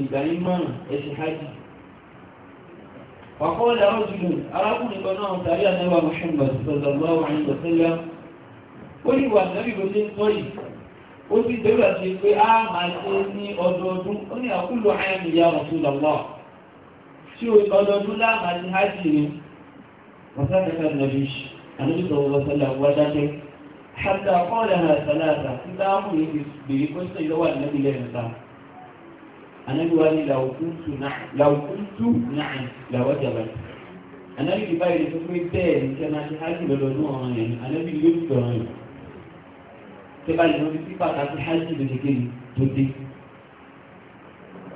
ìgbàyín márùn ẹ̀sìn hajj wàkọ́ọ̀dà ọ̀jùlù arákùnrin kan náà tàbí àtẹ́wà mọ̀ṣẹ́mbà sọ̀tọ̀lọ́wọ́ àwọn ìgbàsẹ́lá ó ní wà nábì bó ṣe ń tọ́ yìí ó sì dẹ́gbà ṣe pé a máa ṣe ní ọdọọdún ó ní àkúlò àyàmì ya Rasulullah tí ó ọdọọdún láàmà ti hajj ni wàsáàkẹ́kẹ́ nàbí ànábì sọ̀rọ̀ sọ̀lá wájáde hatta qalaha salata anábíwájú làwùkútù náà làwọ́jà bàtà anábí ti báyìí tó pé bẹ́ẹ̀ ní sẹ́nà ti hajj lọ́dọ̀ ní ọ̀ràn yẹn anábí yóò ti ọ̀ràn yẹn tẹ́ báyìí lórí sí pàtàkì hajj ló ti kéde tó dé.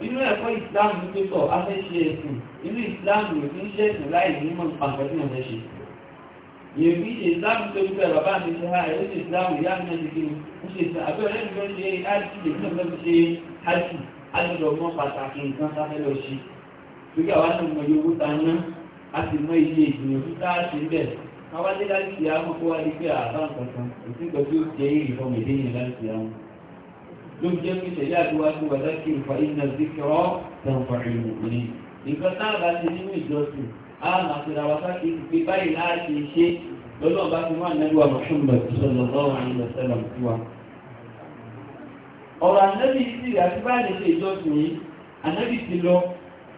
inú ẹ̀kọ́ ìsìláàmù tó sọ afẹ́ṣe ẹ̀sìn inú ìsìláàmù yóò fi ń ṣe ẹ̀sìn láì ní mọ̀ nípa nǹkan tí wọ́n fẹ́ ṣe. yóò fi ṣe ìsìláàmù tó dúpẹ́ bàbá mi ṣe ha ẹ̀rọ ṣe ìsìláàmù ìyá mi náà ti kéde ó ṣe ìsìláàmù àbẹ́rẹ́ mi fẹ́ ṣe hajj a lè lọ mọ pàtàkì nǹkan sáfẹ́ lọ sí torí àwa náà mọ iye owó ta ná a sì mọ iye ìgbìyànjú tá a ṣe bẹ̀ ká wá dé láti ṣe àwọn kó wá rí pé àbá nǹkan kan òsì nǹkan tí ó jẹ èrè fọmọ èdè yẹn láti ṣe àwọn ló jẹ́ pé ṣẹ̀dá àdúrà tó wà láti ìfà iná zikirọ́ tẹ̀wọ̀fàrẹ̀ ìmọ̀kùnrin nǹkan tá a bá ṣe nínú ìjọsìn a máa ṣe ra wa sáké pé báyìí láti ṣe lọ́lọ́ọ̀ ti wá nílùú àwọn ṣùgbọ́n ìṣọ̀lọ́lọ́wọ́ àyìnbó sẹ́lẹ̀ fún wa ọ̀rọ̀ ànábì ìsìrì àti báyìí ṣe ìjọsìn yìí ànábì ti lọ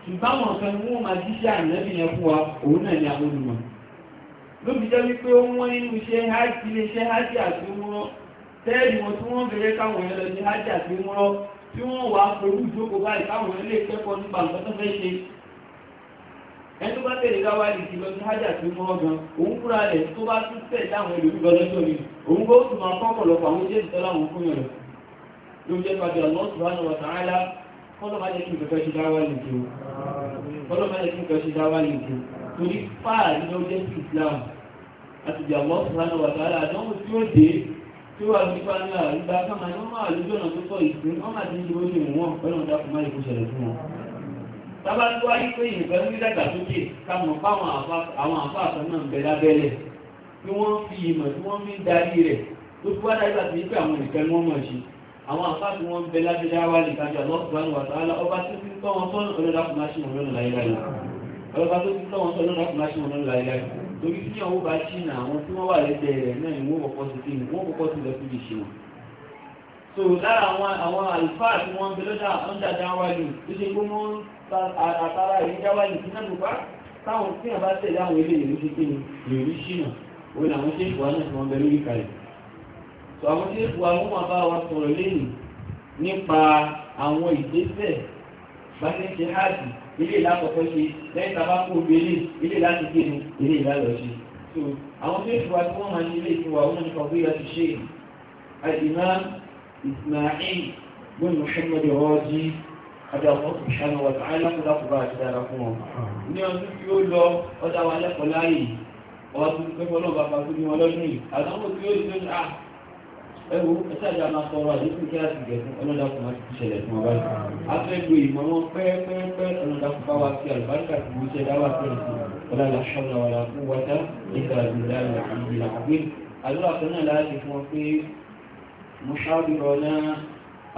ṣùgbọ́n àwọn kan mú ma jíṣẹ́ ànábì yẹn fún wa òun náà ni àwọn olùmọ̀ lóbi jẹ́ wípé ó wọ́n nínú iṣẹ́ hajj ilé iṣẹ́ hajj àti múrọ́ tẹ́ẹ̀lì wọn tí wọ́n bẹ̀rẹ̀ káwọn ẹlọ ní hajj àti múrọ́ tí wọ́n wà pẹ̀lú ìjókòó báyìí káwọn ẹlẹ́ kẹ́kọ̀ọ́ nípa nǹkan tó fẹ́ ṣe ẹni tó bá tẹ̀lé ká wáyé ti lọ sí hajj àti múrọ́ gan òun fúra rẹ̀ tó bá tún tẹ̀ láwọn ẹlòmí lọ lọ́jọ́ mi òun bó tún máa kọ́kọ̀ lọ fún àwọn jésù tọ́lá òun fún yàn lọ ló jẹ́ pàdé ọ̀nà subhanahu wa ta'ala kọ́lọ́ máa jẹ́ kí nǹkan ṣe dáwà nìjọ kọ́lọ́ máa jẹ́ kí nǹkan ṣe dáwà nìjọ torí fáà ní ó jẹ́ sí Islam àti ìjà ọ̀nà subhanahu wa ta'ala àdánwò tí ó dé tí ó wà nípa ní àrígbá káma ní wọ́n máa lójú ọ̀nà tó kọ́ ìsìn wọ́n máa ti ń dúró ní ìwọ̀n pẹ̀lú ìdákùn máa ìkó ṣẹlẹ̀ fún wọn tábà tó wáyé pé ìrìnkan ní dàgbàsókè kámọ̀ fáwọn àfáàfà náà ń bẹ lábẹ́lẹ̀ tí wọ́n fi ìmọ̀ tí wọ́n fi ń darí rẹ̀ tó fi wá dájú àti wípé àwọn àfáàtí wọn bẹ láti dáwà lè kájọ lọ́pùpánù wàtàálà ọba tó fi tọ́ wọn sọ́nà ọlọ́dàkùnmáṣí wọn lọ́nà láìláì ọba tó fi tọ́ wọn sọ́nà ọlọ́dàkùnmáṣí wọn lọ́nà láìláì torí tí àwọn bá ṣìnà àwọn tí wọ́n wà lẹ́gbẹ̀ẹ́ rẹ̀ náà ìwọ́n kọ̀kọ́ sí kí wọ́n kọ̀kọ́ sí lọ síbi ṣe wọn so lára àwọn àwọn àlùfáà tí wọ́n bẹ lọ́dà ọ̀ndà dáwàlì tó ṣe pé wọ́n àtàrà ìrìn dáwàlì tí náà lùpá táwọn tí wọ́n bá tẹ̀lé àwọn ilé ìlú ṣe kí ni ìrírí ṣìnà òun àwọn ṣe ìwà náà tí wọ́n bẹ lórí tó àwọn tí èkó àwọn máa bá wa sọ̀rọ̀ lẹ́yìn nípa àwọn ìgbésẹ̀ bá ti ń ṣe hajj ilé ìlàkọ̀kọ́ ṣe lẹ́yìn tá a bá kó omi ilé ilé láti gbé ní ilé ìlàlọ́ ṣe. so àwọn tí èkó wa tí wọ́n máa ní ilé ìfowó àwọn nípa bí wọ́n ti ṣe al-Imam Ismail bin Muhammad Raji ọjà wọn kò ṣàmì wà tàà lápúdà ẹwọ ẹ̀sáàjá máa sọ̀rọ̀ àdínkù kí á sì gẹ̀ fún ọlọ́dàkùn máa ti ṣẹlẹ̀ fún ọba afẹ́gbé ìmọ̀ wọn pẹ́ẹ́pẹ́ẹ́pẹ́ ọlọ́dàkùn bá wa sí àlùbáríkà tí mo ṣe dáwà sí ẹ̀sìn ọlọ́dà ṣọ́nà wàlà fún wájá nígbà ìlà ìlà àgbé àdúrà kan náà láti fún ọ pé mo ṣáàbìrọ̀ náà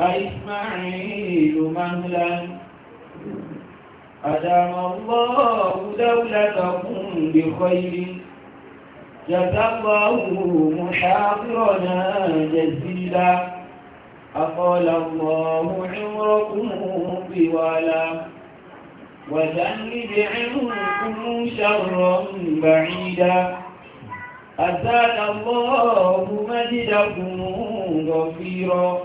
àìsmáàrin mọ́ńlá àdàmọ̀ wọ́ọ̀ dáwùlá kan جزى الله محاضرنا جزيلا أقال الله عمركم طوالا وجنب عنكم شرا بعيدا أزال الله مجدكم غفيرا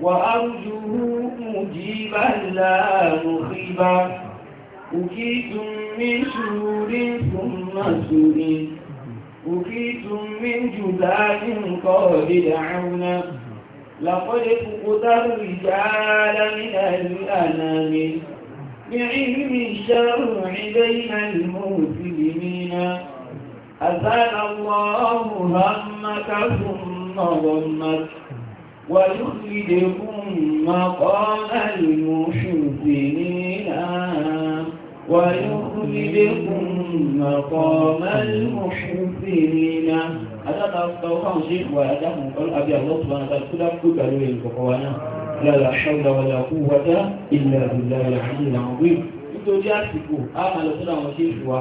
وأرجوه مجيبا لا مخيبا أكيتم من شرور ثم سرين أكيتم من جبال قد دعونا لقد فقد الرجال من الأنام بعلم الشرع بين المسلمين أزال الله همك ثم ضمك ويخرجكم مقام المحسنين ويخرجكم مقام المحسنين أنا أستوقع شيخ وأداه قال أبي الله سبحانه وتعالى كل أبكو قالوا لي الفقوانا لا لا حول ولا قوة إلا بالله العلي العظيم nítorí àsìkò a máa lọ sọ́dọ̀ àwọn ṣéèṣì wa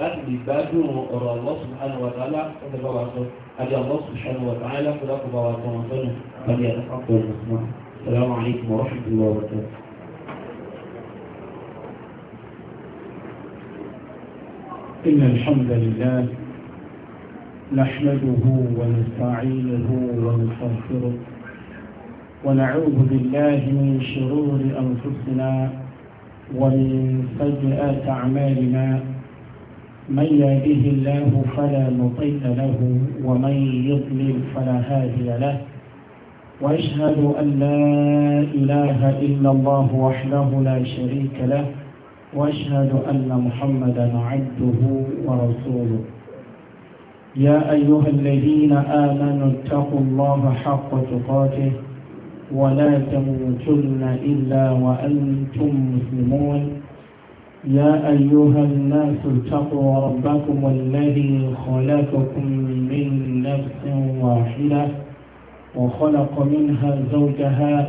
láti lè gbádùn ọ̀rọ̀ Allah subhanahu wa ta'ala ọ̀dọ̀ bá wa sọ àti ah, ah, Allah subhanahu wa ta'ala kó dákò bá wa sọ wọn sọ́nà àti àtàkùn ọ̀rọ̀ mùsùlùmí. Assalamu alaikum wa rahmatullahi wa barakatuh. إن الحمد لله نحمده ونستعينه ونستغفره ونعوذ بالله من شرور أنفسنا ومن سيئات أعمالنا من يهده الله فلا مضل له ومن يضلل فلا هادي له واشهد ان لا اله الا الله وحده لا شريك له واشهد ان محمدا عبده ورسوله يا ايها الذين امنوا اتقوا الله حق تقاته ولا تموتن الا وانتم مسلمون يا ايها الناس اتقوا ربكم الذي خلقكم من نفس واحده وخلق منها زوجها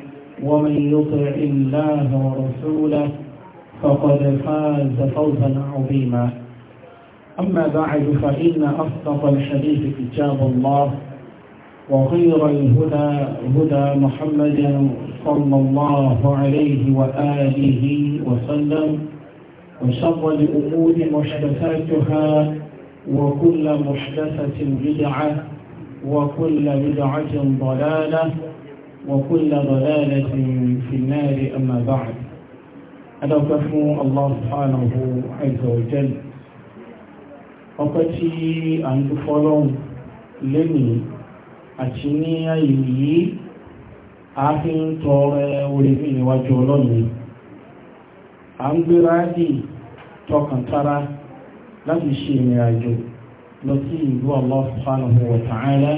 ومن يطع الله ورسوله فقد فاز فوزا عظيما أما بعد فإن أصدق الحديث كتاب الله وخير الهدى هدى محمد صلى الله عليه وآله وسلم وشر الأمور محدثاتها وكل محدثة بدعة وكل بدعة ضلالة وكل ضلالة في النار أما بعد أدوكف الله سبحانه عز وجل وقتي أن تفضل لني أتني أيدي أفين طور ولمن وجولني أم برادي tọkàn tara láti ṣe ìrìn àjò lọ sí ìlú Allah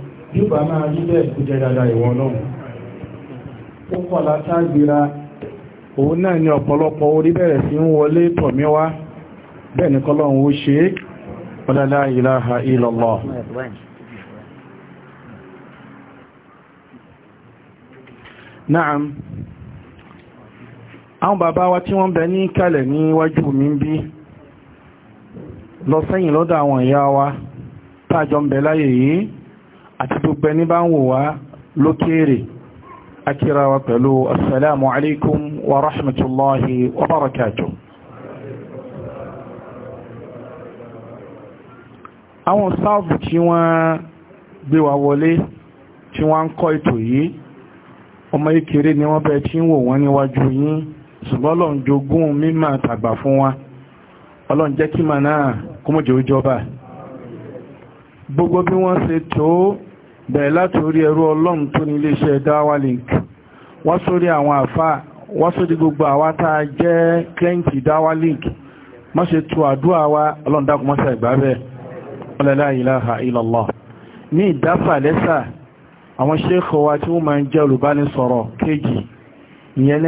yóò bá máa rí bẹ́ẹ̀ kó jẹ́ dáadáa ìwọ ọlọ́run ó òun náà ni ọ̀pọ̀lọpọ̀ orí bẹ̀rẹ̀ sí ń wọlé tọ̀mí bẹ́ẹ̀ ni kọ́lọ́run ṣe ọ̀dádá ìlàhà naam àwọn bàbá wa tí wọ́n bẹ ní kalẹ̀ mi ń bí lọ wa ń bẹ àti gbogbo ẹni bá ń wò wá lókèèrè akíra wa pẹ̀lú assalamu alaikum wa rahmatullahi wa barakatuh àwọn sáàfù tí wọ́n gbé wa wọlé tí wọ́n ń kọ́ ètò yìí ọmọ ìkéré ni wọ́n bẹ́ẹ̀ tí ń wò wọ́n níwájú yín ṣùgbọ́n ọlọ́run jogún mímọ̀ àtàgbà fún wa ọlọ́run jẹ́ kí màá gbogbo bí wọ́n ṣe tó bẹ̀rẹ̀ láti orí ẹrú ọlọ́run tó ní iléeṣẹ́ Dawa Link wọ́n sórí àwọn àfá wọ́n sórí gbogbo àwa tá a jẹ́ klẹ́ǹtì Dawa Link má ṣe tu àdúrà wa ọlọ́run dákun mọ́ṣà ìgbàbẹ̀ la ilaha illallah ní ìdáfàlẹ́sà àwọn ṣéèkọ̀ wa tí wọ́n máa ń jẹ́ olùbánisọ̀rọ̀ kejì ìyẹn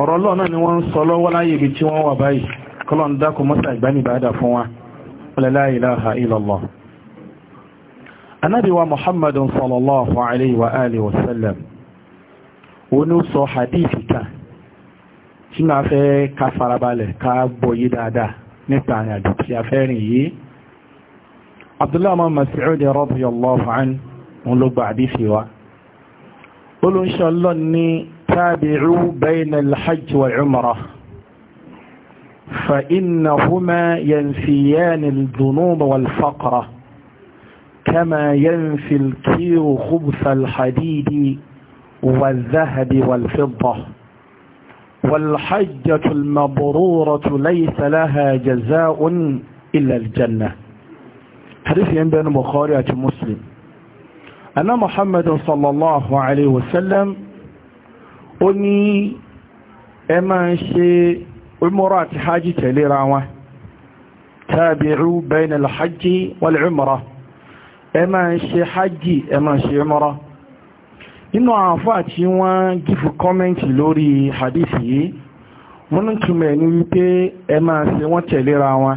ọ̀rọ̀ lọ́ọ̀ náà ni wọ́n ń sọ lọ́wọ́ láyé ibi tí wọ́n wà báyìí kọ́lọ̀ ń dákò mọ́sà ìgbánibàádà fún wa la ilaha illallah anábíwa muhammadun sallallahu alaihi wa alihi wasallam wọnú sọ hadithi ká tí máa fẹ́ ká farabalẹ̀ ká gbọ́yé dáadáa nípa àrìn àjò tí تابعوا بين الحج والعمرة فإنهما ينفيان الذنوب والفقر كما ينفي الكير خبث الحديد والذهب والفضة والحجة المبرورة ليس لها جزاء إلا الجنة حديث ينبين بخاري مسلم أن محمد صلى الله عليه وسلم ó ní ẹ máa ń ṣe umura àti hajji tẹ̀léra wọn tabi'u bayna al-hajji wal-umra ẹ máa ń ṣe hajji ẹ máa ṣe umra nínú àfáà tí wọ́n gífù kọ́mẹ́ntì lórí hadith yìí wọ́n ń túnmẹ̀ ní wípé ẹ máa ṣe wọ́n tẹ̀léra wọn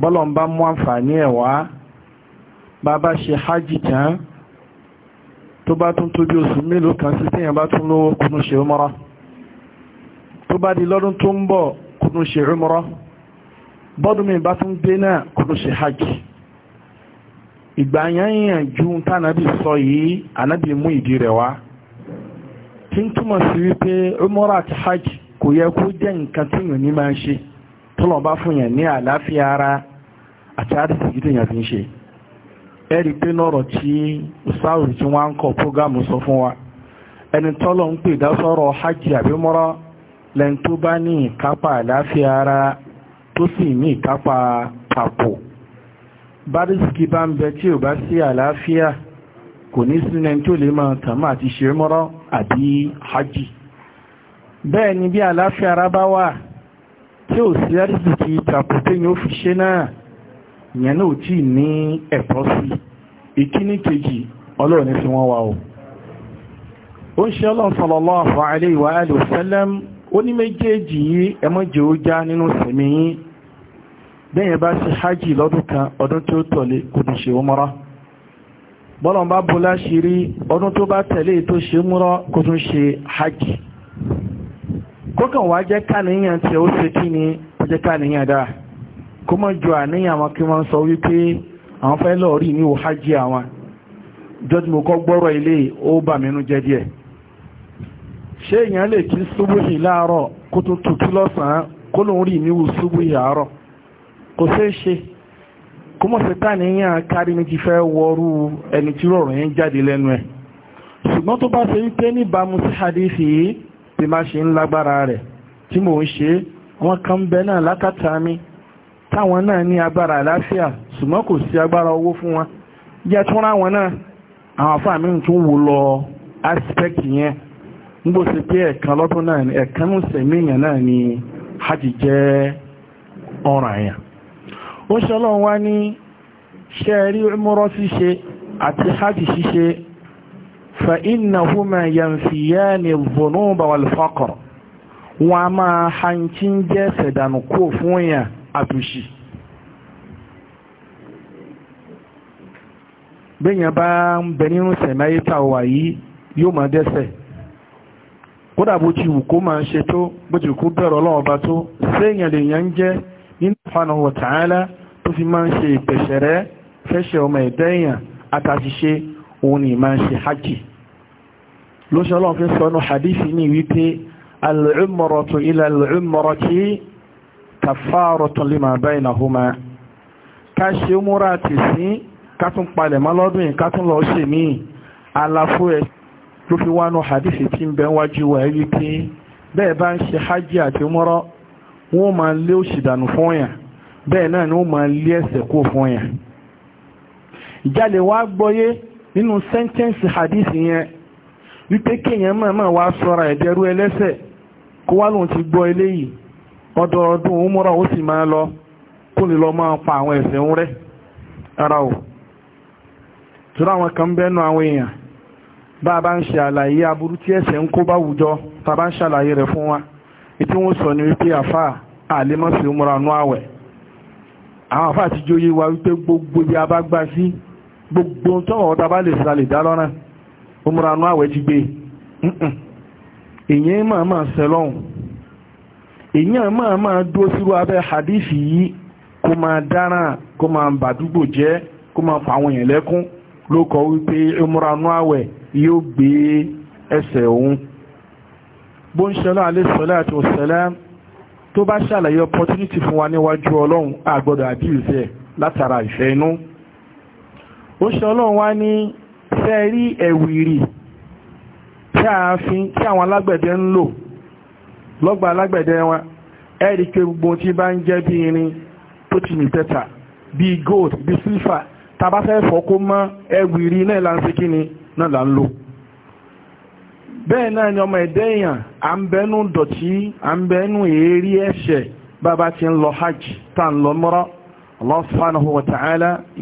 bọ́lọ̀ ń bá mú àǹfààní ẹ̀wá hajji tán tó bá tún tó bí oṣù mélòó kan sí tíyàn bá tún lówó kúnú ṣe umra tó bá di lọ́dún tó ń bọ̀ kúnú ṣe umra bọ́dún mi bá tún dé náà kúnú ṣe hajj ìgbà yányàn ju tánàbí sọ yìí ànábì mú ìdí rẹ̀ wá tí ń túmọ̀ sí wípé umra àti hajj kò yẹ kó jẹ́ nǹkan tí yàn ní máa ń ṣe tọ́lọ̀ bá fún yàn ní àlàáfíà ara àti àdìsí yìí fi ń ṣe ẹ̀rí pé nọ̀rọ̀ tí sáwùrì tí wọ́n ń kọ prógámù sọ fún wa ẹni tọ́lọ̀ ń pè dásọ́rọ̀ hajj àbímọ́rọ́ lẹ́yìn tó bá ní ìkápá àláfíà ara tó sì ní ìkápá àpò bárísìkì bá ń bẹ tí ò bá sí àlàáfíà kò ní sínú ẹni tó lè máa tàmà àti ṣe mọ́rọ́ àbí hajj bẹ́ẹ̀ ni bí àlàáfíà ara bá wà tí ò sí àrísìkì tàpò téyàn ó fi ṣe náà ìyẹn náà tí ní ẹ̀tọ́ sí ìkíní kejì ọlọ́run ní fi wọ́n wá o ó ń ṣe ọlọ́run alaihi wa alihi wasallam ó ní méjèèjì yìí ẹmọ́jẹ́ ó já nínú sẹ̀mí yìí bẹ́yẹn bá ṣe hajj lọ́dún kan ọdún tí ó tọ̀lé kò tún ṣe umra bọ́lọ̀n bá bú láṣìírí ọdún tó bá tẹ̀lé ni ó kó mọ́ jọ àníyàn àwọn kí wọ́n sọ wípé àwọn fẹ́ lọ rí ní òhájí àwọn jọ́dí mo kọ́ gbọ́rọ̀ ilé ó bà mínú jẹ́ díẹ̀ ṣé èèyàn lè kí súbúhì láàárọ̀ kó tó tutù lọ́sàn-án kó lóun rí níwù súbúhì àárọ̀ kò ṣeé ṣe kó mọ̀ sí tàníyàn kárí ní ti fẹ́ wọrú ẹni tí rọrùn yẹn jáde lẹ́nu ẹ̀ ṣùgbọ́n tó bá ṣe wípé níbàámu sí hadithi yìí ti máa ṣe ń lágbára rẹ̀ tí mò ń ṣe wọ́n kan bẹ náà lákàtà mi táwọn náà ní agbára àláfíà ṣùgbọ́n kò sí agbára owó fún wọn jẹ́ tún ráwọn náà àwọn àfáà mi tún wò lọ aspect yẹn nígbò sí pé ẹ̀kan lọ́dún náà ni ẹ̀kan ní sẹ̀mí èèyàn náà ni hajj jẹ́ ọ̀ràn àyàn ó ṣọlọ́ wá ní ṣe rí ṣíṣe àti hajj ṣíṣe fa innahuma yanfiyani dhunuba wal faqr wọn a máa hankin jẹ́ sẹ̀dánù kó fún yàn àtòṣì bẹ́yàn bá ń bẹ nínú sẹ̀máyé tàwà yìí yóò máa dẹ́sẹ̀ kódà bó ti wù kó máa ń ṣe tó bó ti kú bẹ̀rọ ọlọ́ọ̀bá tó sẹ́yìn lèyàn ń jẹ́ nínú fana wa tó fi máa ń ṣe ìbẹ̀ṣẹ̀rẹ́ fẹ́ṣẹ̀ ọmọ ẹ̀dá àtàṣìṣe òun ni máa ń ṣe hajj lóṣọ́lọ́ fi sọ́nù hadithi ní wípé al ila al-umrati kafaratun lima bainahuma ká ṣe múra ti sí ká tún palẹ̀ mọ́ lọ́dún ká tún lọ ṣe mí àlàfo ẹ̀ ló fi wánú hadithi tí ń bẹ wájú wa ẹ̀rí pé bẹ́ẹ̀ bá ń ṣe hajj àti múra wọ́n máa lé òṣìdànù fún yàn bẹ́ẹ̀ náà ni wọ́n máa lé ẹ̀ṣẹ̀ kó fún yàn ìjálè wá gbọ́yé nínú sẹ́ńtẹ́ǹsì hadithi yẹn wípé kéèyàn máa máa wá sọ́ra ẹ̀dẹ́rú ẹlẹ́ṣẹ̀ kó wá lóun ti gbọ́ eléyìí ọdọọdún umura ó sì máa lọ kó lè lọ máa pa àwọn ẹ̀ṣẹ̀ ń rẹ́ ara ò tura àwọn kan bẹ́nu àwọn èèyàn bá a bá ń ṣe àlàyé aburú tí ẹ̀ṣẹ̀ ń kó bá wùjọ ta bá ń ṣàlàyé rẹ̀ fún wa ètí wọ́n sọ ní wípé àfà àlemọ́sí umura nú àwẹ̀ àwọn àfà ti jóyé wa wípé gbogbo bí a bá gbá sí gbogbo tọ́wọ́ ta bá lè sàlè dá lọ́nà umura nú àwẹ̀ ti gbé èyí máa máa sẹ́lọ́hùn èyàn máa máa dúró sírú abẹ́ hadithi yìí kó máa dáràn kó máa bàdúgbò jẹ́ kó máa fa àwọn èèyàn lẹ́kún ló kọ wípé ìmúranú àwẹ̀ yóò gbé ẹsẹ̀ òun bó ń ṣẹlá alẹ́sọ̀lá àti òṣẹlá tó bá ṣàlàyé opportunity fún wa níwájú ọlọ́run àgbọ̀dọ̀ àbíyèsẹ̀ látara ìfẹ́ inú ó ṣe ọlọ́run wá ní fẹ́ rí ẹ̀wìrì tí àwọn alágbẹ̀dẹ ń lò lọ́gbà alágbẹ̀dẹ wọn ẹ̀rí pé gbogbo tí bá ń jẹ́ bí irin tó ti mì tẹ́ta bí gold bí silver tàbá fẹ́ fọ́kó mọ́ ẹgbìrì náà là ń ṣe kí ni náà là ń lò bẹ́ẹ̀ náà ni ọmọ ẹ̀dẹ́ èèyàn à ń bẹ́nu dọ̀tí à ń bẹ́nu èérí ẹ̀ṣẹ̀ bàbá ti ń lọ hajj tá ń lọ mọ́rọ́ Allah subhanahu wa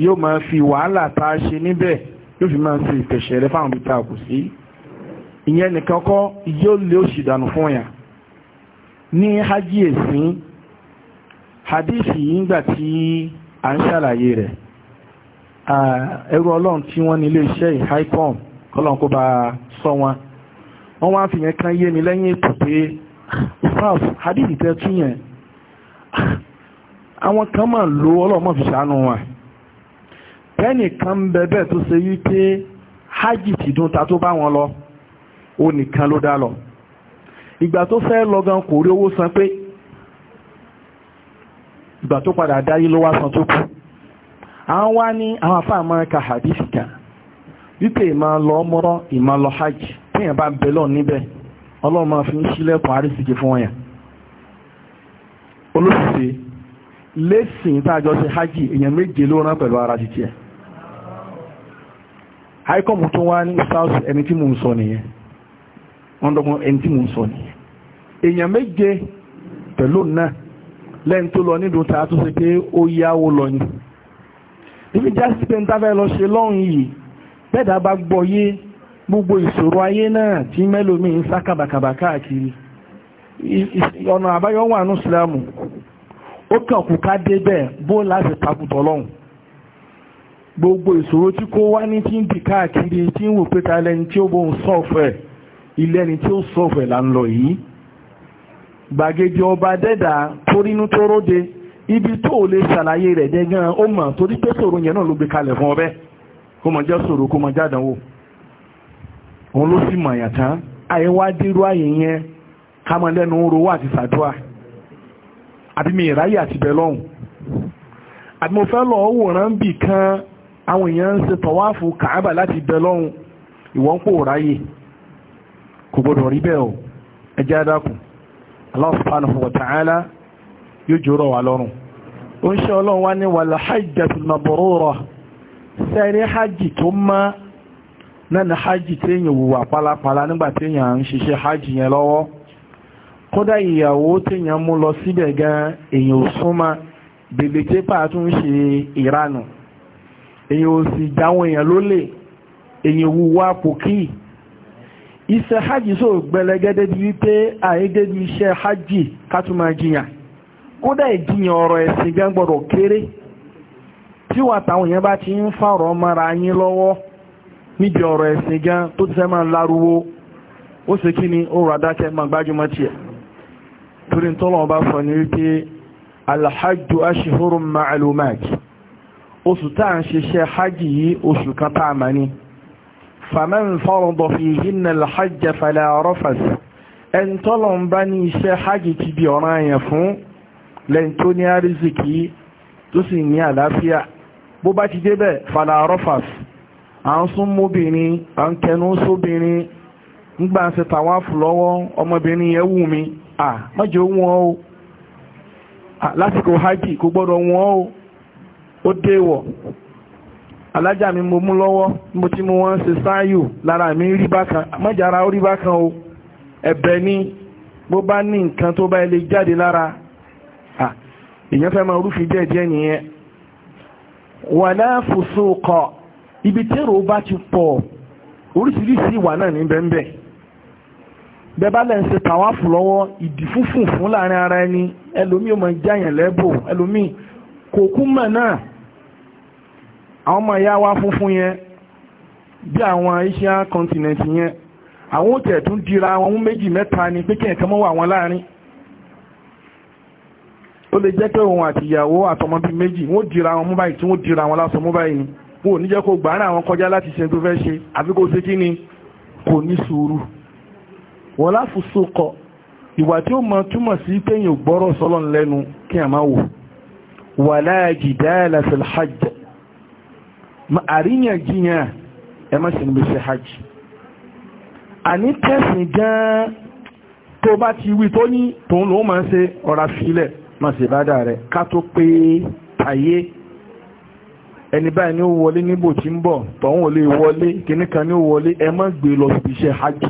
yóò máa fi wàhálà tá a ṣe níbẹ̀ yóò fi máa ṣe ìtẹ̀ṣẹ̀ rẹ fáwọn ibi tá a kù sí ìyẹn nìkan kọ́ yóò lé òṣì dànù fún yàn ní hajj èsìn hadithi yìí ngbà tí a ń ṣàlàyé rẹ̀ ẹrú ọlọ́run tí wọ́n nílé iṣẹ́ ìhaipom kọ́lọ́n kó bá sọ wọn wọ́n wá fi yẹn kan yé mi lẹ́yìn ètò pé south hadithi tẹ́ tún yẹn àwọn kan máa lo ọlọ́mọ fi ṣàánú wọn tẹ́nì kan bẹ́ẹ̀ tó ṣe wípé hajj ti dún ta tó bá wọn lọ ó nìkan ló dá lọ. ìgbà tó fẹ́ lọ gan kò rí owó san pé ìgbà tó padà dáyé ló wá san tó kù àwọn wá ní àwọn afá máa ka hadith kan wípé ìmọ̀ lọ mọ́rọ́ ma lọ hajj téèyàn bá bẹ̀ lọ níbẹ̀ ọlọ́run máa fi ń sílẹ̀kùn àrísìkì fún ọyàn olóṣìṣẹ́ lẹ́sìn tàjọ sí hajj èèyàn méje ló rán pẹ̀lú ara títí ẹ̀ haikọ́mù tó wá ní south ẹni tí mò ń sọ nìyẹn wọ́n dọ́gbọ́n ẹni tí mò ń sọ ni èèyàn méje pẹ̀lú náà lẹ́yìn tó lọ nídùú ta tó ṣe pé ó yáwó lọ ni ibi jásí pé ń tábẹ́ lọ ṣe lọ́hùn yìí bẹ́ẹ̀dá bá gbọ́ yé gbogbo ìṣòro ayé náà tí mẹ́lòmí ń sá kàbàkàbà káàkiri ọ̀nà àbáyọ wà ní ìsìlámù ó kàn kù ká débẹ̀ bó láti takùtọ̀ lọ́hùn gbogbo ìṣòro tí kò wá ní tí ń dì káàkiri tí ń wò pé ta lẹni tí ó bóun sọ́ọ̀fẹ́ ilé ẹni tí ó sọ̀fẹ̀ là ń lọ yìí gbàgede ọba dẹ́dà torínú tó róde ibi tó o lè ṣàlàyé rẹ̀ dẹ́ gan ó mọ̀ torí pé sòrò yẹn náà ló gbé kalẹ̀ fún ọbẹ̀ kó mọ̀ jẹ́ sòrò kó mọ̀ jádànwò òun ló sì mọ̀ yàn tán àyẹ̀wádìrú àyè yẹn ká mọ̀ lẹ́nu ro wà àti sàdúà àbí mi ìráyè àti bẹ̀ lọ́hùn àbí mo fẹ́ lọ wòran bì kan àwọn èèyàn ń ṣe tọ̀wáàfù kàábà láti bẹ̀ lọ́hùn ìwọ́n kò gbọdọ̀ rí bẹ́ẹ̀ o ẹjẹ́ adákùn Allah subhanahu wa ta'ala yóò jòrò wà lọ́rùn ó ń ṣe ọlọ́run wá ní wal hajjatul mabrura sẹ́rí hajj tó mọ́ náà ni hajj téèyàn wùwà pálapàla èèyàn ò súnmọ́ bèbè tépà tún iṣẹ́ hajj so gbẹlẹgẹ́dẹ́ bí wípé àyégé bí iṣẹ́ hajj kátùmá jiyàn kódà ìjiyàn ọ̀rọ̀ ẹ̀sìn gan gbọ́dọ̀ kéré tí wà táwọn èèyàn bá ti ń fàrọ̀ mara yín lọ́wọ́ níbi ọ̀rọ̀ ẹ̀sìn gan tó ti fẹ́ máa láruwó ó sì kí ni ó rà dákẹ́ gbájúmọ́ tiẹ̀ torí tọ́lọ̀ bá sọ ní wípé alhajju ashhurun ma'lumat oṣù tá à ń ṣiṣẹ́ hajj yìí oṣù kan tá a mà ní fàmẹ́n fọ́rọ̀dọ̀ fi hinna alhajj fala rafas ẹn tọ́lọ̀ ń bá ní iṣẹ́ hajj ti di ọ̀ràn àyàn fún lẹ́yìn tó ní àrísìkí tó sì ní àlàáfíà bó bá ti débẹ̀ fala rafas à ń sún mọ́bìnrin à ń kẹnu sóbìnrin ńgbà ń ṣe tàwáfù lọ́wọ́ ọmọbìnrin yẹn wù mí à mọ́jọ́ wọn o lásìkò hajj kò gbọ́dọ̀ wọn o ó déwọ̀ alájà mi mo mú lọ́wọ́ mo ti mú wọn ṣe sáyò lára mi rí bákan mọ́jára ó rí bákan o ẹ̀bẹ̀ ni bó bá ní nǹkan tó bá ilé jáde lára èèyàn fẹ́ máa rúfin díẹ̀ díẹ̀ nìyẹn wà náà fòsó kọ ibi tẹ́rọ bá ti pọ̀ oríṣiríṣi ìwà náà ní bẹ́ńbẹ́ bẹ́bá lẹ́ ń ṣe tàwáfù lọ́wọ́ ìdí fúnfún fún láàrin ara ẹni ẹlòmíì ó máa jáyàn lẹ́bù ẹlòmíì kò kú mọ̀ náà àwọn ọmọ ìyá wa funfun yẹn bí àwọn Asian continent yẹn àwọn òtẹ̀ tún dira wọn méjì mẹ́ta ni pé kí ẹ̀kan mọ́ wà wọn láàrin ó lè jẹ́ pé òun àti ìyàwó àtọmọ bíi méjì wọ́n dira wọn mú tí wọ́n dira wọn lásán mú ni wọn ní jẹ́ kó gbàárà àwọn kọjá láti ṣe tó fẹ́ ṣe àfi kó ṣe kí ni kò ní sùúrù wọ́n láfùsọ kọ ìwà tí ó mọ túmọ̀ sí kéèyàn gbọ́rọ̀ sọ́lọ́n lẹ́nu kí ẹ̀ má wò wàlá jìdáàlà fil hajj àríyànjiyàn ẹ má sì níbi ṣe hajj àní tẹ̀sìn gan tó bá ti wí tó ní tòun lòun máa ń ṣe ọ̀rá filẹ̀ máa ṣe ìbádà rẹ̀ ká tó pé ẹni báyìí ni ó wọlé níbò tí ń bọ̀ tọ̀hún ò lè wọlé kìnnìkan ni ó wọlé ẹ má gbé lọ síbi iṣẹ́ hajj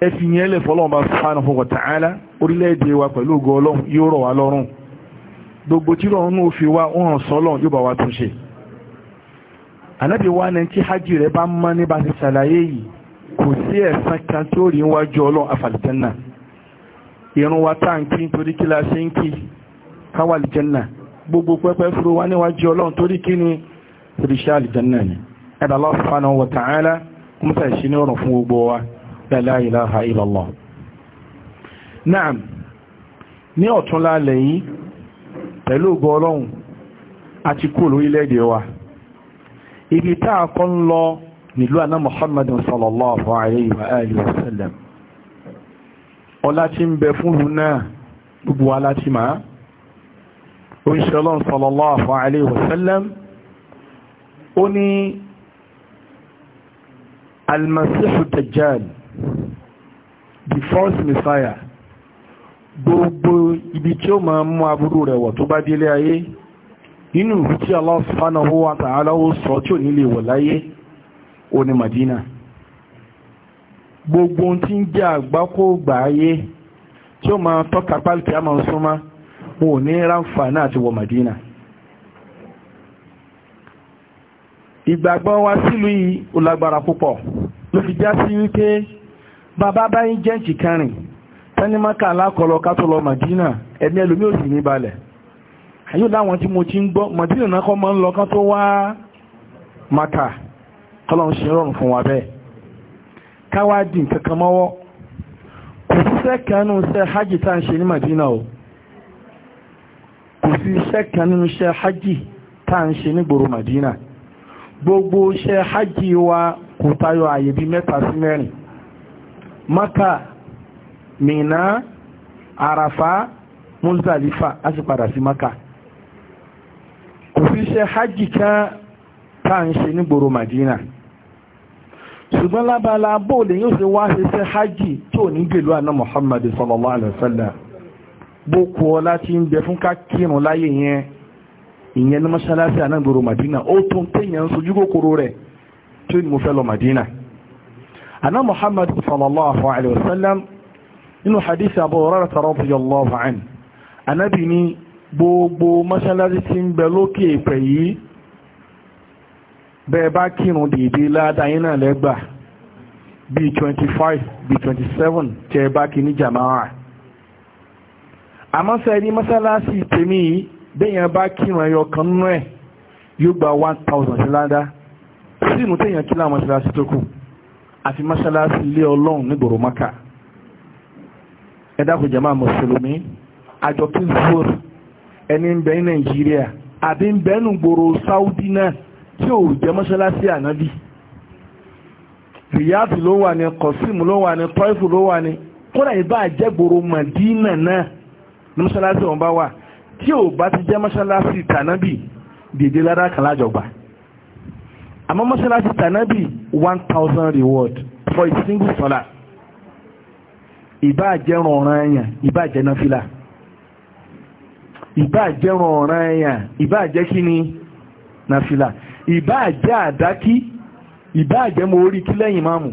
ẹ fi yẹn lè fọlọ́n bá subhanahu wa ta'ala orílẹ̀-èdè wa pẹ̀lú ògo ọlọ́run yóò rọ̀ wá lọ́rùn gbogbo tí rọrùn náà fi wá ó hàn sọ́lọ́run yóò bá wa tún ṣe ànábì wá ní tí hajj rẹ̀ bá mọ́ ní bá ti ṣàlàyé yìí kò sí ẹ̀san kan rí wájú ọlọ́run afàlìjẹ́nà irun wa kí gbogbo pẹ́pẹ́ fúru wá níwájú ọlọ́run torí kí ni ìrìṣẹ́ àlìjẹ́nà ni ẹ̀dà Allah subhanahu ta'ala ní fún gbogbo wa la ilaha ibi tá a kọ́ ń lọ nílùú àná Muhammad sallallahu alayhi wa alihi wa sallam ọlá tí ń bẹ fúnlù náà gbogbo wa láti máa ó ń ṣe ọlọ́run sallallahu alayhi wa ó ní almasihu dajjal the false messiah gbogbo ibi tí ó máa mú aburú rẹ̀ wọ̀ tó bá délé ayé nínú ìlú tí Allah subhanahu wa ta'ala ó sọ tí ò ní lè wọ̀ láyé ó ní Madina gbogbo ohun tí ń jẹ́ àgbákò gbà ayé tí ó máa tọ́ka pálíkì á máa súnmọ́ wọn ní ráǹfààní àti wọ̀ Madina ìgbàgbọ́ wa sílùú yìí ó lágbára púpọ̀ ló fi já sí wípé bàbá báyìí jẹ́ǹtì kẹrin tẹ́nímọ́kà alákọlọ kátó Madina ẹ̀mí ẹlòmí ò ní balẹ̀ yóò láwọn tí mo ti ń gbọ́ mọ̀dínà náà kọ́ mọ́ ń lọ kán tó wá maka kọ́lọ́n ṣe rọrùn fún wa bẹ́ẹ̀ káwá dì kankan mọ́wọ́ kò síṣẹ́ kan nínú iṣẹ́ hajj tá à ń ṣe ní mọ̀dínà o kò sí iṣẹ́ kan nínú tá à ń ṣe nígboro mọ̀dínà gbogbo iṣẹ́ hajj wa kò tayọ àyè bíi mẹ́ta sí mẹ́rin maka mina arafa muzdalifa a sì padà sí maka bí iṣẹ́ hajj kan tá à ń ṣe nígboro Madina ṣùgbọ́n lábala bóòlù yóò ṣe wá ṣe ṣe hajj tó ní gbèlú àná Muhammad sallallahu alaihi wasallam bó kú ọ láti ń bẹ fún ká kírun láyé yẹn ìyẹn ní mọ́ṣáláṣí ànágbèrò Madina ó tún téèyàn ń sojú kòkòrò rẹ̀ tó ní mo fẹ́ lọ Madina àná Muhammad sallallahu alaihi wasallam nínú hadith Abu Hurairah radiyallahu anhu anábì ní gbogbo mọ́ṣáláṣí tí ń bẹ lókè ìpẹ̀ yìí bẹ́ẹ̀ bá kírun dèédé ládàá yín náà lẹ́gbà bíi twenty five bíi twenty seven tẹ́ ẹ bá kí ní jàmáà àmọ́ ní mọ́ṣáláṣí tèmi yìí bẹ́yàn bá kírun ẹyọ kan nú ẹ̀ yóò gba one thousand sí ládàá sínú téèyàn kí láwọn mọ́ṣáláṣí tó kù àfi mọ́ṣáláṣí ilé ọlọ́run nígboro maka ẹ dákun jàmáà mùsùlùmí àjọ kí zuwọ́rù ẹni ń bẹ ní nàìjíríà àbí ń bẹ nù Saudi náà tí ò jẹ́ mọ́ṣáláṣí ànábì Riyadh ló wà ní Qasim ló wà ní tọ́ìfù ló wà ní kódà ìbá àjẹgbòòrò Madina náà ní mọ́ṣáláṣí wọn bá wà tí ò bá ti jẹ́ mọ́ṣáláṣí tànábì dèdè lára kan lájọgbà àmọ́ mọ́ṣáláṣí tànábì one thousand reward for a single solar ìbá àjẹrùn ọ̀ràn ẹ̀yàn ìbá àjẹnáfílà ìbá jẹ́ ọ̀ràn ẹ̀yàn ìbá jẹ́ kí ni nàfìlà ìbá jẹ́ àdákí ìbá jẹ́ mo orí kí lẹ́yìn máàmù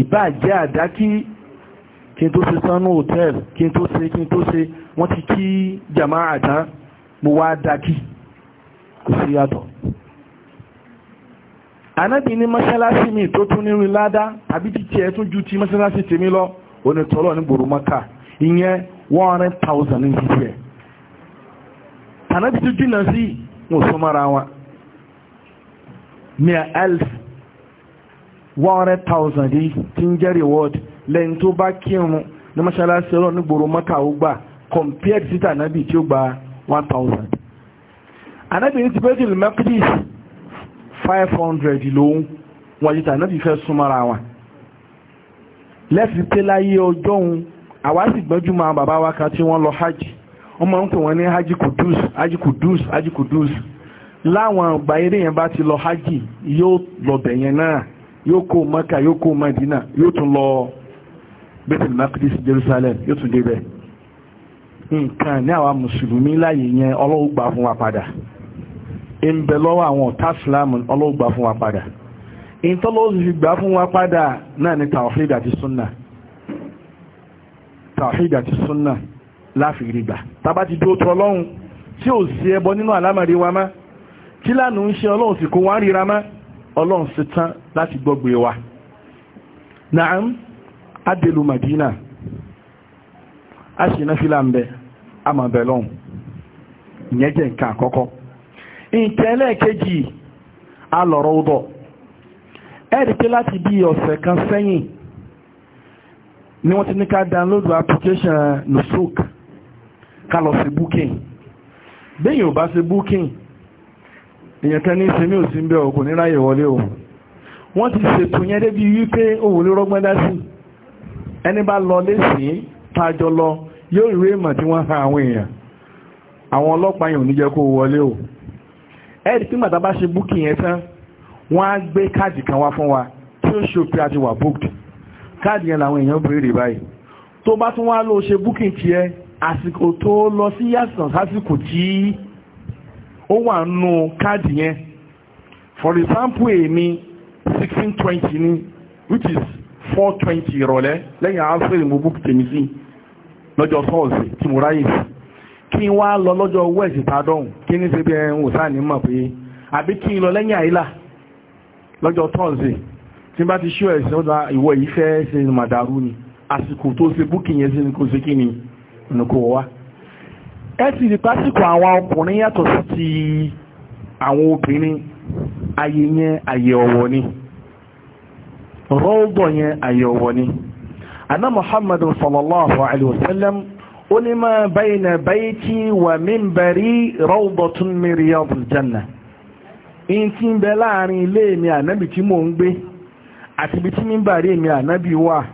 ìbá jẹ́ àdákí kí n tó ṣe sánú hòtẹ́ẹ̀l kí n tó ṣe kí n tó se wọ́n ti kí jàmá àtán mo wá dákí kò sí yàtọ̀ anábì ní mọ́ṣáláṣí mi tó tún nírú ládá tàbí ti tiẹ̀ tún ju ti mọ́ṣáláṣí tèmi lọ onítọ́lọ́ ní gbòrò mọ́kà ìyẹn one hundred thousand ní títí ẹ̀ tànàbí tó jìnnà sí wọn sọ mọ́ra wọn mia one thousand di ti ń jẹ́ reward lẹ́yìn tó bá kírun ní mọ́ṣáláṣí ọlọ́run nígboro mọ́kà ó gbà compared sí tànàbí tí ó gba one thousand anábìyí ti bẹ́ẹ̀ jùlọ mẹ́kìdís five hundred lòun wọ́n yìí tànàbí fẹ́ súnmọ́ra wọn lẹ́sìn pé láyé ọjọ́ òun àwa sì gbọ́njú máa bàbá wa kan tí wọ́n lọ hajj wọ́n máa ń pè wọ́n ní hajj kudus hajj kudus hajj kudus láwọn àgbà eré yẹn bá ti lọ hajj yóò lọ bẹ̀yẹn náà yóò kó maka yóò kó madina yóò tún lọ bethel makdis jerusalem yóò tún débẹ̀ nǹkan ní àwa mùsùlùmí láàyè yẹn ọlọ́wọ́ gbà fún wa padà ń bẹ lọ́wọ́ àwọn ọ̀tá islam ọlọ́wọ́ gbà fún wa padà ìtọ́lọ́wọ́ sì gbà fún wa padà náà ní tàwáfíìdà àti sunnah tàwíìdì àti súnà láfìrí gbà ti dúró tọ ọlọ́run tí ò sí ẹbọ nínú àlámàrí wa kí lánàá ń ṣe ọlọ́run sì kó wá ríra mọ́ ọlọ́run sì tán láti gbọ́gbé wa naam adèlú madina a sì ná fílà ń bẹ ìyẹn jẹ́ nǹkan àkọ́kọ́ alọ̀rọ̀ ọdọ̀ láti bí ọ̀sẹ̀ kan sẹ́yìn ni wọ́n ti ní ká download application nusuk ká lọ sí booking bẹ́yìn ò bá sí booking èyàn kan ní ìsinmi ò sí ń bẹ́ ọkùn ní ráyè wọlé o wọ́n ti ṣètò yẹn débi wípé òun ló rọ́gbọ́n dá sí ẹni bá lọ lẹ́sìn tájọ lọ yóò rí èèmọ̀ tí wọ́n ha àwọn èèyàn àwọn ọlọ́pàá yìí ò ní jẹ́ kó wọlé o ẹ̀rí tí màtá bá ṣe booking yẹn tán wọ́n á gbé káàdì kan wá fún wa tí ó ṣe òpin àti wà booked káàdì yẹn làwọn èèyàn bèèrè báyìí tó bá tún wá lọ ṣe booking tí àsìkò tó lọ sí yàtọ̀ sásìkò tí ó wà nù káàdì yẹn for example èmi 1620 ni which is 420 ìrọ̀lẹ́ lẹ́yìn alfred mo book tèmi sí lọ́jọ́ sọ́ọ̀sì tí mo ráyè sí kí n wá lọ lọ́jọ́ west tadọ́hùn kí ní ṣe bí ẹ̀hún sáà ní mọ̀ pé àbí kí n lọ lẹ́yìn lọ́jọ́ tọ́ọ̀sì tí bá ti ṣó ẹ̀sìn ọ̀dá ìwọ yìí fẹ́ ṣe màdàrú ni àsìkò tó ṣe búkì yẹn sí ni kò ṣe kí ni nìkò wá ẹ sì rí pásìkò àwọn ọkùnrin yàtọ̀ sí ti àwọn obìnrin ayé yẹn ayé ọ̀wọ̀ ni rọ́ọ̀dọ̀ yẹn ayé ọ̀wọ̀ ni aná muhammadu sallallahu alaihi wasallam ó ní máa bayna bayti wa minbari rawdatun min riyadil janna in ti ń bẹ láàrin ilé mi ànábì tí mò ń gbé àti ibi tí mímbà rí èmi ànábì wà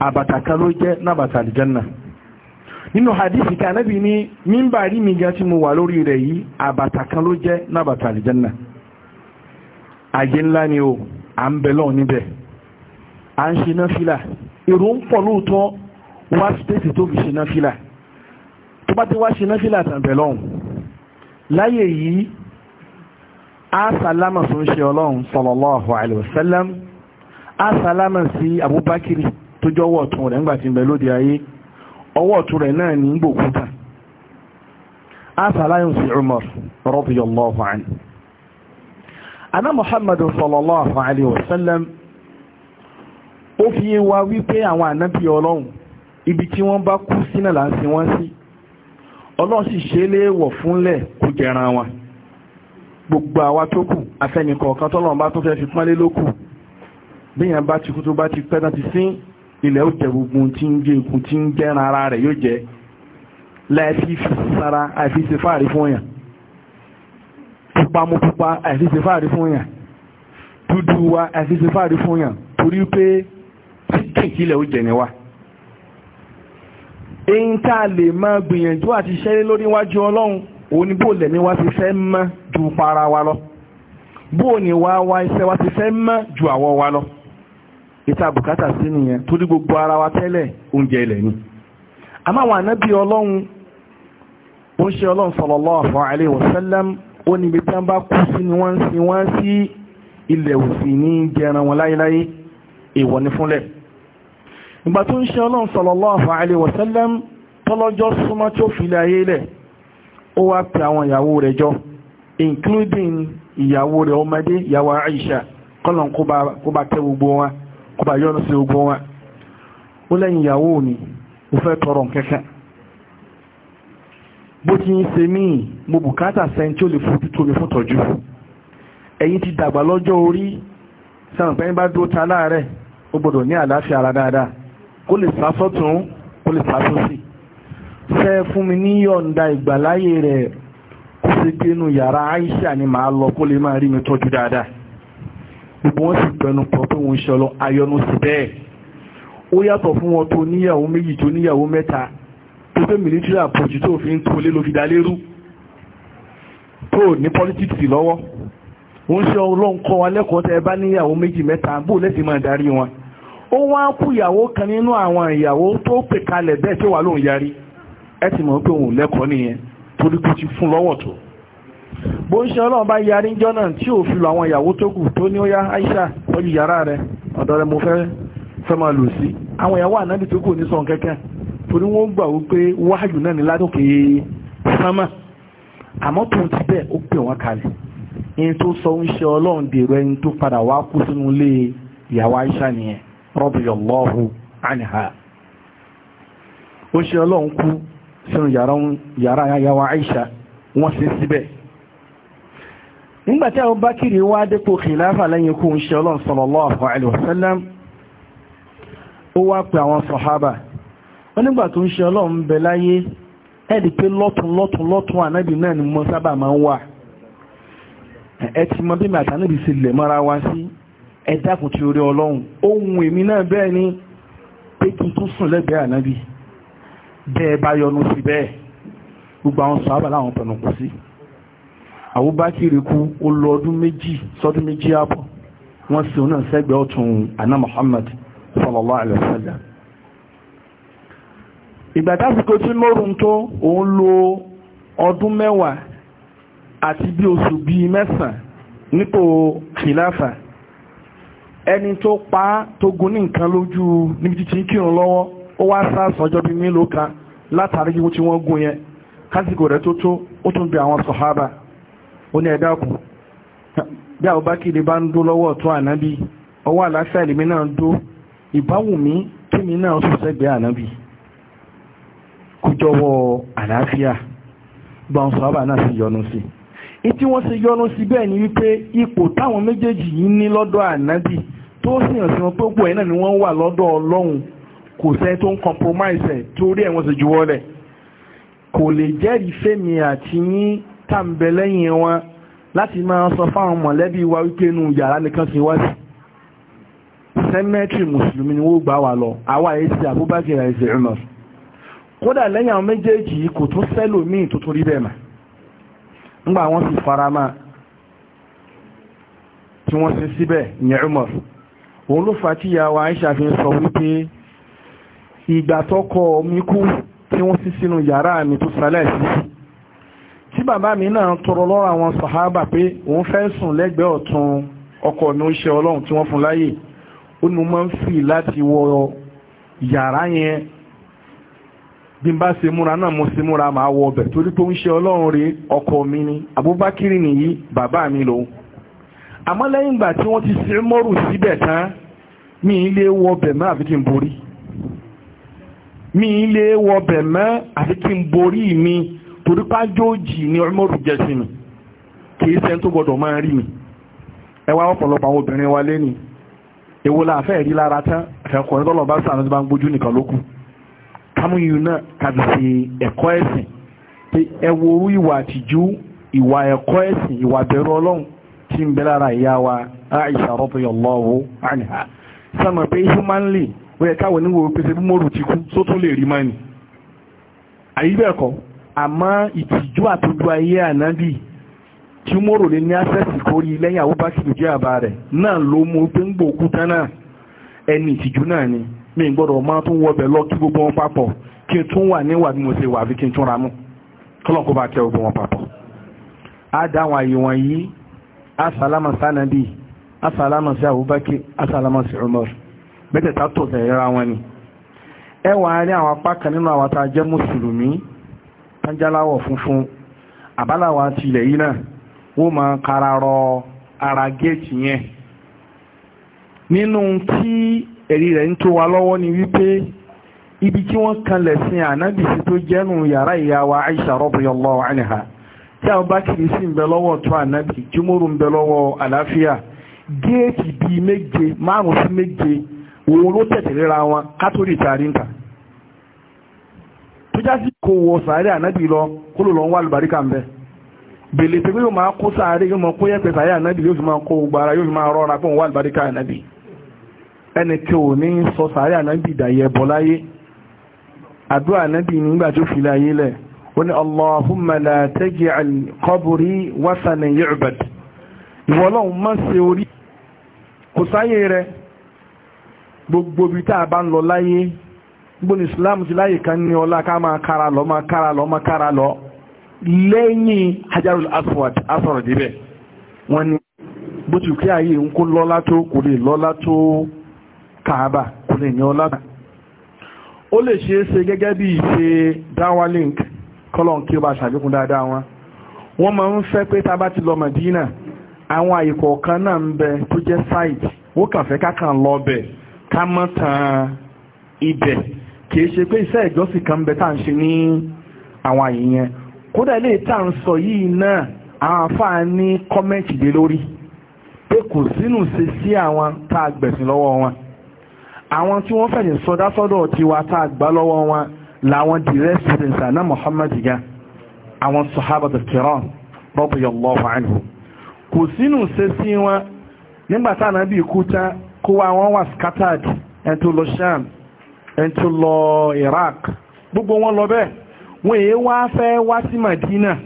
àbàtà ló jẹ́ nábàtà nínú hadithi kan ànábì ní mímbà rí mi tí mo lórí rẹ̀ yìí ló jẹ́ nábàtà ni o à ń bẹ níbẹ̀ à ń ṣe náà fìlà èrò ń pọ̀ lóòótọ́ wá spéèsì tó fi bá ti wá ṣe náà asalama sun ṣe ọlọ́run sallallahu alaihi wasallam asalama sí abubakiri tó jọwọ́ ọ̀tún rẹ̀ ńgbà tí ń bẹ lóde ayé ọwọ́ ọ̀tún rẹ̀ náà ní gbòkúta asalama sí umar radiyallahu anhu ana muhammadu sallallahu alaihi wasallam ó fi gbogbo àwa tó kù afẹ́nìkọ̀ọ̀kan tọ́lọ̀n bá tó fẹ́ fi pánlé ló kù bíyàn bá ti kú tó bá ti pẹ́ náà ti sín ilẹ̀ ó jẹ gbogbo tí ń jẹ ikú tí ń jẹ́ ara rẹ̀ yóò jẹ láìfi sára àìfi ṣe fáàrí fún yàn pupa mú pupa wa àìfi ṣe fáàrí wa èyí tá lè máa gbìyànjú àti ṣẹ́lé lórí wájú ọlọ́run òun ni bó lẹ̀mí wá ti fẹ́ máa ju para wa lọ bóò ní wá wá iṣẹ́ wa ti fẹ́ mọ́ ju àwọ̀ wa lọ ìta bùkátà sí nìyẹn torí gbogbo ara wa tẹ́lẹ̀ oúnjẹ ilẹ̀ ni àmọ́ àwọn ànábì ọlọ́run ó ń ṣe ọlọ́run sallallahu alaihi wasallam ó ní ibi tí wọ́n bá kú sí ni wọ́n ń sin wọ́n sí ilẹ̀ òsì ní jẹran wọn láyéláyé èèwọ̀ ni fúnlẹ̀ ìgbà tó ń ṣe ọlọ́run sallallahu alaihi wasallam tọ́lọ́jọ́ súnmọ́ tó fi ilẹ̀ ayé lẹ̀ ó wá pe àwọn ìyàwó rẹ̀ jọ including ìyàwó rẹ̀ ọmọdé ìyàwó Aisha kọ́lọ̀n kó bá tẹ́ gbogbo wọn kó bá yọ́nà sí gbogbo ó lẹ́yìn ìyàwó ni! ó tọrọ kẹ́kẹ́ bó ti ń se mí mo bùkátà sẹ́ni ó lè mi ti dàgbà lọ́jọ́ orí sáwọn bá kó sí pé inú yàrá Aisha ni màá lọ kó lè máa rí mi tọ́jú dáadáa gbogbo wọn sì pẹnu pọ̀ pé òun ṣe ọlọ ayọnu sí bẹ́ẹ̀ ó yàtọ̀ fún wọn tó níyàwó méjì tó níyàwó mẹ́ta tó pé military approach tó fi ń tó lé ló fi dá lérú tó ní politics lọ́wọ́ wọ́n ṣe ọlọ́run kọ́ tẹ́ bá níyàwó méjì mẹ́ta bó lẹ́sì máa darí wọn ó wá kú ìyàwó kan nínú àwọn ìyàwó tó pè kalẹ̀ bẹ́ẹ̀ tó wà lóun yarí ẹ ti mọ̀ pé òun lẹ́kọ̀ọ́ nìyẹn torí kò ti fún lọ́wọ́ tó bó ń ṣe ọlọ́run bá yarí jọ́ náà tí ò fi lọ àwọn ìyàwó tó kù tó ní ó yá Aisha tọ́jú yàrá rẹ̀ ọ̀dọ̀ rẹ̀ mo fẹ́ fẹ́ máa lò sí àwọn ìyàwó ànábì tó kù ní sọ̀n kẹ́kẹ́ torí wọ́n gbà wípé wáyù náà ní ládòkè sánmà àmọ́ tó ti bẹ́ẹ̀ ó pè wọ́n kalẹ̀ ẹni tó sọ ń ṣe ọlọ́run dèrò ẹni tó padà wá kú sínú ilé ìyàwó Aisha nìyẹn radiyallahu anha ó ṣe ọlọ́run kú sínú yàrá yàwà Aisha wọ́n sí síbẹ̀ nígbàtí àwọn bákìrì wá dépò kìláfà lẹ́yìn kú ń ṣe ọlọ́run sallallahu alaihi wasallam ó wá pè àwọn sọ̀hábà wọ́n nígbà tó ń ṣe ọlọ́run bẹ láyé ẹ̀dì pé lọ́tún lọ́tún lọ́tún ànábì náà ni mo sábà máa ń wà ẹ ti mọ ohun èmi náà bẹ́ẹ̀ ni pé kí sùn lẹ́gbẹ̀ẹ́ ànábì bẹ́ẹ̀ bá yọnu sí bẹ́ẹ̀ gbogbo àwọn sàábà láwọn pẹ̀nù kù sí àwúbákìrì kú ó lọ ọdún méjì sọdún méjì ààbọ̀ wọ́n sì náà sẹ́gbẹ̀ẹ́ ọ̀tún àná Muhammad sallallahu alaihi wasallam ìgbà tásìkò tí lórun tó òun lo ọdún mẹ́wàá àti bí oṣù bíi ẹni tó pa tó gun ní nǹkan lójú níbi títí kírun lọ́wọ́ ó wá sáàsùn ọjọ́ bíi mélòó kan látàrí gígùn tí wọ́n gún yẹn kásìkò rẹ̀ tó tó ó tún bí àwọn sọ̀hábà ó ní ẹ̀dá kù bí àwọn bákìlì bá ń dó lọ́wọ́ ọ̀tún ànábì ọwọ́ àlàáfíà ìlèmí náà ń dó mi náà sùn sẹ́gbẹ̀ẹ́ ànábì àlàáfíà gba àwọn sọ̀hábà náà sì yọnu sí wọ́n yọnu sí bẹ́ẹ̀ ni wípé ipò táwọn méjèèjì yìí ní lọ́dọ̀ tó ni wọ́n wà lọ́dọ̀ ọlọ́run kò sẹ́ tó ń compromise ẹ̀ torí ẹ̀ wọ́n sì juwọ́ lẹ̀ kò lè jẹ́rìí fẹ́mi àti yín tàǹbẹ̀ lẹ́yìn wọn láti máa sọ fáwọn mọ̀lẹ́bí wa wípé inú yàrá nìkan sì wá sẹ́mẹ́tì mùsùlùmí ni wọ́n gbà wà lọ àwa yìí sí Abubakar àìsè Umar kódà lẹ́yìn àwọn méjèèjì yìí kò tún sẹ́lòmíì tó torí bẹ́ẹ̀ mà ńgbà wọ́n sì fara máa tí wọ́n sin síbẹ̀ ìyẹn òun ló fà á tí sọ wípé ìgbà tọ́kọ mi kú tí wọ́n sí sínú yàrá mi tó sálẹ̀ sí tí bàbá mi náà tọrọ lọ́rọ̀ àwọn sàhábà pé òun fẹ́ sùn lẹ́gbẹ̀ẹ́ ọ̀tún ọkọ mi ó ọlọ́run tí wọ́n fún láyè ó nu máa ń fi láti wọ yàrá yẹn bí n bá ṣe múra náà mo ṣe múra máa wọ ọbẹ̀ torí pé ó ń ṣe ọlọ́run rí ọkọ mi ni Abubakar nìyí bàbá mi lòun àmọ́ lẹ́yìn ìgbà tí wọ́n ti ṣe síbẹ̀ tán mi ilé wọ ọbẹ̀ náà fi kí n borí mi ilé wọbẹ̀ mọ́ àti kí n borí mi torí pájóòjì ni ọmọrù jẹ́ sí mi kìí sẹ́ni tó gbọdọ̀ máa rí mi ẹ wá ọ̀pọ̀lọpọ̀ àwọn obìnrin wa lẹ́ni èwo la fẹ́ rí lára tán ẹ̀kọ́ ní tọ́lọ̀ bá sàánú tó bá ń gbójú nìkan lókù kámúyìn náà tàbí ṣe ẹ̀kọ́ ẹ̀sìn pé ẹ orú ìwà àtijú ìwà ẹ̀kọ́ ẹ̀sìn ìwà bẹ̀rù ọlọ́run tí ń bẹ lára ìyá wa Aisha radiyallahu anha sọ́mọ̀ pé humanly ó yẹ káwọn oníwò pèsè bí mòrù ti kú só tún lè rí mọ́ni àyíbẹ̀ẹ̀kọ́ àmọ́ ìtìjú àtúndú ayé ànábì tí mòrò lè ní àṣẹ́sì kórí lẹ́yìn àwúbákìlù jẹ́ àbá rẹ̀ náà ló mú pé ń gbò òkúta náà ẹni ìtìjú náà ni mi gbọ́dọ̀ máa tún wọbẹ̀ lọ kí gbogbo wọn papọ̀ kí n tún wà níwà bí mo ṣe wà bí kí n tún ra mú bá kẹ́ gbogbo wọn papọ̀ mẹ́tẹ̀ẹ̀ta tò tẹ̀lera wọn ni ẹ rí àwọn apá kan nínú àwọn jẹ́ funfun abalawa ti ilẹ̀ yìí náà wọ́n máa ara géètì yẹn nínú tí ẹ̀rí rẹ̀ ń tó wa lọ́wọ́ ni wípé ibi tí wọ́n kan sin ànábìsí tó jẹ́nu yàrá ìyá wa Aisha tí àwọn bá sí ń bẹ lọ́wọ́ tó ànábì ń bẹ lọ́wọ́ àlàáfíà géètì bíi méje márùn-ún òun ló tẹ̀tẹ̀lera wọn kátólì tàríntà tó já sí kò wọ sàárẹ̀ ànábì lọ kó ló lọ ń wá àlùbáríkà ń bẹ bèlè pé yóò máa kó sàárẹ̀ yóò máa kó yẹ́pẹ̀ sàárẹ̀ ànábì yóò máa kó gbára yóò máa rọra pé òun wá ànábì ẹni tí ò ní sọ sàárẹ̀ ànábì bọ́ láyé àdúrà ànábì nígbà tó fi láyé lẹ̀ ó ní má ṣe orí gbogbo ibi tá a bá ń lọ láyé gbogbo ní islam ti láyé kan ní ọlá ká máa kára lọ máa kára lọ máa kára lọ lẹ́yìn hajarul aswad asọ̀rọ̀ débẹ̀ wọ́n ní bó ti kí ayé ń kó lọ́lá tó kò lè lọ́lá tó kaaba kò lè ní ọlá tó ó lè ṣeé ṣe gẹ́gẹ́ bí ìṣe dawa link kọ́lọ̀n kí ó bá ṣàlékún dáadáa wọn wọ́n máa ń fẹ́ pé tá a bá ti lọ Madina àwọn àyíkọ̀ọ̀kan náà ń bẹ tó jẹ́ site wọ́n kàn fẹ́ kákan lọ bẹ́ẹ̀ ká mọ́ tan ibẹ̀ kìí ṣe pé iṣẹ́ ìjọsìn kan bẹ tá à ń ṣe ní àwọn àyè yẹn kódà ilé tá à ń sọ yìí náà àwọn afáà ní kọ́mẹ́ǹtì lé lórí pé kò sínú ṣe sí àwọn tá a gbẹ̀sìn lọ́wọ́ wọn àwọn tí wọ́n fẹ̀yìn sọdá sọ́dọ̀ tiwa tá a gbà lọ́wọ́ wọn làwọn direct students àná Muhammad gan àwọn sahaba kiram radiyallahu anhu kò sínú ṣe sí wọn nígbà tá à bí ikú tán kó wá wọn wà scattered ẹni tó lọ Sham ẹni lọ Iraq gbogbo wọn lọ bẹ́ẹ̀ wọ́n èyí wá fẹ́ wá sí Madina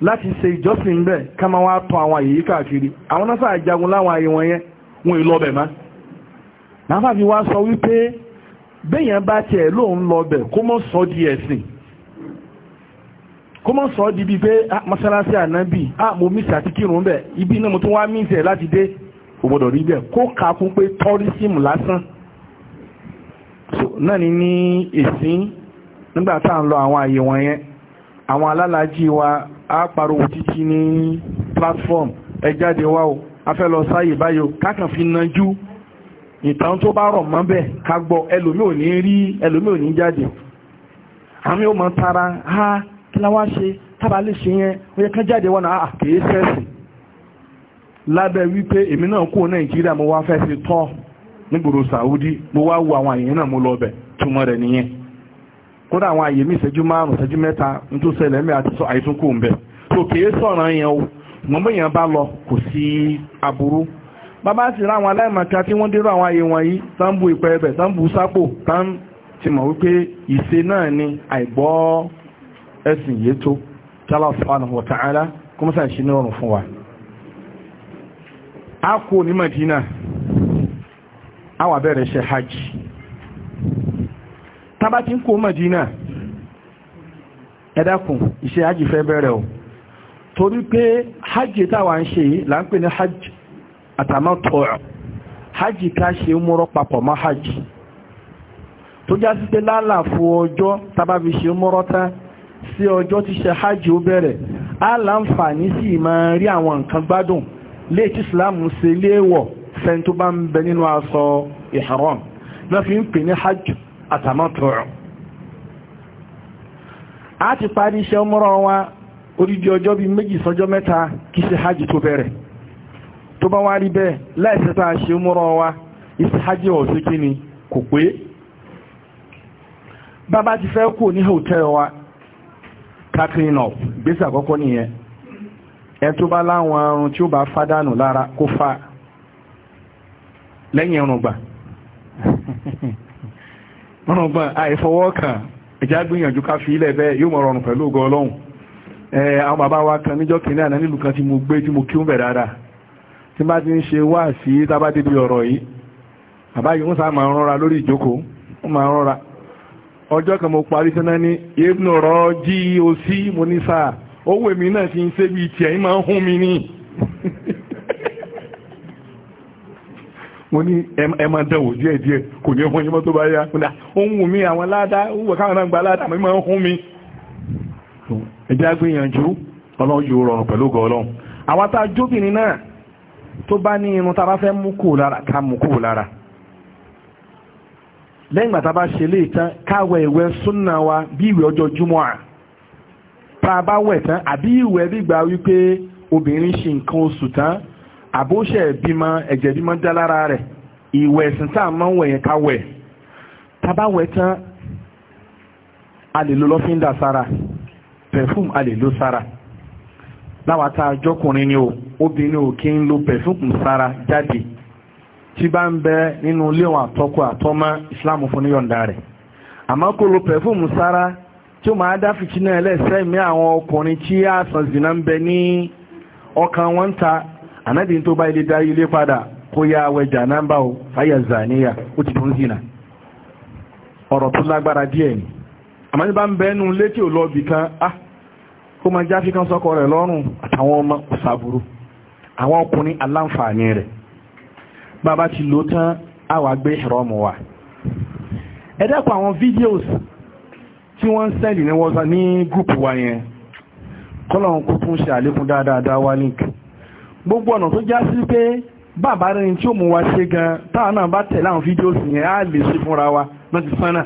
láti ṣe ìjọsìn bẹ́ẹ̀ ká máa wá tọ àwọn àyè káàkiri àwọn náà sáà jagun láwọn àyè wọn yẹn wọn èyí ọbẹ bẹ̀ má náà fi wá sọ wípé béèyàn bá tiẹ̀ lóun lọ bẹ̀ kó mọ̀ sọ di ẹ̀sìn kó mọ̀ sọ di bíi pé ah, mọ́sálásí ànábì ah mo mí sàtìkírun bẹ̀ ibi náà mo tún wá mí sẹ̀ láti dé ògbọ́dọ̀ rí bẹ́ẹ̀ kó ka fún pé tọ́rísìmù lásán náà ni ní ìsín nígbà ń lọ àwọn àyè wọ̀nyẹn àwọn wa á pariwo títí ní platform ẹ jáde o a lọ sáyè báyò kákan fi nanjú ìtàn tó bá rọ̀ mọ́ bẹ́ẹ̀ ká gbọ́ ẹlòmí ò ní rí ẹlòmí ò ní jáde àmì ò tara ha kí la wá ṣe ṣe yẹn ó yẹ jáde wọn náà kì í lábẹ́ wípé èmi náà kó nàìjíríà mo wá fẹ́ sí tọ́ nígboro Saudi mo wá wo àwọn àyè náà mo lọ bẹ̀ túmọ̀ rẹ̀ nìyẹn kódà àwọn àyè mi ìṣẹ́jú márùn ìṣẹ́jú mẹ́ta nítorí ṣẹlẹ̀ mi àti àìsàn kò ń bẹ̀ tó kèé sọ̀rọ̀ yẹn o mọ̀mọ́ yẹn bá lọ kò sí aburú bàbá sì rá àwọn aláìmọ̀ká tí wọ́n dérò àwọn àyè wọ̀nyí tán bu ìpẹ́ ẹbẹ̀ tán bu sápò tán ti mọ̀ wípé ìṣe náà ni àìgbọ́ ẹ̀sìn yétó tí Allah subhanahu wa ta'ala kọ́mọ́sà ìṣe ní ọ̀rùn a kò ní Madina a wà bẹ̀rẹ̀ ṣe hajj tàbá tí ń kò Madina ẹ iṣẹ́ hajj fẹ́ bẹ̀rẹ̀ o torí pé hajj táwà ń ṣe là ń pè ní hajj àtàmọ́tọ̀ hajj ká ṣe múrọ́ papọ̀ mọ́ hajj tó já sí pé lálàfo ọjọ́ tàbá fi ṣe tán sí ọjọ́ tí hajj ó bẹ̀rẹ̀ sí rí àwọn nǹkan gbádùn lé tí ìsìláàmù ṣe léèwọ̀ fẹ́ni tó bá ń bẹ nínú aṣọ ìhàrán náà fi ń pè ní hajj àtàmọ́tọ̀rọ̀ a ti parí iṣẹ́ ọmọrọ̀ wa orídìí ọjọ́ bíi méjì sọjọ́ mẹ́ta kí ṣe hajj tó bẹ̀rẹ̀ tó bá wá rí bẹ́ẹ̀ láìsẹ́ a ṣe wa iṣẹ́ hajj ọ̀sẹ̀ ni kò pé bàbá ti fẹ́ kú ní wa ká gbèsè àkọ́kọ́ nìyẹn ẹ tó bá láwọn arun tí ó bá fádánù lára kó fa lẹ́yìn ẹrùngbà ẹrùngbà àìfọwọ́ kan ká fi ilẹ̀ bẹ́ẹ̀ yóò mọ̀ pẹ̀lú ògo ọlọ́run àwọn bàbá wa kan níjọ́ kìíní àná nílùú kan tí mo gbé tí mo kí ń bẹ̀ dáadáa tí bá ti ń ṣe wá sí ọ̀rọ̀ rọra lórí ìjókòó ó rọra ọjọ́ kan mo parí ní mo owó èmi náà ti ń ṣe bí tí ẹ̀yìn máa ń hún mi ní mo ní ẹmọ dẹ̀wò díẹ̀ díẹ̀ kò ní hún yímọ́ tó bá yá kúndà ohun mi àwọn ládá wọ́n káwọn náà gba ládá mi máa ń hún mi ẹjá gbìyànjú ọlọ́run yóò rọrùn pẹ̀lú gọ́ọ̀lọ́run àwọn tá a jóbìnrin náà tó bá lẹ́yìn gbà tá bá ṣe léè tán káwẹ̀ ìwẹ̀ súnà wa bí ìwẹ̀ ọjọ́ júmọ́ à tá a bá wẹ̀ tán àbí ìwẹ̀ gbígbà wípé obìnrin ṣe nǹkan oṣù tán àbóṣẹ̀ bímọ ẹ̀jẹ̀ bímọ dá lára rẹ̀ ìwẹ̀ ẹ̀sìn tá a máa ń wẹ̀ yẹn ká wẹ̀ tá a bá wẹ̀ tán a lè lo lọ́fíńdà sára perfume a lè lo sára láwa tá a jọkùnrin ni o obìnrin ò kí ń lo perfume sára jáde tí bá ń bẹ nínú ilé wọn àtọkọ àtọmọ ìsìláàmù fún níyọ̀ǹda rẹ̀ àmọ́ kó lo perfume sára tí ó máa dá fìtínà ẹlẹ́sẹ̀ mi àwọn ọkùnrin tí a sàn zìnà ń bẹ ní ọkàn wọn ta ànábì tó bá ilé darí ilé padà kó ya wẹjà nọ́mbà o fàyà zàníyà ó ti dún zìnà ọ̀rọ̀ tó lágbára díẹ̀ ni àmọ́ ní bá ń bẹ́nu létí ò lọ́ọ̀bì kan á ah, kó máa jáfi kan sọ́kọ rẹ̀ lọ́rùn àtàwọn ọmọ òṣàbùrù àwọn ọkùnrin aláǹfààní rẹ̀ bàbá ti lò tán àwàgbé ìrọ̀mù wa ẹ àwọn fídíòsì tí wọ́n ń sẹ́ndì ní wọ́sá ní gúùpù wa yẹn kọ́lọ̀n kó tún ṣe àlékún dáadáa wá link gbogbo ọ̀nà tó já sí pé bàbá rẹ̀ tí ó mú wa ṣe gan táwọn náà bá tẹ̀lé àwọn fídíòsì yẹn á lè ṣe fúnra wa náà ti sánà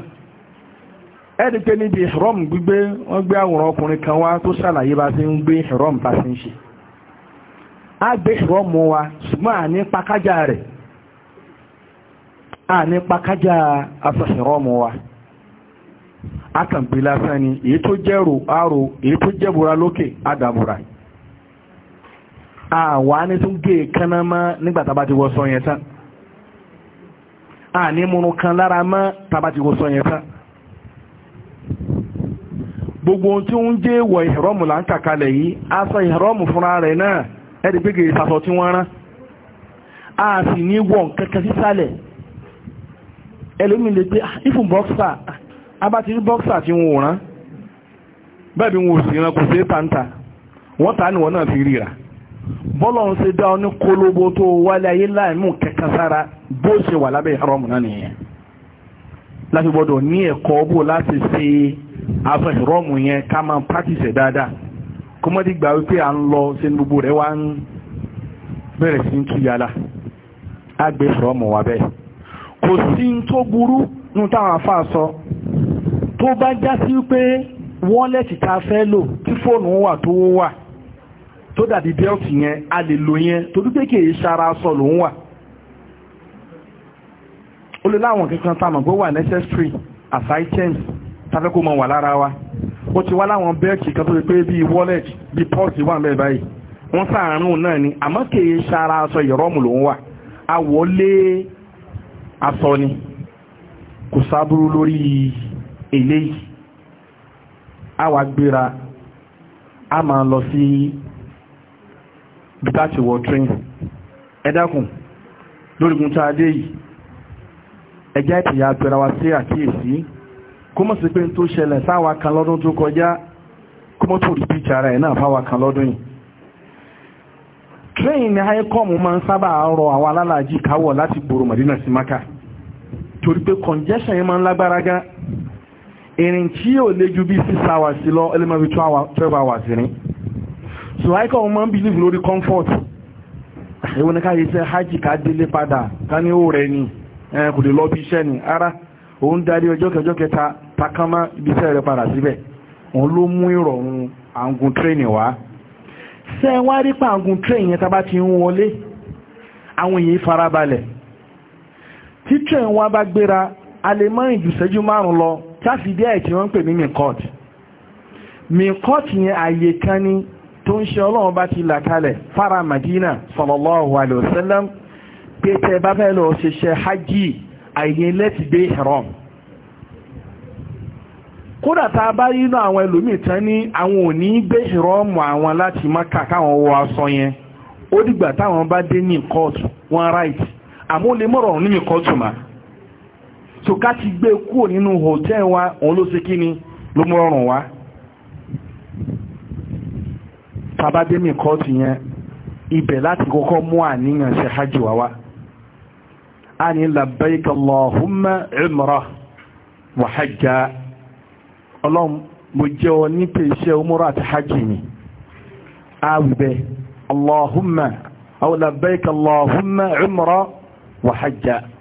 ẹ̀rí pé níbi ìhrọ́m gbígbé wọ́n gbé àwòrán ọkùnrin kan wá tó ṣàlàyé bá ti ń gbé ìhrọ́m bá ti ń ṣe á gbé ìhrọ́m wa ṣùgbọ́n àní pakájà rẹ̀ àní pakájà aṣọ ìhrọ́m wa. akànpé lásán ni èyí tó jẹ́ rò àrò èyí tó jẹ́ lókè àdàbùra àwa ní tún gé kaná mọ́ nígbà a ti yẹn tán àní kan lára mọ́ ti yẹn tán gbogbo ohun tí ó ń jẹ́ wọ ìhẹ̀rọ́mù là ń kàkalẹ̀ yìí aṣọ ìhẹ̀rọ́mù fúnra rẹ̀ náà ìsàsọ tí wọ́n rán a sì ní wọ̀n sísàlẹ̀ abá ti rí bọ́ksà tí wọn ò rán bẹ́ẹ̀ bí wọn ò sì rán kò sí pàǹtà wọ́n ta ni wọ́n náà fi ríra bọ́lọ́run se dá ọ ní kólóbó tó wálé ayé láìmú kẹkẹ sára bó ṣe wà lábẹ́ ìhárọ̀mù náà nìyẹn láti gbọ́dọ̀ ní ẹ̀kọ́ bó láti ṣe aṣọ ìhárọ̀mù yẹn ká máa pàtìṣẹ̀ dáadáa kó mọ́ dìgbà wípé à ń lọ ṣe gbogbo rẹ̀ wá ń bẹ̀rẹ̀ sí ń túyàlá àgbẹ̀ ìhárọ̀mù wa bẹ́ẹ̀ kò sí ń tó burú nù táwọn afá sọ tó bá já sí pé wọ́lẹ̀tì ta fẹ́ lò tí fóònù wà tó wà tó dàbí bẹ́ẹ̀tì yẹn a lè lò yẹn torí pé kìí ṣara sọ ló ń wà ó lè láwọn kankan tá a mọ̀ pé wà necessary as items tàbí kó mọ̀ wà lára wa ó ti wá láwọn bẹ́ẹ̀tì kan tó lè pé bíi wọ́lẹ̀tì bíi pọ́ọ̀sì wà mẹ́ẹ̀ báyìí wọ́n sáàánú náà ni àmọ́ kìí ṣara aṣọ ìrọ́mù ló ń wà àwọ̀lé aṣọ ni kò sábúrú lórí eléyìí a wà gbéra a ma lọ sí train ẹ̀dákùn lórígun tá a dé yìí ẹjá ìtìyà àpẹẹrẹ wa sí àkíyèsí kó mọ̀ sí pé tó ṣẹlẹ̀ kan lọ́dún tó kọjá kó mọ̀ tó rí ara ẹ̀ náà train ni máa ń sábà rọ àwọn alálàájì káwọ̀ láti gbòrò sí maka torí pé congestion yẹn máa ń ìrìn tí yóò lé ju bí six hours sí lọ ẹlẹ́mọ̀ bí twelve hours rìn so àìkọ́ wọn máa ń believe lórí comfort ẹ̀wọ̀n ní káyé iṣẹ́ hajj ká délé padà ká ní ó rẹ̀ ni kò lè lọ bí iṣẹ́ ni ara òun darí ọjọ́ kẹjọ kẹta takamá ibi iṣẹ́ rẹ̀ padà síbẹ̀ òun ló mú ìrọ̀rùn àǹgùn tírẹ́nì wá ṣe wá rí pa àgùn train yẹn tàbá ti ń wọlé àwọn èyí farabalẹ̀ tí train wá bá gbéra a lè mọ́ ìjùsẹ́jú márùn lọ sáfìdí ẹ̀ tí wọ́n ń pè ní mikot mikot yẹn àyè kan ni tó ń ṣe ọlọ́run bá ti là fara madina sallallahu alaihi wasallam sallam pé tẹ́ bá fẹ́ lọ ṣiṣẹ́ hajj àyè lẹ́tì dé ihram kódà tá a bá nínú àwọn ẹlòmíì tán ní àwọn ò ní gbé ihram àwọn láti maka káwọn wọ aṣọ yẹn ó dìgbà táwọn bá dé ní kóòtù wọn right àmọ́ ó lè mọ̀rọ̀ ní mi kóòtù so ká ti gbé kúrò nínú hòtẹ́ẹ̀ wa òun ló ṣe kí ni ló mú ọrùn wá tàbádémì kọ́ọ̀tù yẹn ibẹ̀ láti kọ́kọ́ mú àníyàn ṣe hajj wá wá a ní labbaik Allahumma umrah wa hajja ọlọ́run jẹ́ ọ nípa iṣẹ́ umrah àti hajj mi awibẹ̀ Allahumma aw labbaik Allahumma umrah wa hajja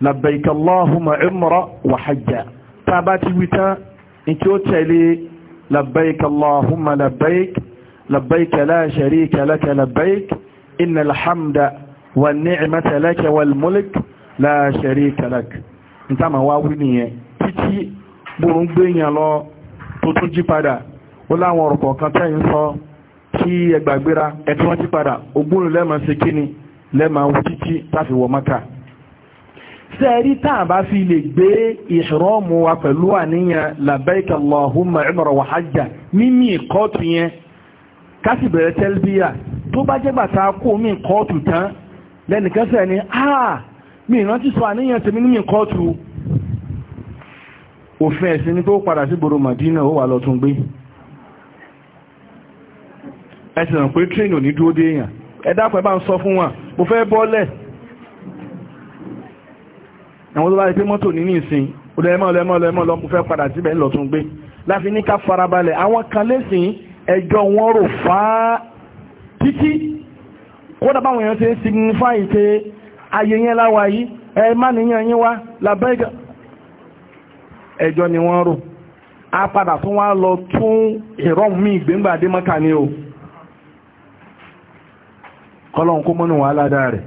labbaika Allahumma umra wa hajja tá a bá ti wí tán ní tí ó tẹ̀lé labbaika Allahumma labbaik labbaik la sharika laka labbaik innal hamda wa ni'mata laka wal mulk la sharika lak ní tá a máa wá wí nìyẹn títí gbòrò ń gbé yàn lọ tó tún jí padà ó láwọn ọ̀rọ̀ kọ̀ọ̀kan tẹ́yìn sọ kí ẹgbàgbéra ẹ̀tún wọ́n jí padà ogún lẹ́mọ̀ sí kíni lẹ́mọ̀ wú títí táfi wọ mọ́ta sẹ́ẹ̀rí táà bá fi lè gbé ìṣòrọ́mù wa pẹ̀lú àníyàn labbaik Allahumma umra wa hajja mímí ìkọ́ọ̀tù yẹn kásì bẹ̀rẹ̀ tẹ́lbíyà tó bá jẹ́ bàtà kó mí ìkọ́ọ̀tù tán ni ah mi ìrántí sọ àníyàn tèmi ní mí òfin ẹ̀sìn ni Madina ó wà lọ tún gbé ẹ̀sìn pé tírínì ò ní dé èèyàn bá ń sọ àwọn tó bá rí pé mọ́tò ní nìsín olóẹmọ́ olóẹmọ́ olóẹmọ́ lọ fẹ́ padà síbẹ̀ ńlọ tún gbé láfi ní ká farabalẹ̀ àwọn kan lẹ́sìn ẹjọ́ wọn rò fá títí kódà báwọn èèyàn ṣe ń signify pé ayé yẹn láwa a padà tún wá lọ tún ìrọ́m mí ìgbéǹgbà dé mọ́kà ni o kọ́lọ́n kó mọ́nù wàhálà dáa rẹ̀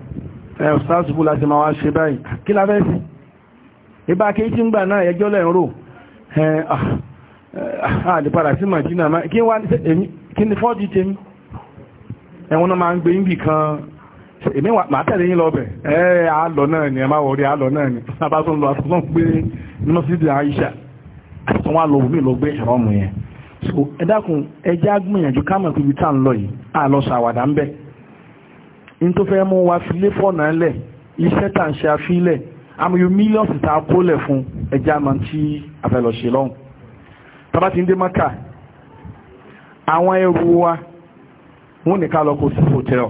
ẹ̀ ọ̀sán láti máa wá ṣe báyìí kí la sí ìbá kí tí ń gbà náà ẹjọ́ lẹ́ ń rò àdìpadà sí màjínà máa kí wá kí ni fọ́ọ̀dì tí ẹ̀wọ̀n náà máa ń gbé kan èmi máa tẹ̀lé yín lọ́bẹ̀ ẹ̀ àlọ́ náà ni ẹ ni so ẹ ẹjẹ́ agbóyànjú ká ibi tá lọ yìí àlọ́ sàwàdà ń bẹ̀ ní tó fẹ́ ṣe àmì mílíọ̀nù tá a kólẹ̀ fún ẹja máa tí a fẹ́ lọ ṣe lọ́hùn tábà ti ń dé mọ́kà àwọn ẹrù wa wọ́n ní ká lọ kó sí hòtẹ́ọ̀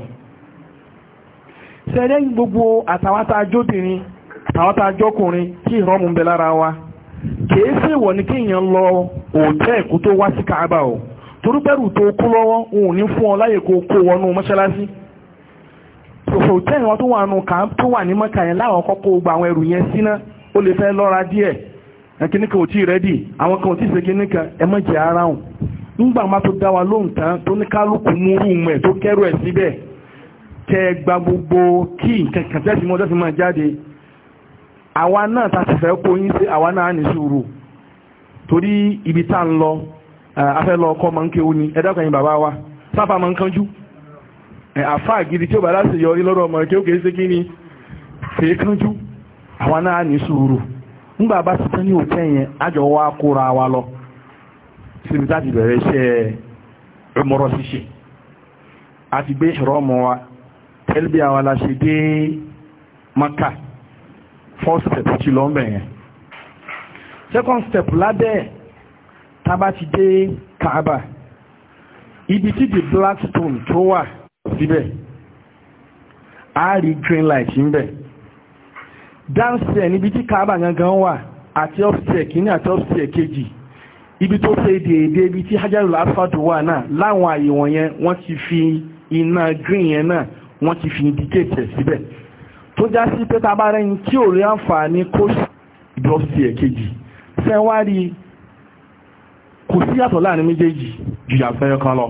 sẹ́lẹ̀ gbogbo àtàwátà ajóbìnrin àtàwátà ajókùnrin kí ìrọ́mù ń bẹ lára wa kìí ṣe wọ̀ ní kéèyàn lọ hòtẹ́ẹ̀ kó tó wá sí Káàbà o torúbẹ̀rù tó kú lọ́wọ́ òun ní fún ọ láyè kó kó wọnú mọ́ṣáláṣí hòtẹ́ẹ̀lì wọn tó wà nù kàn tó wà ní mọ́kà yẹn láwọn kọ́kọ́ gba àwọn ẹrù yẹn síná ó lè fẹ́ lọ́ra díẹ̀ ẹ̀kíní kan ò tí rẹ́dì àwọn kan ò tí ṣèkíní kan ẹ mọ̀ jẹ́ ara hùn nígbà má tó dá wa lóhùn tán tó ní kálukú mú rúùmù ẹ̀ tó kẹ́rù ẹ̀ síbẹ̀ kẹ́ ẹ gba gbogbo kí nǹkan tẹ́sí mọ́ tẹ́sí máa jáde àwa náà ta sì fẹ́ kó yín sí àwa náà ní sùúrù torí ibi tá à ń lọ afẹ́ lọ ọkọ mọ̀ ń kéwu ni ẹ dákọ̀ yín bàbá wa sábà mọ̀ ń kánjú Eh, àfáà gidi tí ó bá láti yọrí lọ́rọ̀ ọmọ kí ó kèé kí ni fèé àwọn náà ní sùúrù ńgbà bá ti tán ní òtẹ́ yẹn lọ síbi láti bẹ̀rẹ̀ iṣẹ́ ọmọrọ̀ ṣíṣe àti gbé ìṣòro ọmọ wa tẹ́lẹ̀bí àwa la ṣe dé maka first step ti lọ ń yẹn second step lábẹ́ dé kaaba síbẹ̀ a rí green light níbẹ̀ downstairs níbi tí kaaba gangan wà àti upstairs kìíní àti upstairs kejì ibi tó ṣe déédéé ibi tí hajarul asfalt wà náà láwọn àyè wọ̀nyẹn wọ́n ti fi iná green yẹn náà wọ́n ti fi indicate síbẹ̀ tó já sí pé tá bá rẹ́yìn tí ò rí àǹfààní kó ibi upstairs kejì sẹ́wárí kò sí yàtọ̀ láàrin méjèèjì jù yàtọ̀ ẹ̀kan lọ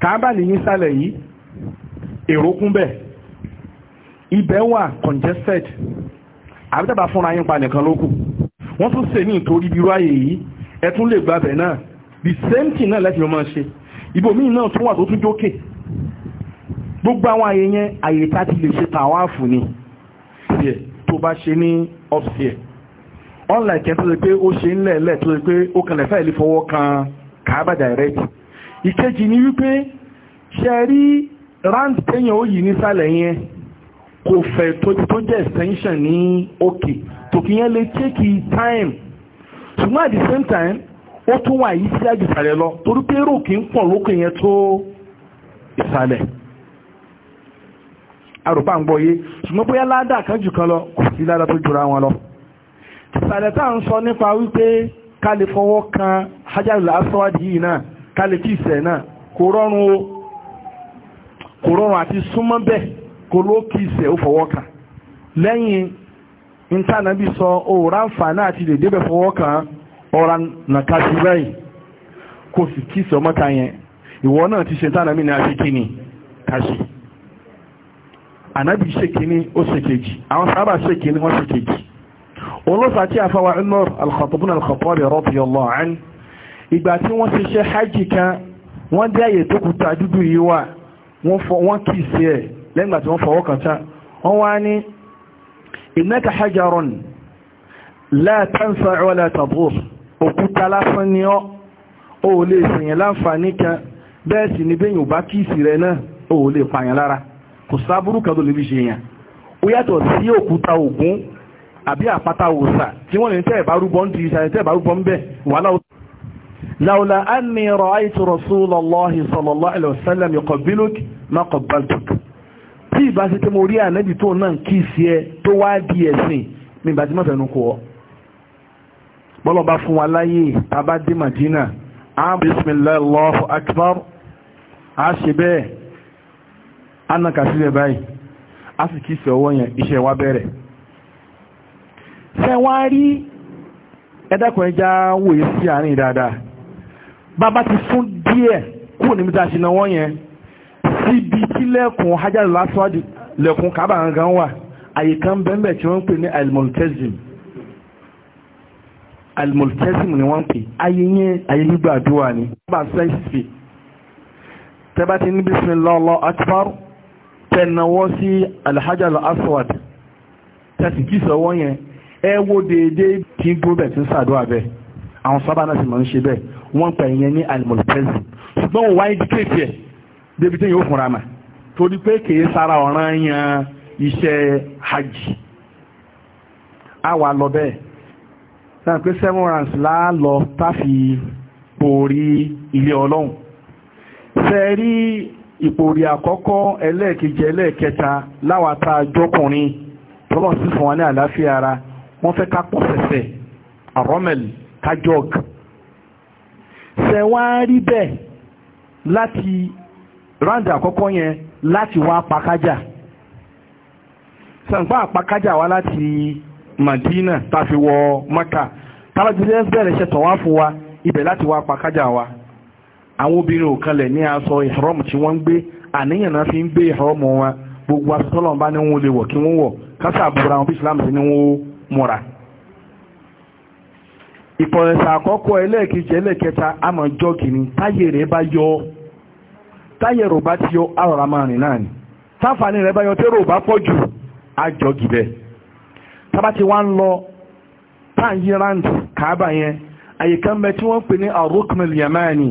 kàábà ní nísàlẹ̀ yìí èrò kún bẹ̀ ibẹ̀ wà congested àbítàbà fúnra yín pa nìkan lókù wọ́n tún ṣe ní nítorí bírú ààyè yìí ẹ tún lè gbàbẹ̀ náà the same thing náà lẹ́tì ọmọ ṣe ibòmíì náà tún wà tó tún jókè gbogbo àwọn ààyè yẹn ààyè tá ti lè ṣe tàwáàfù ni tiẹ̀ tó bá ṣe ní upstairs unlike ẹ tó ṣe pé ó ṣe ń lẹ̀ẹ́lẹ̀ tó ṣe pé ó kànlẹ̀ fẹ́ẹ̀ lè fọwọ́ kan kàábà direct ìkejì ni wípé ṣe rí rand téèyàn ó yìí nísàlẹ̀ yẹn kò fẹ̀ tó jẹ́ extension ní òkè tòkì yẹn lè take time ṣùgbọ́n at the same time ó tún wà yìí sí àjùsàlẹ̀ lọ torí pé èrò kì í pọ̀ lókè yẹn tó ìsàlẹ̀ àrùpá ń gbọ́yé ṣùgbọ́n bóyá ládà kan jù kan lọ kò sí ládà tó jura wọn lọ ìsàlẹ̀ tá à ń sọ nípa wípé ká lè fọwọ́ kan hajjáde lásán wádìí yìí náà kálẹ̀kí ìsẹ̀ náà kò rọrùn o kò rọrùn àti súnmọ́ bẹ́ẹ̀ kò ló kí ìsẹ̀ ó fọwọ́ kàn lẹ́yìn ìtànàbí sọ òòrá ń fà náà ti lè débẹ̀ fọwọ́ kàn ọ̀rá nàka sí báyìí kò sì kí ìsẹ̀ ọmọta yẹn ìwọ náà ti ṣe ìtànàbí ní aṣí kíni kàṣì ànábì ṣe kíní ó ṣe kejì àwọn sábà ṣe kíní wọ́n ṣe kejì olóòfà tí a fáwa inú al-Khattab al-Khattabi radiyallahu ìgbà tí wọ́n ṣiṣẹ́ hajj kan wọ́n dé àyè tó kúta dúdú yìí wà wọ́n kì í sí ẹ̀ lẹ́gbà tí wọ́n fọwọ́ kan tán wọ́n wá ní innaka hajarun la tanfa wala tadur òkúta lásán ni ọ́ o ò lè ṣèyàn láǹfààní kan bẹ́ẹ̀ sì ni bẹ́yìn ò bá kì í sí rẹ̀ náà o ò lè pààyàn lára kò sáàbúrú kan tó òkúta ògún àbí àpáta òòṣà tí wọ́n lè tẹ́ ẹ̀bá rúbọ ìṣàlẹ̀ tẹ́ ẹ̀bá rúbọ ń bẹ̀ laula anni ra'aytu rasulallahi sallallahu alaihi wasallam yuqabbiluk ma qabbaltuk tí ìbá sí tí mo rí ànábì tó náà kí sí ẹ tó wá di ẹ̀sìn mi ìbá tí mọ́ fẹ́nu kọ́ bọ́lọ́ba fún wa láyé tàbá dé Madina a bismillah Allahu akbar a ṣe bẹ́ẹ̀ anaka sílẹ̀ báyìí a sì kí sí ọwọ́ yẹn iṣẹ́ wa bẹ̀rẹ̀ ṣe wá rí ẹ̀dàkùn ẹja wòye sí àárín dáadáa bàbá ti sún díẹ̀ kúrò níbi tá a ṣe náwọ́ yẹn síbi tí lẹ́kùn hajjáde lásìwájú lẹ́kùn kábà gangan wà àyè kan bẹ́ẹ̀ tí wọ́n pè ní almultazim almultazim ni wọ́n ń pè ayé yẹn ayé gbígbà àdúrà ni bàbá sẹ́ẹ̀sì tẹ́bá ti ní bismillah Allahu akbar tẹ̀nàwọ́ sí alhajjáde lásìwájú tẹ́sì kí sọ́wọ́ yẹn ẹ wo déédéé tí gbó bẹ̀ tí ń sàdúrà bẹ́ẹ̀ àwọn sábà náà sì máa ń ṣe bẹ́ẹ̀ wọ́n pè yẹn ní alimọ̀lùpẹ́sì ṣùgbọ́n wọ́n wáyé díkèéfì ẹ̀ débi tí yóò fúnra mà torí pé kìí sára ọ̀ràn yan iṣẹ́ hajj a wà lọ bẹ́ẹ̀ sáà pé seven rands láàlọ táfi pòórí ilé ọlọ́run ṣe ìpòórí àkọ́kọ́ ẹlẹ́ẹ̀kejì ẹlẹ́ẹ̀kẹta láwa jọkùnrin tọ́lọ̀ fún wa ní àlàáfíà ara wọ́n fẹ́ ká pọ̀ sẹ̀sẹ̀ àrọ́mẹ̀lì kájọ́ọ̀gì ṣe wá rí bẹ́ẹ̀ láti ráǹdì àkọ́kọ́ yẹn láti wá pàkájà sàǹpá àpàkájà wa lati Madina tàfi wọ Maka tàbájúlẹ̀ bẹ̀rẹ̀ ṣe tọ̀wá fún wa ibẹ̀ láti wá pàkájà wa àwọn obìnrin òkanlẹ̀ ní aṣọ ìhrọ́mù tí wọ́n ń gbé àníyàn náà fi ń gbé ìhrọ́mù wọn gbogbo asọlọmba ní wọn lè wọ̀ kí wọ́n wọ̀ kásà àbúrò Islam sí ni wọ́n múra ìpọ̀rẹ̀sà àkọ́kọ́ ẹlẹ́ẹ̀kejì ẹlẹ́ẹ̀kẹta àmọ́ jọ́ kìíní táyé rẹ̀ bá yọ táyé rò bá ti yọ àrọ̀rà máa rìn náà ni táfàní rẹ̀ bá yọ tẹ́rò bá pọ̀ jù àjọ gìbẹ̀ tábà ti wá ń lọ táyírand kàábà yẹn àyíká mẹ́ tí wọ́n pè ní arúkùnú al-yamani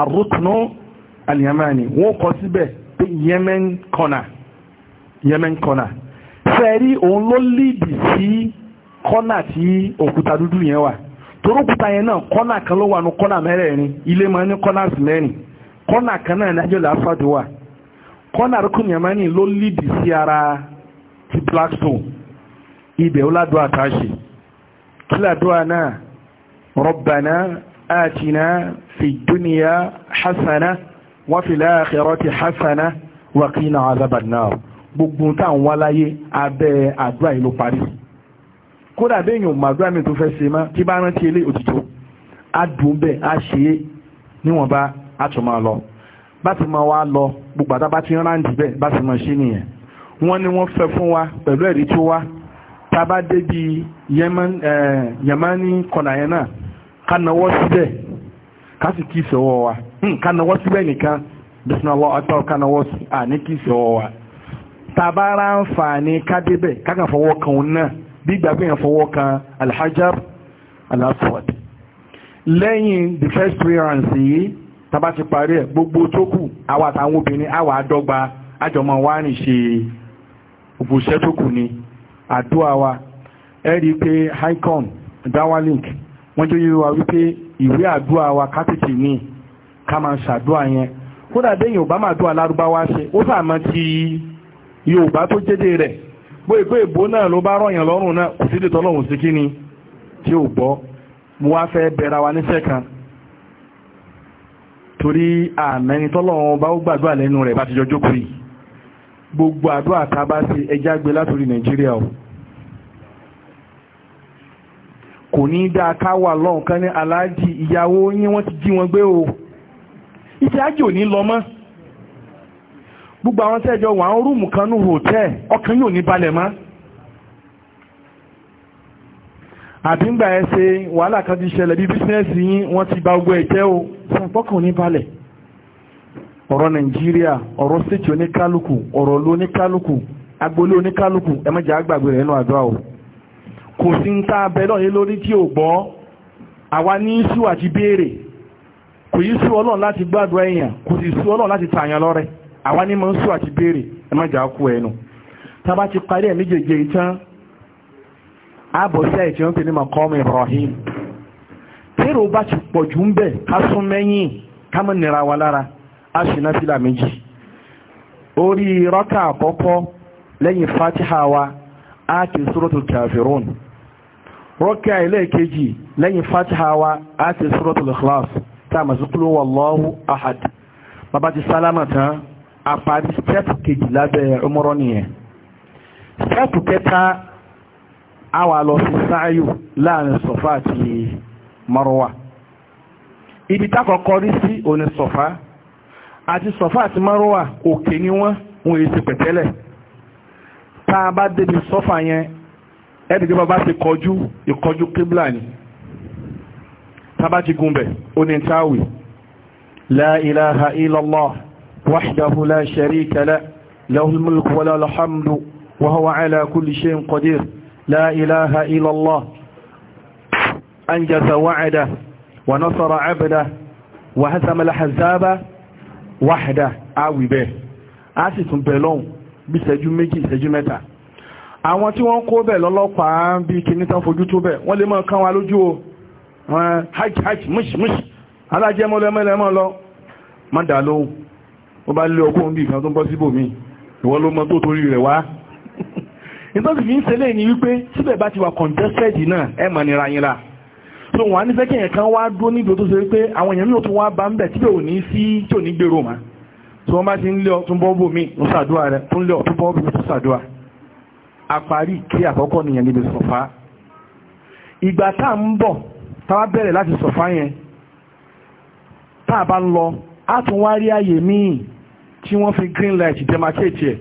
arúkùnú wọ́n kọ síbẹ̀ pé yemen corner yemen corner fẹ́ẹ̀rí òun ló lídì sí kọ́nà tí òkúta dúdú yẹn wà torókùtà yẹn náà kọ́nà kan ló wà ní kọ́nà mẹ́rẹ̀ẹ̀rin ilé máa ní kọ́nà mẹ́rin kọ́nà kan náà ní ajọ́lẹ̀ asfáàdì wà kọ́nà rúkùn yamani ló lídì sí ara ti Blackstone ibẹ̀ ọládùá àtàṣe kíládùá náà Rabbana atina fi dúnìyà hasana wa fil hasana wa qina gbogbo táwọn wáláyé abẹ́ àdúrà ìlú Paris kódà béèyàn màdúrà mi tó fẹ́ ṣe mọ́ tí bá rántí ilé òtítọ́ á dùn bẹ́ẹ̀ á ṣe é níwọ̀nba á tún máa lọ bá ti máa wá lọ gbogbo àtàbá ti rántí bẹ́ẹ̀ bá ti máa ṣe nìyẹn wọ́n ní wọ́n fẹ́ fún wa pẹ̀lú ẹ̀rí tó wá tábà débi yamani kọ̀nà yẹn náà ká nawọ́ síbẹ̀ ká sì kí ìṣòwò wa hmm, ká nawọ́ síbẹ̀ nìkan bisimilá ọtọ́ ká nawọ́ sí à ní kí ìṣòwò wa ká débẹ̀ ká bí gbàgbé yẹn fọwọ́ kan alhajar alaswad lẹ́yìn the first clearance yìí tàbá ti parí ẹ̀ gbogbo tó kù àwa àtàwọn obìnrin àwa àdọ́gba àjọmọ̀ wa rìn ṣe òbòṣẹ́ tó kù ni àdúrà wa ẹ pé icon dawalink wọ́n jẹ́ yíwa wípé ìwé àdúrà wa kápẹ́tì ní ká máa ṣàdúrà yẹn kódà déyìn ò bá máa dúrà lárúbáwá ṣe ó sàmọ́ ti Yorùbá tó jẹ́dẹ̀ rẹ̀ bó ìpé ìbò náà ló bá rọ̀yàn lọ́rùn náà kò sí dìtọ́ lọ́hùn sí kíni tí ò gbọ́ mo wá fẹ́ bẹ̀rẹ̀ wa níṣẹ́ kan torí àmẹ́ni tọ́lọ́run bá ó gbàdúrà lẹ́nu rẹ̀ bá ti jọ jókòó yìí gbogbo àwọn tẹ́jọ wà ń rúùmù kan ní hòtẹ́ẹ̀ ọkàn yóò ní balẹ̀ àbí ń gbà ẹ wàhálà kan ti ṣẹlẹ̀ bí bísínẹ́sì yín wọ́n ti ba ogun o sàpọ́kàn ní balẹ̀ ọ̀rọ̀ nàìjíríà ọ̀rọ̀ steeti oníkálukú ọ̀rọ̀ ló oníkálukú oníkálukú ẹ o kò sí ń náà yé lórí tí ò gbọ́ àwa ní àti béèrè kò yí sú ọlọ́run láti gbàdúrà èèyàn kò sì sú àwa ní mọ́sù àti béèrè ẹ má jà kú ẹnu tá bá ti parí ẹ̀ méjèèjì ìtàn ààbọ̀ sí wọ́n pè ní makọ́mù Ibrahim tẹ́rọ bá ti pọ̀ jù ń bẹ̀ ká sún mẹ́yìn ká mọ́ nira wa lára a sì ná fílà méjì orí rọ́kà àkọ́kọ́ lẹ́yìn fatiha wa a ti suratul kafirun rọ́kà ẹlẹ́ẹ̀kejì lẹ́yìn fatiha wa a ti suratul ikhlas tá a mọ̀ sí kúlówà Allahu ahad bàbá ti sálámà tán àparí stẹ́pù kejì lábẹ́ ọmọrọ́ nìyẹn stẹ́pù kẹta àwa lọ sí sáyù láàrin sọ̀fà àti mọ́rọ́wà ibi tákọ̀kọ́ rí sí òní sọ̀fà àti sọ̀fà àti mọ́rọ́wà òkè ni wọ́n wọ́n èsì pẹ̀tẹ́lẹ̀ tá a bá débi sọ́fà yẹn ẹni tí bàbá ti kọjú ìkọjú kíblà ni tá a bá ti gúnbẹ̀ ó ní táwì la ilaha وحده لا شريك له له الملك ولا الحمد وهو على كل شيء قدير لا إله إلا الله أنجز وعده ونصر عبده وهزم الحزاب وحده àwì bẹ́ẹ̀ a sì tún bẹ̀ lọ́hùn bí ìṣẹ́jú méjì ìṣẹ́jú mẹ́ta àwọn tí wọ́n kó bẹ̀ lọ́lọ́pàá bí kìíní tán fojú tó bẹ̀ wọ́n lè máa kán wa lójú o hajj hajj mush mush alájẹmọ́lẹ́mọ́lẹ́mọ́ lọ má dà lóhùn wọ́n bá lé ọkùn bí ìkan tó bọ́ síbò mí ìwọ́n ló mọ́ tó torí rẹ̀ wá ìtọ́sí fi ń ṣẹlẹ̀ ní wípé síbẹ̀ bá ti wà congested náà ẹ mọ̀ nira yín la so wọ́n á ní fẹ́kẹ̀yẹ̀ kan wá dó níbi tó ṣe wípé àwọn èèyàn náà tún wá bá ń bẹ̀ tíbẹ̀ ò ní sí tí ò ní gbèrò mà tí wọ́n bá ti ń lé ọtún bọ́ọ̀bù mi ń ṣàdúrà rẹ̀ tún lé ọtún bọ́ọ̀bù mi tún ṣàdúrà àparí kí àkọ́kọ́ nìyẹn níbi sọ̀fà ìgbà tá à ń bọ̀ tá a bá bẹ̀rẹ̀ láti sọ̀fà yẹn tá a bá ń a tún wá rí àyè míì tí wọ́n fi green light demarcate ẹ̀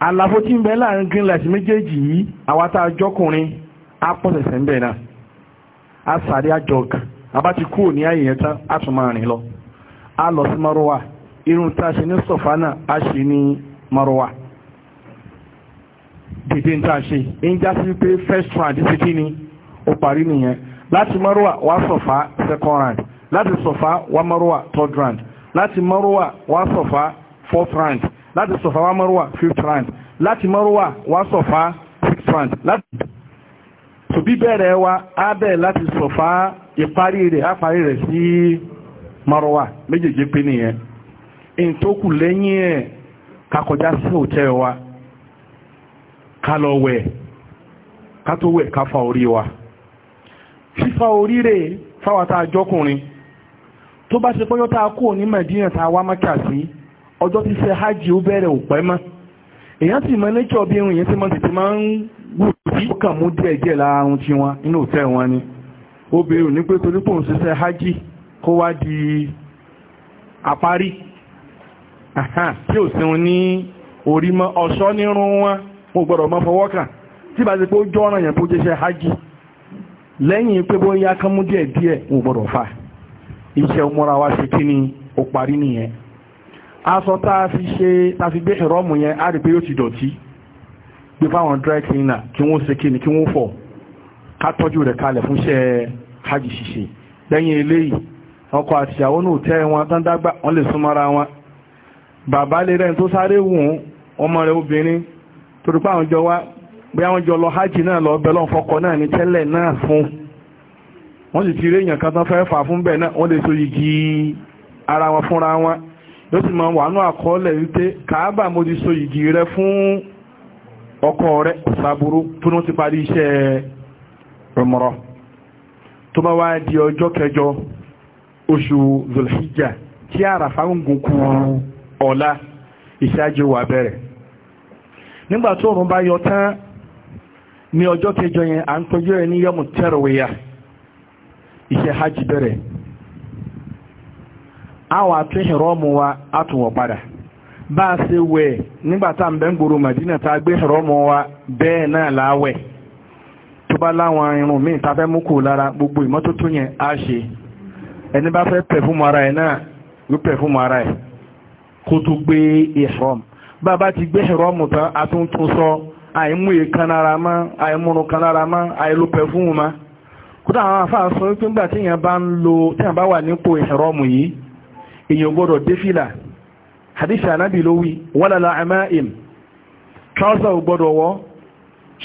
àlàfo tí ń bẹ láàrin green light méjèèjì yìí àwa tá a jọkùnrin á pọ̀sẹ̀sẹ̀ ń bẹ̀ náà a sáré àjọg abá ti kúrò ní àyè yẹn tán a tún máa rìn lọ a lọ sí marowa irun tá a ṣe ní sọfánà a ṣe ní marowa dìde tá a ṣe ń já sí pé first round ti kí ni ó parí nìyẹn láti marowa wá sọfá second round láti sọ̀fà wá third round láti mọ́rọ́wà wá sọ̀fà fourth round láti sọ̀fà wá fifth round láti mọ́rọ́wà wá sọ̀fà sixth round láti so bíbẹ̀rẹ̀ wa á bẹ̀ láti sọ̀fà ìparí rẹ̀ á parí rẹ̀ sí mọ́rọ́wà méjèèjì pé nìyẹn in tó kù lẹ́yìn ẹ̀ kakọjá sí òtẹ́ wa ká lọ wẹ̀ ká orí wa fífa orí rẹ̀ fáwọn tá a jọkùnrin tó bá ṣe pọ́jọ́ tá a kú ní Mẹ̀dínà tá a wá Mẹ́kà sí ọjọ́ tí ṣe hajj ó bẹ̀rẹ̀ ò pẹ́ mọ́ èèyàn sì mọ nature bí irun yẹn ti mọ tètè máa ń wù sí ó kàn mú díẹ̀ díẹ̀ lára arun tí wọn nínú òtẹ́ wọn ni obìnrin ní pé torí pò ń ṣiṣẹ́ hajj kó wá di àparí tí ò sí wọn ní orí mọ́ ọ̀ṣọ́ nírun wọn mo gbọ́dọ̀ mọ́ fọwọ́ kàn tí bá ti pé ó jọ́ ọ̀ràn yẹn tó jẹ́ ṣe hajj lẹ́yìn pé bóyá kán mú díẹ̀ díẹ̀ mo gbọ́dọ̀ fà á iṣẹ́ umura wa ṣe kí ni ó parí nìyẹn aṣọ tá a fi ṣe tá a fi gbé ìrọ́mù yẹn á rí pé ó ti dọ̀tí gbé fáwọn dry cleaner kí wọ́n ṣe kí ni kí wọ́n fọ̀ ká tọ́jú rẹ̀ kalẹ̀ fúnṣẹ́ hajj ṣíṣe lẹ́yìn eléyìí ọkọ àti ìyàwó náà tẹ́ wọn tán dágbà wọ́n lè súnmọ́ra wọn bàbá lè rẹ́ni tó sáré wùn ọmọ rẹ̀ obìnrin torípé àwọn jọ wá bí àwọn jọ lọ hajj náà lọ bẹ́lọ́n fọkọ náà ní tẹ́lẹ̀ náà fún wọ́n sì ti rí èèyàn kan tán fẹ́ fà fún bẹ́ẹ̀ náà wọ́n lè so ara wọn fúnra wọn ló sì máa wà ní àkọọ́lẹ̀ wípé kàábà mo ti so rẹ fún ọkọ rẹ kò tó ní ti parí iṣẹ́ rọmọrọ tó bá wá di ọjọ́ kẹjọ oṣù tí àràfà ń ọ̀la wà bẹ̀rẹ̀ nígbà tó bá kẹjọ yẹn à ń ẹ iṣẹ́ hajj bẹ̀rẹ̀ àwọn àtúnṣẹ̀rọ ọmọ wa àtúnwọ̀ padà bá a ṣe wẹ̀ nígbàtà ń bẹ́ ń gbòrò Madina ta gbé ẹ̀rọ ọmọ wa bẹ́ẹ̀ náà láwẹ̀ tó bá láwọn irun míì ta fẹ́ mú kù lára gbogbo ìmọ́tótó yẹn á ṣe ẹni bá fẹ́ pẹ̀fúmù ara ẹ̀ náà wí pẹ̀fúmù ara ẹ̀ kó tó gbé ihram bá a bá ti gbé ihram tán a sọ àìmú èékan lára mọ́ àìmúrun kan lára mọ́ àìlò kódà àwọn afáà sọ wípé ń lo tí èèyàn bá wà nípò ìṣẹ̀rọ́mù yìí èèyàn gbọ́dọ̀ défìlà fìlà anábì ló wí wọ́lálà amáìm trọ́sà ò wọ́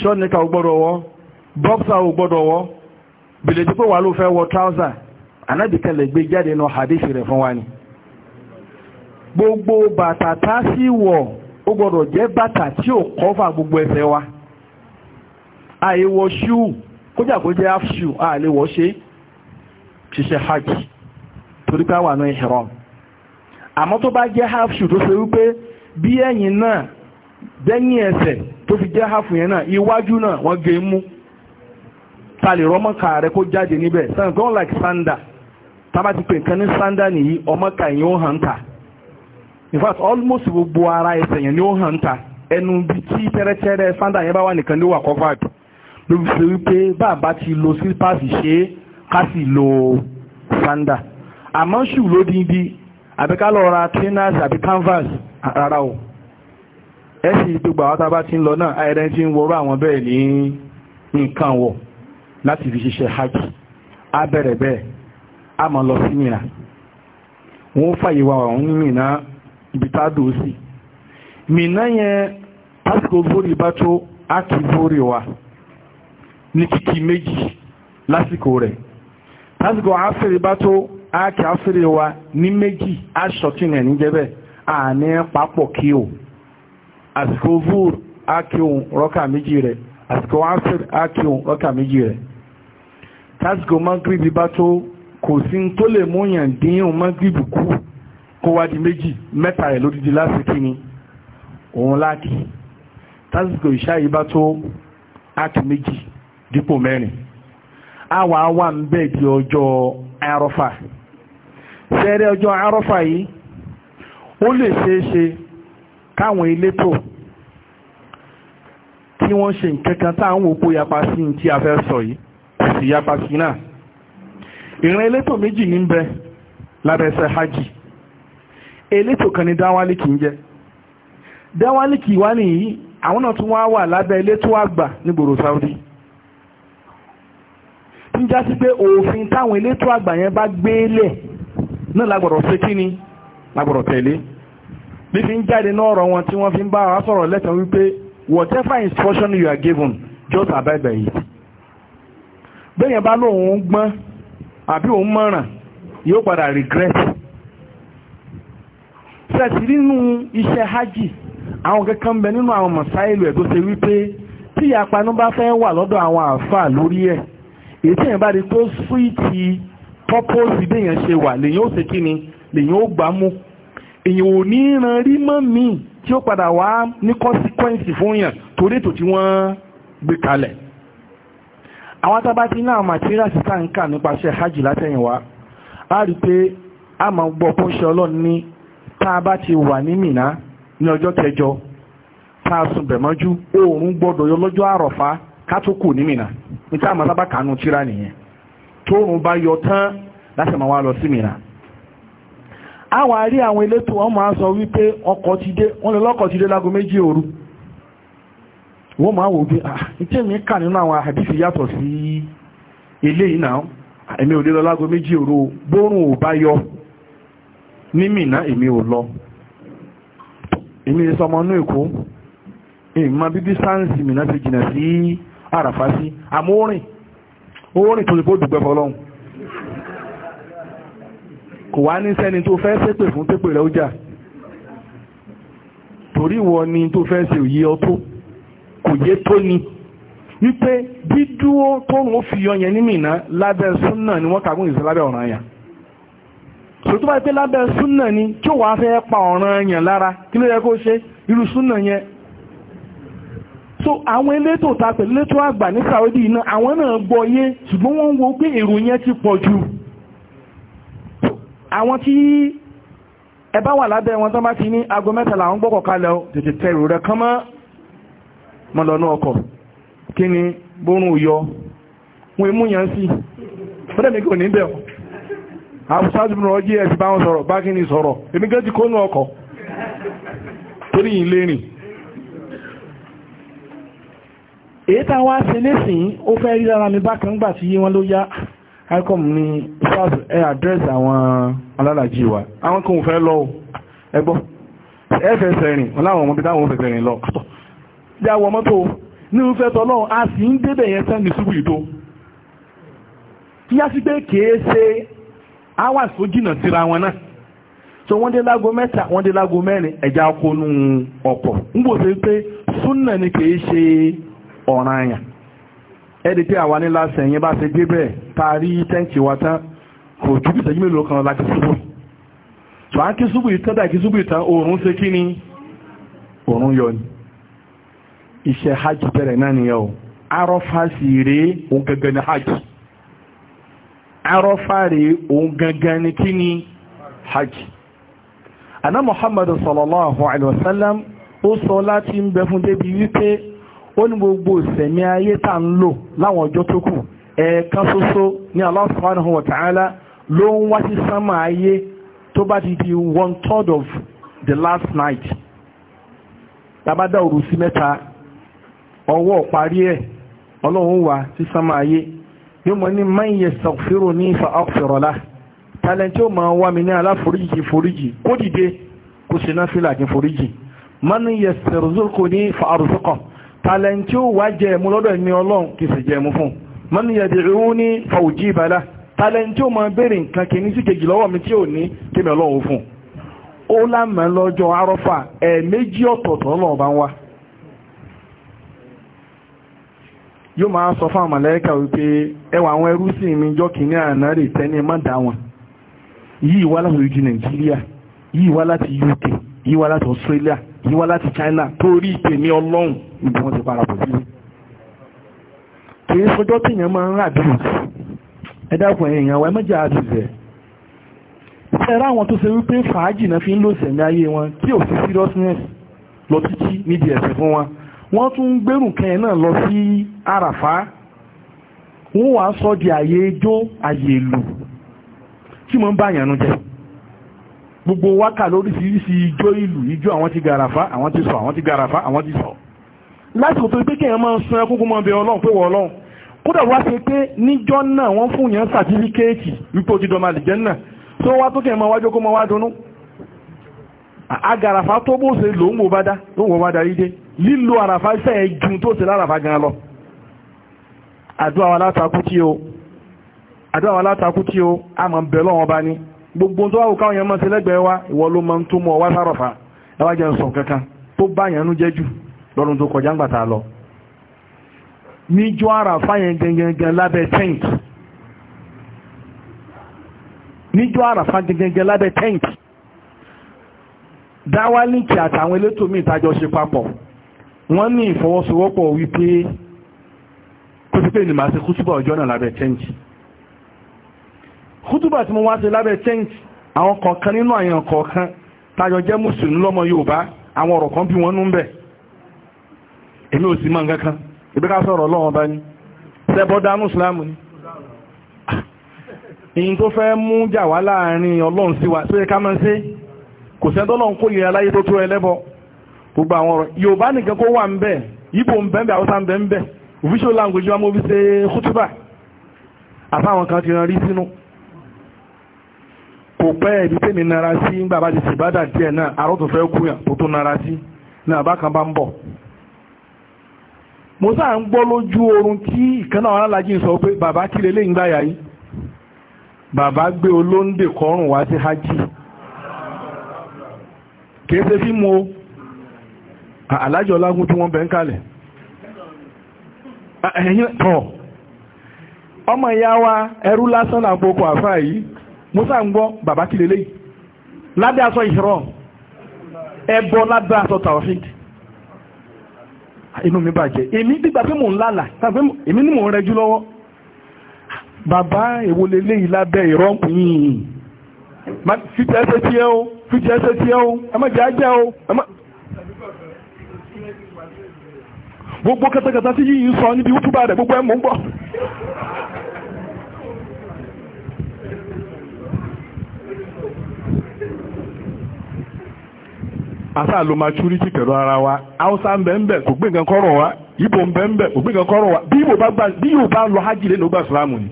ṣọ́nìkà ò wọ́ bọ́ksà ò wà ló fẹ́ wọ trọ́sà anábì gbé jáde gbogbo bàtà tá sí wọ̀ ó gbọ́dọ̀ jẹ́ bàtà tí gbogbo ẹsẹ̀ wa àìwọ̀ ṣúù kójà kó jẹ́ afṣù àlewọ̀ ṣe ṣiṣẹ́ hajj torí pé àwọn àwọn àmọ́ tó bá jẹ́ afṣù tó ṣe wípé bí ẹ̀yìn náà dẹ́yìn tó fi jẹ́ hafu yẹn náà iwájú náà wọ́n gé mú ta rọ́mọ́ka rẹ kó jáde níbẹ̀ ẹnu tí tẹ́rẹ́tẹ́rẹ́ sanda yẹn bá wà ló fi ṣe wípé bàbá ti lo slippers ṣe ká sì lo sanda àmọ́ ṣù ló dídí àbí ká lọ ra trainers àbí canvas rárá o ẹ sì gbogbo àwọn tá a bá ti ń lọ náà ayẹyẹ ti ń wọrọ àwọn bẹ́ẹ̀ ní nǹkan wọ̀ láti fi ṣiṣẹ́ hajj á bẹ̀rẹ̀ bẹ́ẹ̀ á máa lọ sí mìíràn wọ́n fàyè wa àwọn mìíná ibi tá a dùn sí mìíná yẹn pásítọ̀ vórí bá tó á kì í vórí wa ní kíkí méjì lásìkò rẹ̀ lásìkò àásìrì bá tó áàkì àásìrì wa ní méjì aṣọ̀tún ẹ̀ níjẹ́bẹ̀ àní papọ̀ kí o àsìkò vúr áàkì òun rọ́kà méjì rẹ̀ àsìkò àásìrì áàkì òun rọ́kà méjì rẹ̀ lásìkò mọ́gírìbì bá tó kò sí tó lè múyàn dín òun mọ́gírìbì kú kó wá di méjì mẹ́ta rẹ̀ lódidi lásìkò ni òun láàkì lásìkò ìṣáyí bá tó áàkì méjì dípò mẹ́rin àwa wà ń bẹ̀ di ọjọ́ arọ́fà sẹ́rẹ́ ọjọ́ arọ́fà yìí ó lè ṣeé ṣe káwọn elétò tí wọ́n ṣe nǹkankan táwọn òpó yapa sí tí a fẹ́ sọ yìí kò sí yapa sí náà ìran elétò méjì ní bẹ lábẹ́sẹ̀ hajj elétò kan ní dáwálì kì í jẹ́ dáwálì kì í wá nìyí àwọn náà tún wá wà lábẹ́ elétò àgbà nígboro Saudi tí ń já sí pé òfin táwọn elétò àgbà yẹn bá gbélẹ̀ náà lágbọ̀dọ̀ ṣe kí ni lágbọ̀dọ̀ tẹ̀lé bí fi ń jáde náà ọ̀rọ̀ wọn tí wọ́n fi ń bá wa sọ̀rọ̀ lẹ́tọ̀ọ́ wípé whatever instruction you are given just abide by it bẹ́yẹn bá lóun gbọ́n àbí òun mọ̀ràn yóò padà regret sẹ́ẹ̀tì nínú iṣẹ́ hajj àwọn kankan bẹ nínú àwọn mọ̀sáìlù ẹ̀ tó ṣe wípé tí ìyàpanú bá fẹ́ wà lọ́dọ̀ àwọn àáfàá lórí ẹ̀ èyí tí èèyàn bá rí tó súwìtì pọ́pọ́sì déèyàn ṣe wà lèyìn ó ṣe kí ni lèyìn ó gbà mú èyàn ò ní ran rí mọ́ mi tí ó padà wá ní consequence fún yàn torí ètò tí wọ́n gbé kalẹ̀ àwọn tá a bá ti ní àwọn material ti sáà ń kà nípasẹ̀ hajj látẹ̀yìnwá a rí pé a máa gbọ́ fún ṣe ọlọ́run ní tá a bá ti wà ní Mínà ní ọjọ́ kẹjọ tá a sùn bẹ̀mọ́jú oòrùn gbọ́dọ̀ yọ lọ́jọ́ àrọ̀fá ká tó kù ní Mínà nke a máa sábà kànú tíra nìyẹn tóòrùn bá yọ tán láti ma wá lọ sí mìíràn a wà àwọn elétò sọ wípé ọkọ̀ ti dé wọ́n lè lọ́kọ̀ ti dé lágo méjì òru wọ́n máa wò bí mi kà nínú àwọn àdìsí yàtọ̀ sí ilé yìí náà èmi ò lè lọ lágo méjì òru bórùn ò bá yọ ní mìíràn èmi ò lọ èmi sọmọ inú èkó èmi máa bíbí sáǹsì mìíràn ti jìnà sí àràfà sí àmọ́ orin orin tó lè kó dùgbẹ́ fọlọ́hun kò wá ní sẹ́ni tó fẹ́ ṣépè fún tépè rẹ̀ ó torí ìwọ ni tó fẹ́ ṣe òye ọtó kò yé tó ni wípé dídúró tó ń fi yọ yẹn ní mìíràn lábẹ́ súnà ni wọ́n kàgún ìsìn lábẹ́ ọ̀ràn yẹn sòtú báyìí pé lábẹ́ súnà ni tí ó wàá fẹ́ pa ọ̀ràn yẹn lára kí ló yẹ kó ṣe irú súnà yẹn so àwọn elétò ta pẹ̀lú elétò àgbà ní Saudi iná àwọn náà gbọ́ yé ṣùgbọ́n wọ́n ń wo pé èrò yẹn ti pọ̀ jù àwọn tí ẹ bá wà lábẹ́ wọn tán bá ti ní aago mẹ́tàlá àwọn gbọ́kọ̀ kalẹ̀ o tètè tẹrù rẹ kán mọ́ mọ́ lọ́nà ọkọ̀ kí ni bórun yọ wọn mú yàn sí fúnẹ̀ mi kò ní bẹ̀ àwùsáàdùnmù ọjí ẹ̀ ti bá wọn sọ̀rọ̀ bá kí ni sọ̀rọ̀ èmi gẹ́ ti kó nù ọkọ̀ torí ìlérin èyí tá wá ṣe lẹ́sìn ó fẹ́ rí lára mi bákan gbà tí wọ́n ló yá icom ní sars air address àwọn alálàjì wa àwọn kan ò fẹ́ lọ ẹgbọ́ ẹ fẹsẹ̀ rìn wọn láwọn ọmọdé táwọn fẹsẹ̀ rìn lọ bí àwọn ọmọ ní ìfẹ́ tọ́lọ́ a sì ń débẹ̀ yẹn sẹ́ni ṣubú ìtó yá sí pé kìí ṣe hours tó jìnà síra wọn náà so wọ́n dé lágo mẹ́ta wọ́n dé lágo mẹ́rin ẹ̀já kónú ọkọ̀ ń gbòsè pé súnà ni kìí ṣe ọ̀ràn àyàn ẹni pé àwa ní láti ẹ̀yìn bá ṣe débẹ̀ taari tẹ́ǹtì wa tán kò ju ìṣẹ́jú mélòó kan láti ṣubú tó á kí ṣubú ìtẹ́dà kí ṣubú ìtàn oòrùn ṣe kí ni oòrùn yọ ni iṣẹ́ hajj bẹ̀rẹ̀ náà nìyẹn o arọ́fà sì rèé òun gangan ni hajj arọ́fà rèé òun gangan ni kí ni hajj àná muhammadu sallallahu alaihi wa sallam ó sọ láti ń bẹ fún débi wípé ó ní gbogbo ìsẹ̀mí ayé tà ń lò láwọn ọjọ́ tó kù ẹ̀ẹ̀kan ṣoṣo ní Allah subhanahu ló ń wá sí ti di one third of the last night tàbádá òru sí mẹ́ta ọwọ́ parí ẹ̀ ọlọ́run wà sí sánmà ayé yóò mọ̀ ní man yastaghfiruni fa aghfir lahu tàlẹ́ntí ó máa wá mi ní aláforíjì foríjì kó náà fílà foríjì tàlẹ̀ntí ó wá jẹ́mú lọ́dọ̀ ẹ̀mí ọlọ́run kì í jẹ jẹ́mú fún man yad'uni fa ujiba lah tàlẹ̀ntí ó máa béèrè nǹkan kìíní sí kejì lọ́wọ́ mi tí ò ní kémi ọlọ́run fún ó lámà lọ́jọ́ arọ́fà ẹ̀ẹ̀méjì ọ̀tọ̀ọ̀tọ̀ ọlọ́run bá ń wá yóò máa sọ fún àmàlẹ́kà wípé ẹwà àwọn ẹrú sí mi kìíní àná rè tẹ́ni má dá wọn láti ojú Nàìjíríà UK yìí wá láti China torí tèmi ọlọ́run ibi wọ́n ti parapọ̀ sílé kìí sọjọ́ tí èèyàn máa ń rà bíi ẹ dákun ẹ̀yìn àwọn ẹmẹ́jà àdùzẹ̀ ṣẹ́ra àwọn tó ṣe wípé fàájì náà fi ń lò sẹ̀mí ayé wọn tí ò sí seriousness lọ títí nídìí ẹ̀sìn fún wọn wọ́n tún ń gbérùn kẹyìn náà lọ sí àràfá wọ́n wàá sọ di àyè ijó àyè ìlú tí mo ń bá àyànnú jẹ́ gbogbo wákà lóríṣiríṣi ijó ìlú ijó àwọn ti gàràfá àwọn ti sọ àwọn ti gàràfá àwọn ti sọ lásìkò tó pé kéèyàn máa ń sun ẹkún kó máa bẹ ọlọ́run pé wọ ọlọ́run kódà wá ṣe pé níjọ́ náà wọ́n fún yẹn sàtífíkéètì wípé ó ti dọ̀mà lìjẹ́ náà tó wá tó kéèyàn máa wájú kó máa wá dunnú agàràfá tó bó ṣe lòún wò bá dá lòún wò bá darí dé lílo àràfá iṣẹ́ ẹ̀ ju tó ṣe láràfá gan lọ àdúrà wa látakú tí o àdúrà wa látakú tí o a máa bẹ̀ lọ́wọ́ bá ní gbogbo tó wáwò káwọn yẹn mọ́ sí lẹ́gbẹ̀ẹ́ wa ìwọ ló mọ́ tó mọ́ wá sárọ̀fà ẹwàjẹ́ sọ kankan tó bá yẹn jẹ́ jù lọ́dún tó kọjá ń gbàtà lọ níjọ́ àràfà yẹn gẹ́gẹ́gẹ́ lábẹ́ tent níjọ́ àràfà gẹ́gẹ́gẹ́ lábẹ́ tent dáwálìkì àtàwọn elétò míì tájọ ṣe papọ̀ wọ́n ní ìfọwọ́sowọ́pọ̀ wípé kó kútùbà tí mo wá sí lábẹ́ tent àwọn kọ̀ọ̀kan nínú àyàn kọ̀ọ̀kan tájọ jẹ́ mùsùlùmí lọ́mọ Yorùbá àwọn ọ̀rọ̀ kan bí wọ́n nú bẹ̀ èmi ò sì mọ̀ nǹkan kan ìbí ká sọ̀rọ̀ Ọlọ́run bá ní sẹ́bọ́dánù Islam ni èyí ah, tó fẹ́ mú jà wá láàrin Ọlọ́run sí wa tó ká máa ṣe kò sẹ́ńtọ́lọ́run kò yẹ aláyé tó tó ẹlẹ́bọ gbogbo àwọn ọ̀rọ̀ Yorùbá nìkan kó wà ń bẹ̀ Ìgbò ń bẹ̀ ń bẹ̀ Haúsá ń language wa mo fi ṣe kútùbà àfáwọn kan ti rán rí sínú kò pẹ́ ibi tẹ́mi nara sí nígbà bá ti sì díẹ̀ náà tó fẹ́ kú yàn tó tó nara sí náà bákan bá ń bọ̀ mo sáà ń gbọ́ lójú oorun tí alájí ń sọ pé bàbá yìí bàbá gbé olóńdè kọrùn hajj kìí ṣe fí mo alájọ lágún tí wọ́n bẹ̀ ń kalẹ̀ musa ń gbọ́ bàbá kí lélẹ́yìí lábẹ́ aṣọ ìṣòro ẹbọ lábẹ́ aṣọ tawhid inú mi bàjẹ́ èmi dìgbà pé mò ń lálà tàbí èmi ni mò ń rẹjú lọ́wọ́ bàbá èwo lélẹ́yìí lábẹ́ ìrọ́pù yìí fìtì ẹsẹ̀ tiẹ̀ o fìtì ẹsẹ̀ tiẹ̀ o ẹ má jẹ́ ajẹ́ o ẹ má. gbogbo kẹtẹkẹtẹ tí yìí ń sọ níbi wútúbà rẹ̀ gbogbo ẹ̀ mò ń gbọ́. àṣà ló maturity pẹ̀lú ara wa haúsá ń bẹ bẹ kò gbé nǹkan kọ́rọ̀ wa ibo ń bẹ ń bẹ kò gbé nǹkan kọ́rọ̀ wa bí ibo bá bí yóò bá lọ hajj lẹ́nu gbà sùlámù ni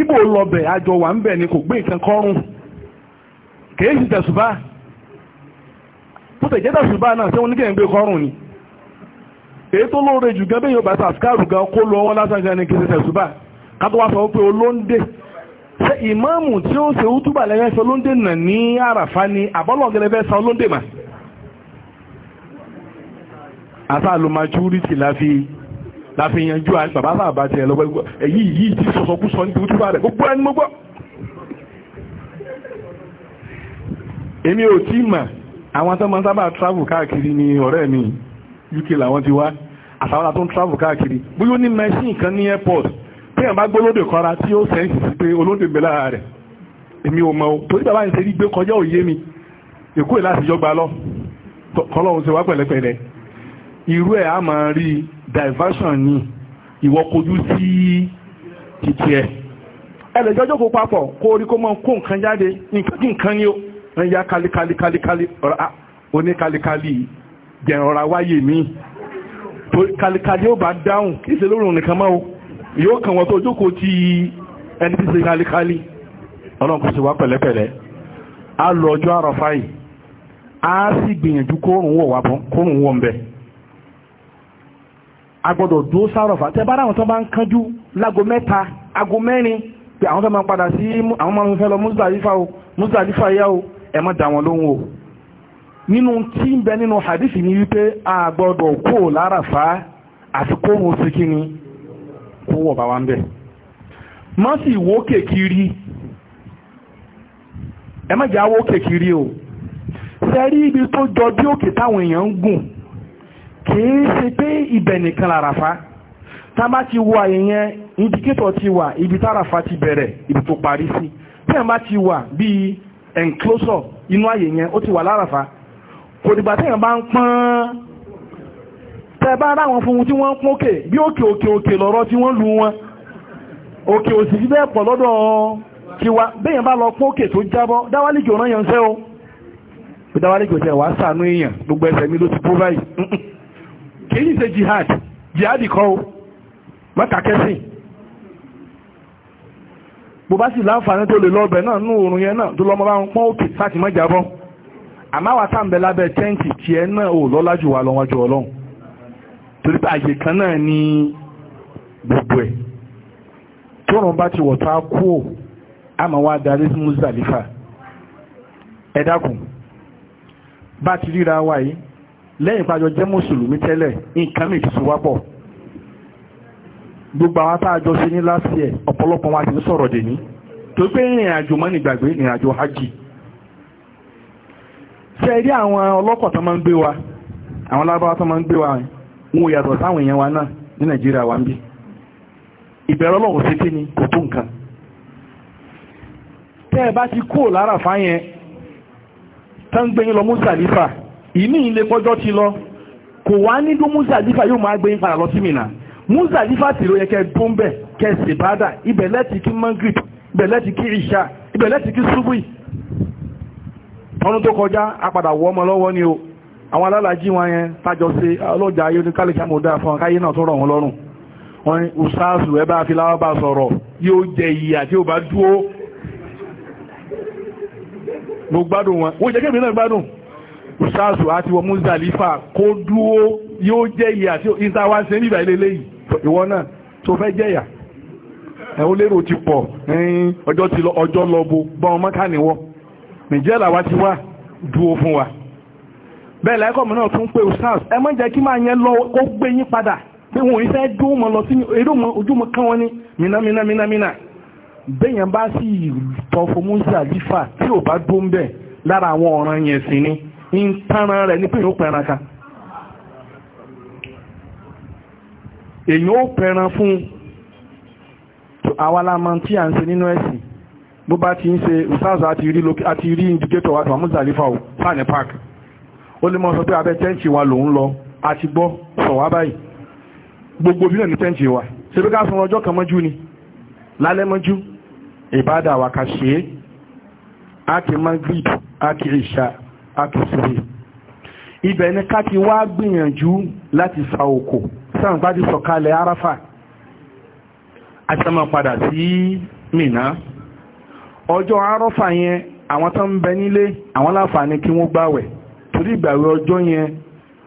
ibo lọ bẹ̀ àjọ wa ni kò gbé nǹkan kọ́rùn ni lóore jù yóò bá gan kó lọ wọn lásán gan ni ṣe ìmáàmù tí se utuba ṣe útúbà lẹ́yìn sọ lóńdè nà ní àràfá ni àbọ́lọ̀gẹ́lẹ́ fẹ́ sọ lóńdè mà àtàlù majority láfi láfi yanjú àti bàbá sábà tiẹ̀ lọ́wọ́ èyí yìí ti sọ̀sọ̀kú sọ níbi útúbà rẹ̀ gbogbo ẹni mo gbọ́ èmi ni ọ̀rẹ́ mi UK làwọn ti wá àtàwọn tó travel káàkiri bóyá ó ní machine kan ní airport téèyàn bá gbólódè kọ́ra tí ó sẹ́ǹsì sí pé olódè ń bẹ lára rẹ̀ èmi ò mọ̀ o torí bàbá yìí ṣe rí gbé kọjá òye mi èkó ẹ̀ láti jọgba lọ kọlọ́run ṣe wá pẹ̀lẹ́pẹ̀lẹ́ irú ẹ̀ á máa rí diversion ni ìwọ kojú sí títí ẹ̀ ẹlẹ́jọ́ jókòó papọ̀ kó orí kó mọ́ kó nǹkan jáde nǹkan kí nǹkan ni ó ń ya kálíkálíkálí oníkálíkálí jẹ̀rọ̀ra wáyé mi kálíkálí ó bá dáhùn kí ìṣèlérò nìkan máa yóò kàn wọ́n tó ti ẹni tí ṣe kálikálí wá pẹ̀lẹ́pẹ̀lẹ́ a lọ ọjọ́ àrọ̀fá a sì gbìyànjú kórùn wọ̀ bẹ̀ a gbọ́dọ̀ tẹ́ bá ráwọn tó bá ń kánjú lágo mẹ́ta ago mẹ́rin pé àwọn tó máa padà sí àwọn máa fẹ́ lọ yá o a gbọ́dọ̀ kó wọ̀ bá wa ń bẹ̀ má sì wókè kiri ẹ má jà wókè kiri o sẹ́rí ibi tó jọ bí òkè táwọn èèyàn ń gùn kìí ṣe pé ibẹ̀ nìkan làràfá tá bá ti wà ìyẹn indicator ti wà ibi tàràfá ti bẹ̀rẹ̀ ibi tó parí sí tí ẹ̀ bá ti wà bíi enclosure inú àyè yẹn ó ti wà láràfá kò dìgbà tí ẹ̀ bá ń pọ́n tẹ bá ráwọn fún tí wọ́n pókè bí òkè òkè òkè lọ́rọ̀ tí wọ́n lù wọn òkè òsì fi bẹ́ẹ̀ pọ̀ lọ́dọ̀ kíwa bẹ́yàn bá lọ pókè tó jábọ́ dáwálìkì ọ̀nà yẹn sẹ́ o pé dáwálìkì òsì ẹ̀wà sànú èèyàn gbogbo ẹsẹ̀ mi ló ti kú báyìí kìí ṣe jihad jihad kọ́ o mọ́kàkẹ́sìn bó bá sì láǹfààní tó lè lọ́ọ̀bẹ̀ náà nú oòrùn yẹn náà tó lọ́mọ bá ń ò lọ́lájú lọ́wọ́jọ́ ọlọ́run torí pé àyè kan náà ní gbogbo ẹ̀ tóòrùn bá ti wọ̀tá kú ò àmọ́ wá darí sí Muzdalifa ẹ dákun bá ti ríra wa yìí lẹ́yìn ìpàjọ jẹ́ mùsùlùmí tẹ́lẹ̀ nǹkan mi ti so pọ̀ gbogbo àwọn tààjọ sí ní last year ọ̀pọ̀lọpọ̀ wa ti ń sọ̀rọ̀ dè ní tó pé ìrìn àjò mọ́ nígbàgbé ìrìn àjò hajj ṣe rí àwọn ọlọ́kọ̀ tó máa ń gbé wa àwọn lábáwá tó máa ń gbé wa yìí wọn ò yàtọ̀ sáwọn èèyàn wa náà ní nàìjíríà wa ń bí ìbẹ̀rẹ̀ ọlọ́run sí kíni kò tó nǹkan tẹ́ ẹ bá ti kó lára fáyẹn tán gbé yín lọ mùsàlífà ìní ilé gbọ́jọ́ ti lọ kò wá ní dún yóò máa gbé yín padà lọ sí mìnà mùsàlífà tì ló yẹ kẹ́ dún bẹ̀ kẹ́ sì bá ibẹ̀ lẹ́ti kí mangrip àwọn alálàájí wọn yẹn tájọ sí ọlọ́jà ayé ní kálíkà mọ̀ fún akáyé náà tó rọ̀ lọ́rùn wọn ni usáàsù ẹ bá fi láwọ́ bá sọ̀rọ̀ yóò jẹ ìyà tí ó bá dúó mo gbádùn wọn wọ́n jẹ́ kébìnrin náà gbádùn usáàsù àti wọn Muzdalifa kó dúó yóò jẹ ìyà tí ìta wá sí níbà ilé léyìí ìwọ náà tó fẹ́ jẹ ìyà lérò ti pọ̀ ọjọ́ lọ bo bọ́n mọ́kànìwọ̀ nìjẹ́ làwa ti wá dúó fún wa. bẹ́ẹ̀ láìkọ́ náà tún pé usas ẹ jẹ́ kí máa yẹn lọ ó gbé yín padà pé wọn ò fẹ́ lọ sí eré ojúmọ̀ kán ní mìnàmìnàmìnàmìnà bẹ́yẹn bá sì tọ́ fomúsí àlífà tí ò bá dún bẹ́ẹ̀ lára àwọn ọ̀ràn yẹn sí ni ń tánra rẹ̀ ní pé yóò ó fún àwa la tí à ń ṣe bá ti ó lè mọ́ sọ pé abẹ́ tẹ́ǹtì wa lòun lọ àti gbọ́ sọ wá báyìí gbogbo bí náà ní tẹ́ǹtì wa ṣe bí ká sọ ọjọ́ kan mọ́jú ni lálẹ́ mọ́jú ìbádà wa ká ṣe é a kì mangrib a kì ìṣà a kì sírí ibẹ̀ ni ká ti wá gbìyànjú láti sa òkò sáàgbá ti sọ̀kalẹ̀ arafa àti ọmọ padà sí mìnà ọjọ́ arafa yẹn àwọn tó ń bẹ nílé àwọn láǹfààní kí wọ́n gbáwẹ̀ torí ìgbàwẹ̀ ọjọ́ yẹn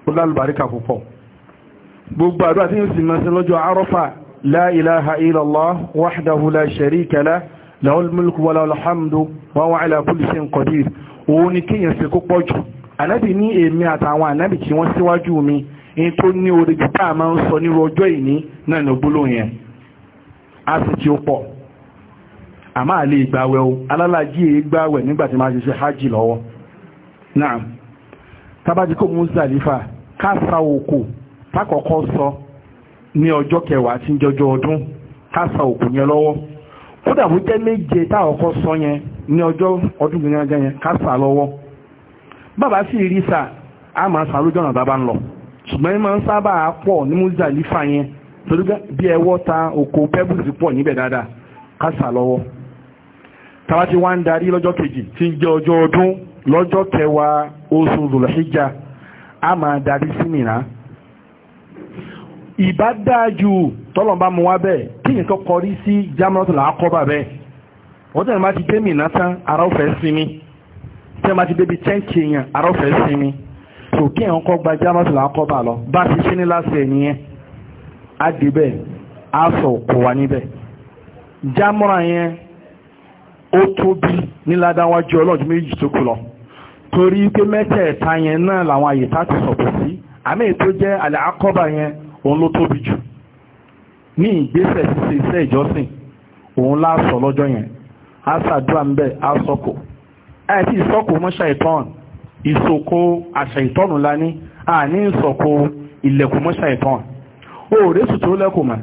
ó lálùbáríkà púpọ̀ gbogbo àdúrà tí yóò sì máa ṣe lọ́jọ́ arọ́fà la ilaha illallah wahdahu la sharika lah lahul mulku wa lahul hamdu wa huwa ala kulli shay'in qadir òun ni kíyàn sí kó pọ̀ jù ànábì wọ́n síwájú náà tabati kó Muzdalifa kásá òkò takọ̀kọ́ sọ ní ọjọ́ kẹwàá tí ń jọjọ ọdún kásá òkò yẹn lọ́wọ́ kódà bó jẹ́ méje táwọ̀kọ́ sọ yẹn ní ọjọ́ ọdún gbìyànjẹ́ yẹn kásá lọ́wọ́ bàbá sì rí sà á máa sà lójú ọ̀nà bàbá ń lọ ṣùgbọ́n ẹ máa ń sábà pọ̀ ní Muzdalifa yẹn torí bí ẹwọ́ ta òkò pẹ́bùsì pọ̀ níbẹ̀ dáadáa kásá lọ́wọ́ tabati wá ń darí lọ́jọ́ kejì tí ń jẹ́ ọjọ́ ọdún lọ́jọ́ kẹwàá oṣù zulhijjá a máa darí sí Mínà ìbá dáájú tọ́lọ̀mbá mú wá bẹ́ẹ̀ kí nǹkan kọrí sí jámọ́tò làákọ́bà bẹ́ẹ̀ wọ́n tẹ̀lé máa ti dé Mínà tán ara ọ̀fẹ́ sinmi tẹ̀lé máa ti débi tẹ́ǹkì èèyàn ara ọ̀fẹ́ sinmi tó kí ẹ̀hún kọ́ gba jámọ́tò làákọ́bà lọ bá ti ṣe ní láti ẹ̀ nìyẹn á dé bẹ́ẹ̀ á sọ kò wá níbẹ̀ jámọ́ra yẹn ó tóbi níládáwájú ọlọ́ọ̀dún méjì tó kù lọ torí pé mẹ́tẹ̀ẹ̀ta yẹn náà làwọn àyè tá ti sọ̀pọ̀ sí àmì ètò jẹ́ àlẹ́ àkọ́bà yẹn òun ló tóbi jù ní ìgbésẹ̀ ṣíṣe iṣẹ́ ìjọsìn òun la sọ lọ́jọ́ yẹn a ṣàdúrà ń bẹ̀ a sọkò àti ìsọkò mọ́ ṣàìtọ́n ìsòkò àṣàìtọ́nù la ní àní ìsọkò ìlẹ̀kùn o ṣàìtọ́n òòrè sùtò lẹ́kùn mọ́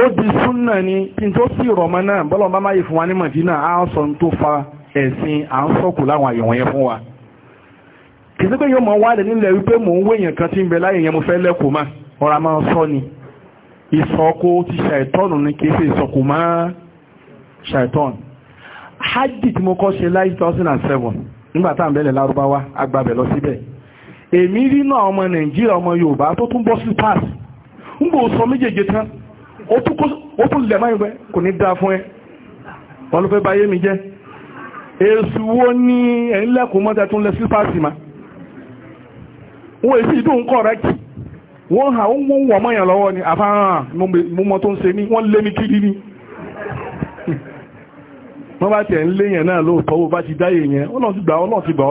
ó di súnà ni kí n tó sì rọ̀mọ́ náà bọ́lọ̀ bá máa yìí fún wa ní mọ̀dínà á sọ tó fa ẹ̀sìn à ń sọ̀kù láwọn àyẹ̀wò yẹn fún wa kì í sí pé yóò mọ̀ wálẹ̀ nílẹ̀ wípé mò ń wéyàn kan tí ń bẹ láyé yẹn mo fẹ́ lẹ́kọ̀ọ́ mà ọ̀rọ̀ máa sọ ni ìsọ̀kò ti ṣàìtọ́nù ní kí fi ìsọ̀kò máa ṣàìtọ́nù hajji tí mo kọ́ ṣe láì 2007 nígbàtà ìbẹ̀lẹ̀ lárúbáwá agbábẹ̀ lọ síbẹ̀ èmi rí náà ọmọ nàìjíríà ọmọ yorùbá tó tún bọ́ sí ló fẹ́ báyé mi jẹ́ èsù wo ní ẹ̀yìn lẹ́kùn tún lẹ ma wọ́n èsì ìdún kọ̀rẹ́kì wọ́n hà ń wọ́n wọ̀ mọ́yàn lọ́wọ́ ni àfáhàn mọ́ tó ń se ní wọ́n lé ní kiri ní wọ́n bá tẹ̀ ń lé yẹn náà lóòótọ́ bá ti yẹn ọlọ́run ti gbà ọlọ́run ti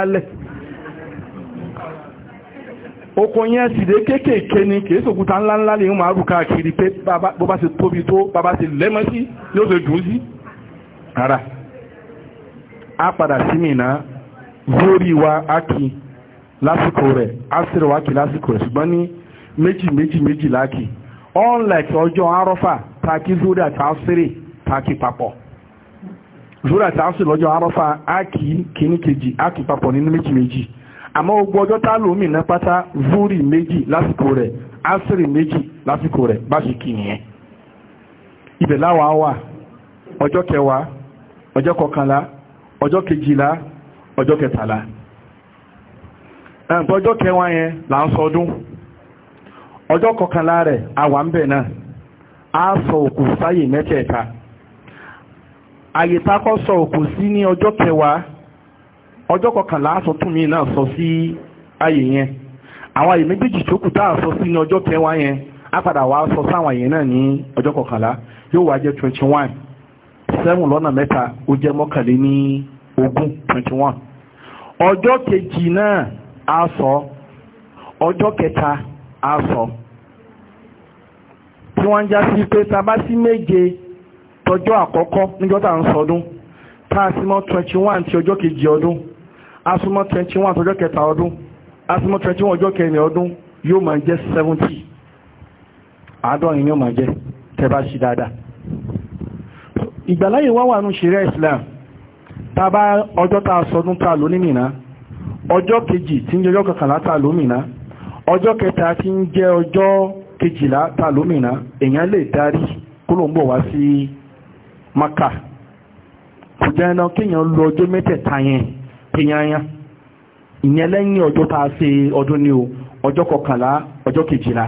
ọ oko yẹn sì dé kéékèèké ni kìí sòkúta ńláńlá lè ń máa rù káàkiri pé bó bá ṣe tóbi tó bàbá ṣe lẹ́mọ́ sí yóò ṣe dùn sí ara a padà sí mìíràn lórí wa á kì lásìkò rẹ̀ á sì rẹ̀ wá kì lásìkò rẹ̀ ṣùgbọ́n ní méjì méjì méjì láàkì unlike ọjọ́ arọ́fà taki zúrí àti asírì taki papọ̀ zúrí àti asírì lọ́jọ́ arọ́fà á kì kíní kejì á kì papọ̀ nínú méjì. méjì àmọ́ ogun ọjọ́ tá lómi pátá zúrì méjì lásìkò rẹ̀ ásírì méjì lásìkò rẹ̀ bá ṣe kì nìyẹn ibẹ̀ láwa wà ọjọ́ kẹwàá ọjọ́ kọkànlá ọjọ́ kejìlá ọjọ́ kẹtàlá ẹ̀ǹtọ́ ọjọ́ kẹwàá yẹn là ń sọdún ọjọ́ kọkànlá rẹ̀ ọjọ́ kọkànlá aṣọ tún mi náà sọ sí ààyè yẹn àwọn àyè méjèèjì tó kù tá sọ sí ní ọjọ́ kẹwàá yẹn á padà wá sọ sáwọn àyè náà ní ọjọ́ kọkànlá yóò wá jẹ́ twenty one seven lọ́nà mẹ́ta ó jẹ́ mọ́kànlé ní ogún twenty one ọjọ́ kejì náà á sọ ọjọ́ kẹta á sọ tí wọ́n ń já sí pé tá a bá sí méje tọjọ́ àkọ́kọ́ níjọ́ tá à ń sọdún tá a sì mọ́ twenty one ti ọjọ́ kejì ọdún asúmọ́ 21 ọjọ́ kẹta ọdún asúmọ́ 21 ọjọ́ kẹrin ọdún yóò ma jẹ́ 70 àádọ́rin yóò máa jẹ́ tẹ́bá sí dáadáa ìgbàláyè wá wà ní ṣeré Islam ọjọ́ ta sọdún ta ọjọ́ kejì tí ń jẹ́ ọjọ́ kọkànlá ta ló ọjọ́ kẹta tí ń jẹ́ ọjọ́ ta èèyàn lè darí wá Maka kò jẹ́ ẹ̀nà kéèyàn lọ ọjọ́ mẹ́tẹ̀ẹ̀ta tẹ̀yányá ìyẹn lẹ́yìn ọjọ́ tá a ṣe ọdún ní o ọjọ́ kọkànlá ọjọ́ kejìlá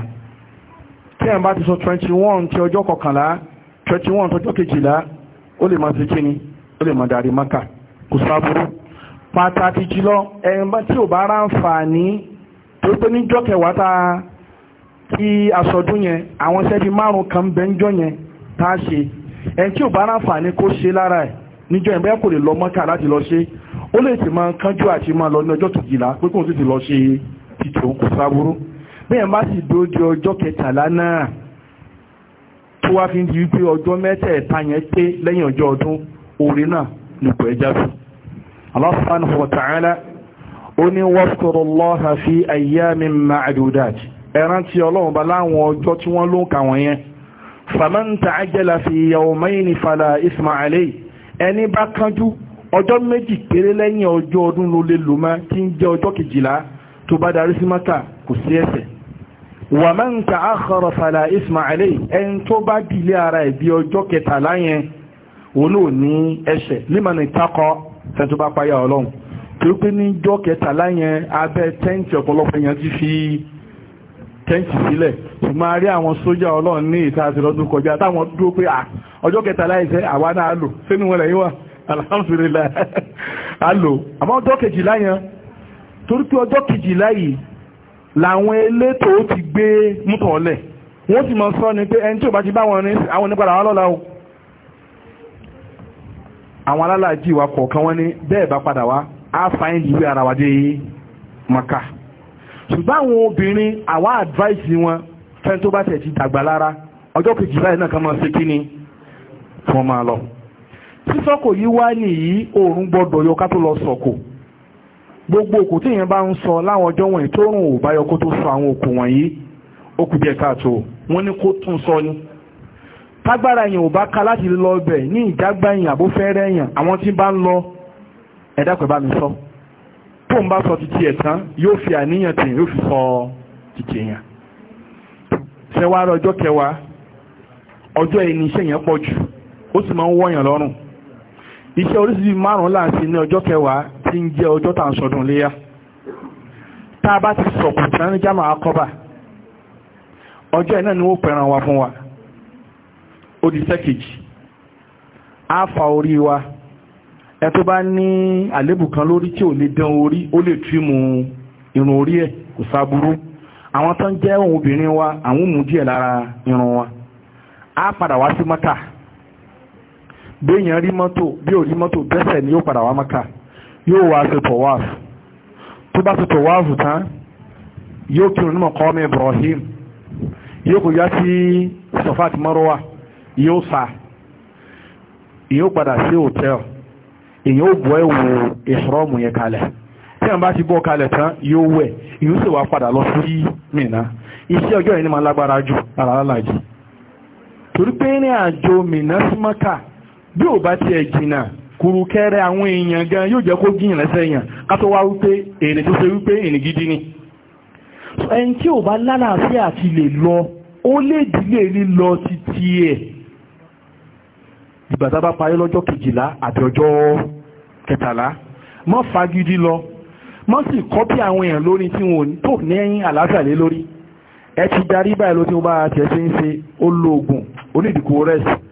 tí ẹ̀ ń bá ti sọ 21 ti ọjọ́ kọkànlá 21 tọjọ́ kejìlá ó lè máa ṣe kíni ó lè máa darí maka kò sábúrú pàtàkì jùlọ ẹ̀yìn bá tí ò bá rá ń fà ní tó pé níjọ́ kẹwàá tá a tí yẹn àwọn ṣẹ́bí márùn kan bẹ ń jọ yẹn tá a ṣe ẹ̀ tí ò bá ráǹfààní kó ṣe lára ẹ̀ níjọ ìbẹ́ kò lè lọ mọ́kà láti lọ ṣe ó lè sì máa kánjú àti máa lọ ní ọjọ́ kejìlá pé kóun sì ti lọ ṣe títò kò sáburú bẹ́ẹ̀ má sì dúró di ọjọ́ kẹtàlá náà tó wá fi ń di wípé ọjọ́ mẹ́tẹ̀ẹ̀ta yẹn pé lẹ́yìn ọjọ́ ọdún orin náà nípò ẹja sí Allah subhanahu wa ta'ala ó ní wazkurullaha fi ayyamin ma'dudat ẹran tí ọlọ́run bá láwọn ọjọ́ tí wọ́n ló ń kà wọ́n yẹn faman ta'ajjala fi yawmayni fala isma alayhi ẹni bá kánjú ọjọ́ méjì péré lẹ́yìn ọjọ́ ọdún ló lè lò máa tí ń jẹ́ ọjọ́ kejìlá tó bá darí sí mọ́ta kò sí ẹ̀ṣẹ̀ wà máa ń ta akhara fala isma alayhi ẹni tó bá dìlé ara ẹ̀ bí ọjọ́ kẹtàlá yẹn òun ò ní ẹ̀ṣẹ̀ liman ittaqa fẹ́ tó bá payá ọlọ́run tó pé níjọ́ kẹtàlá yẹn abẹ́ tẹ́ǹtì ọ̀pọ̀lọpọ̀ yẹn ti fi tẹ́ǹtì sílẹ̀ ṣùgbọ́n a rí àwọn sójà ọlọ́run ní ìta àti lọ́dún kọjá táwọn dúró pé ọjọ́ kẹtàlá yẹn sẹ́ àwa náà lò sínú wọn lẹ́yìn wà alhamdulillah alo àmọ́ ọjọ́ kejìlá yẹn torí pé ọjọ́ kejìlá yìí làwọn elétò ti gbé mútọ̀ ọ̀lẹ̀ wọ́n sì mọ̀ sọ ni pé ẹni tí ò bá ti bá wọn ní àwọn onípadà wọn lọ́la o àwọn alálàájì wa kọ̀ọ̀kan wọn ní bẹ́ẹ̀ bá padà wá á fàáyìn ìwé ara wa dé maka ṣùgbọ́n àwọn obìnrin àwa advice wọn fẹ́ tó bá tẹ̀ ti dàgbà lára ọjọ́ kejìlá yìí náà kan máa ṣe kí ni fún ọmọ lọ sísọ́kò yìí wá nìyí oòrùn gbọ́dọ̀ yọ ká tó lọ sọ̀kò gbogbo òkú tí èèyàn bá ń sọ láwọn ọjọ́ wọ̀nyí tó rùn ò bá yọ kó tó sọ àwọn òkú wọ̀nyí ó kù díẹ̀ káàtó wọ́n ní kó tún sọ ni tágbára èèyàn ò bá ka láti lọ bẹ̀ ní ìjágbá èèyàn àbófẹ́rẹ́ èèyàn àwọn tí bá ń lọ ẹ̀dá pẹ̀ bá mi sọ tó ń bá sọ títí ẹ̀ tán yóò fi àníyàn tèèyàn yóò fi sọ títí èèyàn ṣẹwàá ọjọ́ kẹwàá ọjọ́ ẹni iṣẹ́ yẹn pọ̀ jù ó sì máa ń wọ̀yàn lọ́rùn iṣẹ́ oríṣìí márùn-ún láti ní ọjọ́ kẹwàá tí ń jẹ́ ọjọ́ tà ń léyá tá bá ti sọ̀kù tán ní jámà akọ́bà ọjọ́ ẹ̀ náà ni ó pẹ̀ràn wa fún wa ó di sẹ́kèjì á fa orí wa ẹ tó bá ní àlébù kan lórí tí ò lè dán orí ó lè túmù irun orí ẹ̀ kò sáburú àwọn tó ń jẹ́ òun obìnrin wa àwọn mú díẹ̀ lára irun wa á padà wá sí mọ́tà béèyàn rí mọ́tò bí ò rí mọ́tò bẹ́sẹ̀ ni yóò padà wá mọ́kà yóò wá ṣe tọ̀wáàfù tó bá ṣe tọ̀wáàfù tán yóò kírun ní mọ̀kọ́mí Ibrahim yóò kò yá sí Safa àti Marwa yóò sá yóò padà sí hòtẹ́ẹ̀lì èyàn ò bọ́ ẹ̀wò ìṣọ́ọ̀mù yẹn kalẹ̀ tí àwọn bá ti bọ́ kalẹ̀ tán yóò wẹ̀ yóò sì wá padà lọ sí Mínà iṣẹ́ ọjọ́ yìí ni máa lágbára jù àlàálàjì torí pé ní àjò Mínà sí Mọ́kà bí ò bá tiẹ̀ jìnnà kùrùkẹrẹ àwọn èèyàn gan yóò jẹ́ kó gíyàn lẹ́sẹ̀ èèyàn kátó wá wípé èrè tó ṣe wípé èrè gidi ni ẹni tí ò bá lálàáfíà àti lè lọ ó lè dílé lílọ títí ẹ̀ ìgbà tá bá parí lọ́jọ́ kejìlá àti ọjọ́ kẹtàlá má fagidi lọ má sì kọ́pì àwọn èèyàn lórí tí wọn tó ní ẹ̀yìn àlàáfíà lé lórí ẹ ti darí báyìí ló ti wọ́n bá tiẹ̀ ṣe ń ṣe ó lo oògùn onídìkú rẹ́sì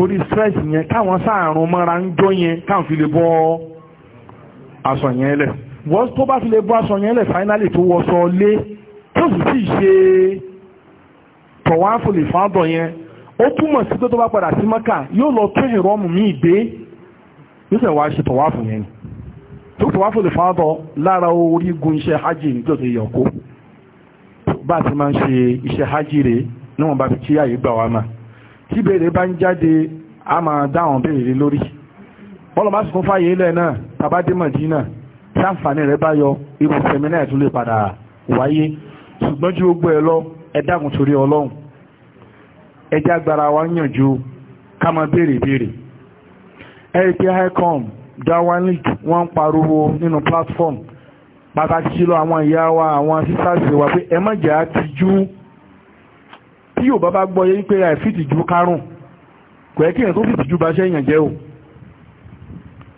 torí stress yẹn káwọn sáàrùn mọ́ra ń jó yẹn káwọn fi lè bọ́ aṣọ yẹn lẹ̀ wọ́n tó bá fi lè bọ́ aṣọ yẹn lẹ̀ finally tó wọṣọ lé tó sì sì ṣe tọ̀wáfò yẹn ó túmọ̀ sí tó bá padà sí mọ́kà yóò lọ tún ìrọ́mù gbé yóò hajj nígbà tó yẹ kó bá a ti máa ń ṣe iṣẹ́ hajj rè níwọ̀n fi kí àyè gbà tí béèrè bá ń jáde a máa dáhùn béèrè lórí bọ́lọ̀ bá sì kún fàyè ilẹ̀ náà tàbá dé Mọ̀dínà sáǹfààní rẹ̀ bá yọ irú sẹ́mínà ẹ̀ tún lè padà wáyé ṣùgbọ́n ju gbogbo ẹ̀ lọ ẹ dákun torí Ọlọ́run ẹ jẹ́ agbára wa ń yànjú ká máa béèrè béèrè ẹ̀rí hicom Dawan wọ́n ń pariwo nínú platform pàtàkì sílọ àwọn ìyá wa àwọn sísáàsì wa pé ẹ má jẹ́ àtijú tí yóò bá bá gbọ́ yẹ wípé àìfìtì ju karùn kò ẹ́ kí èèyàn tó fìtì ju bá ṣe èèyàn jẹ́ o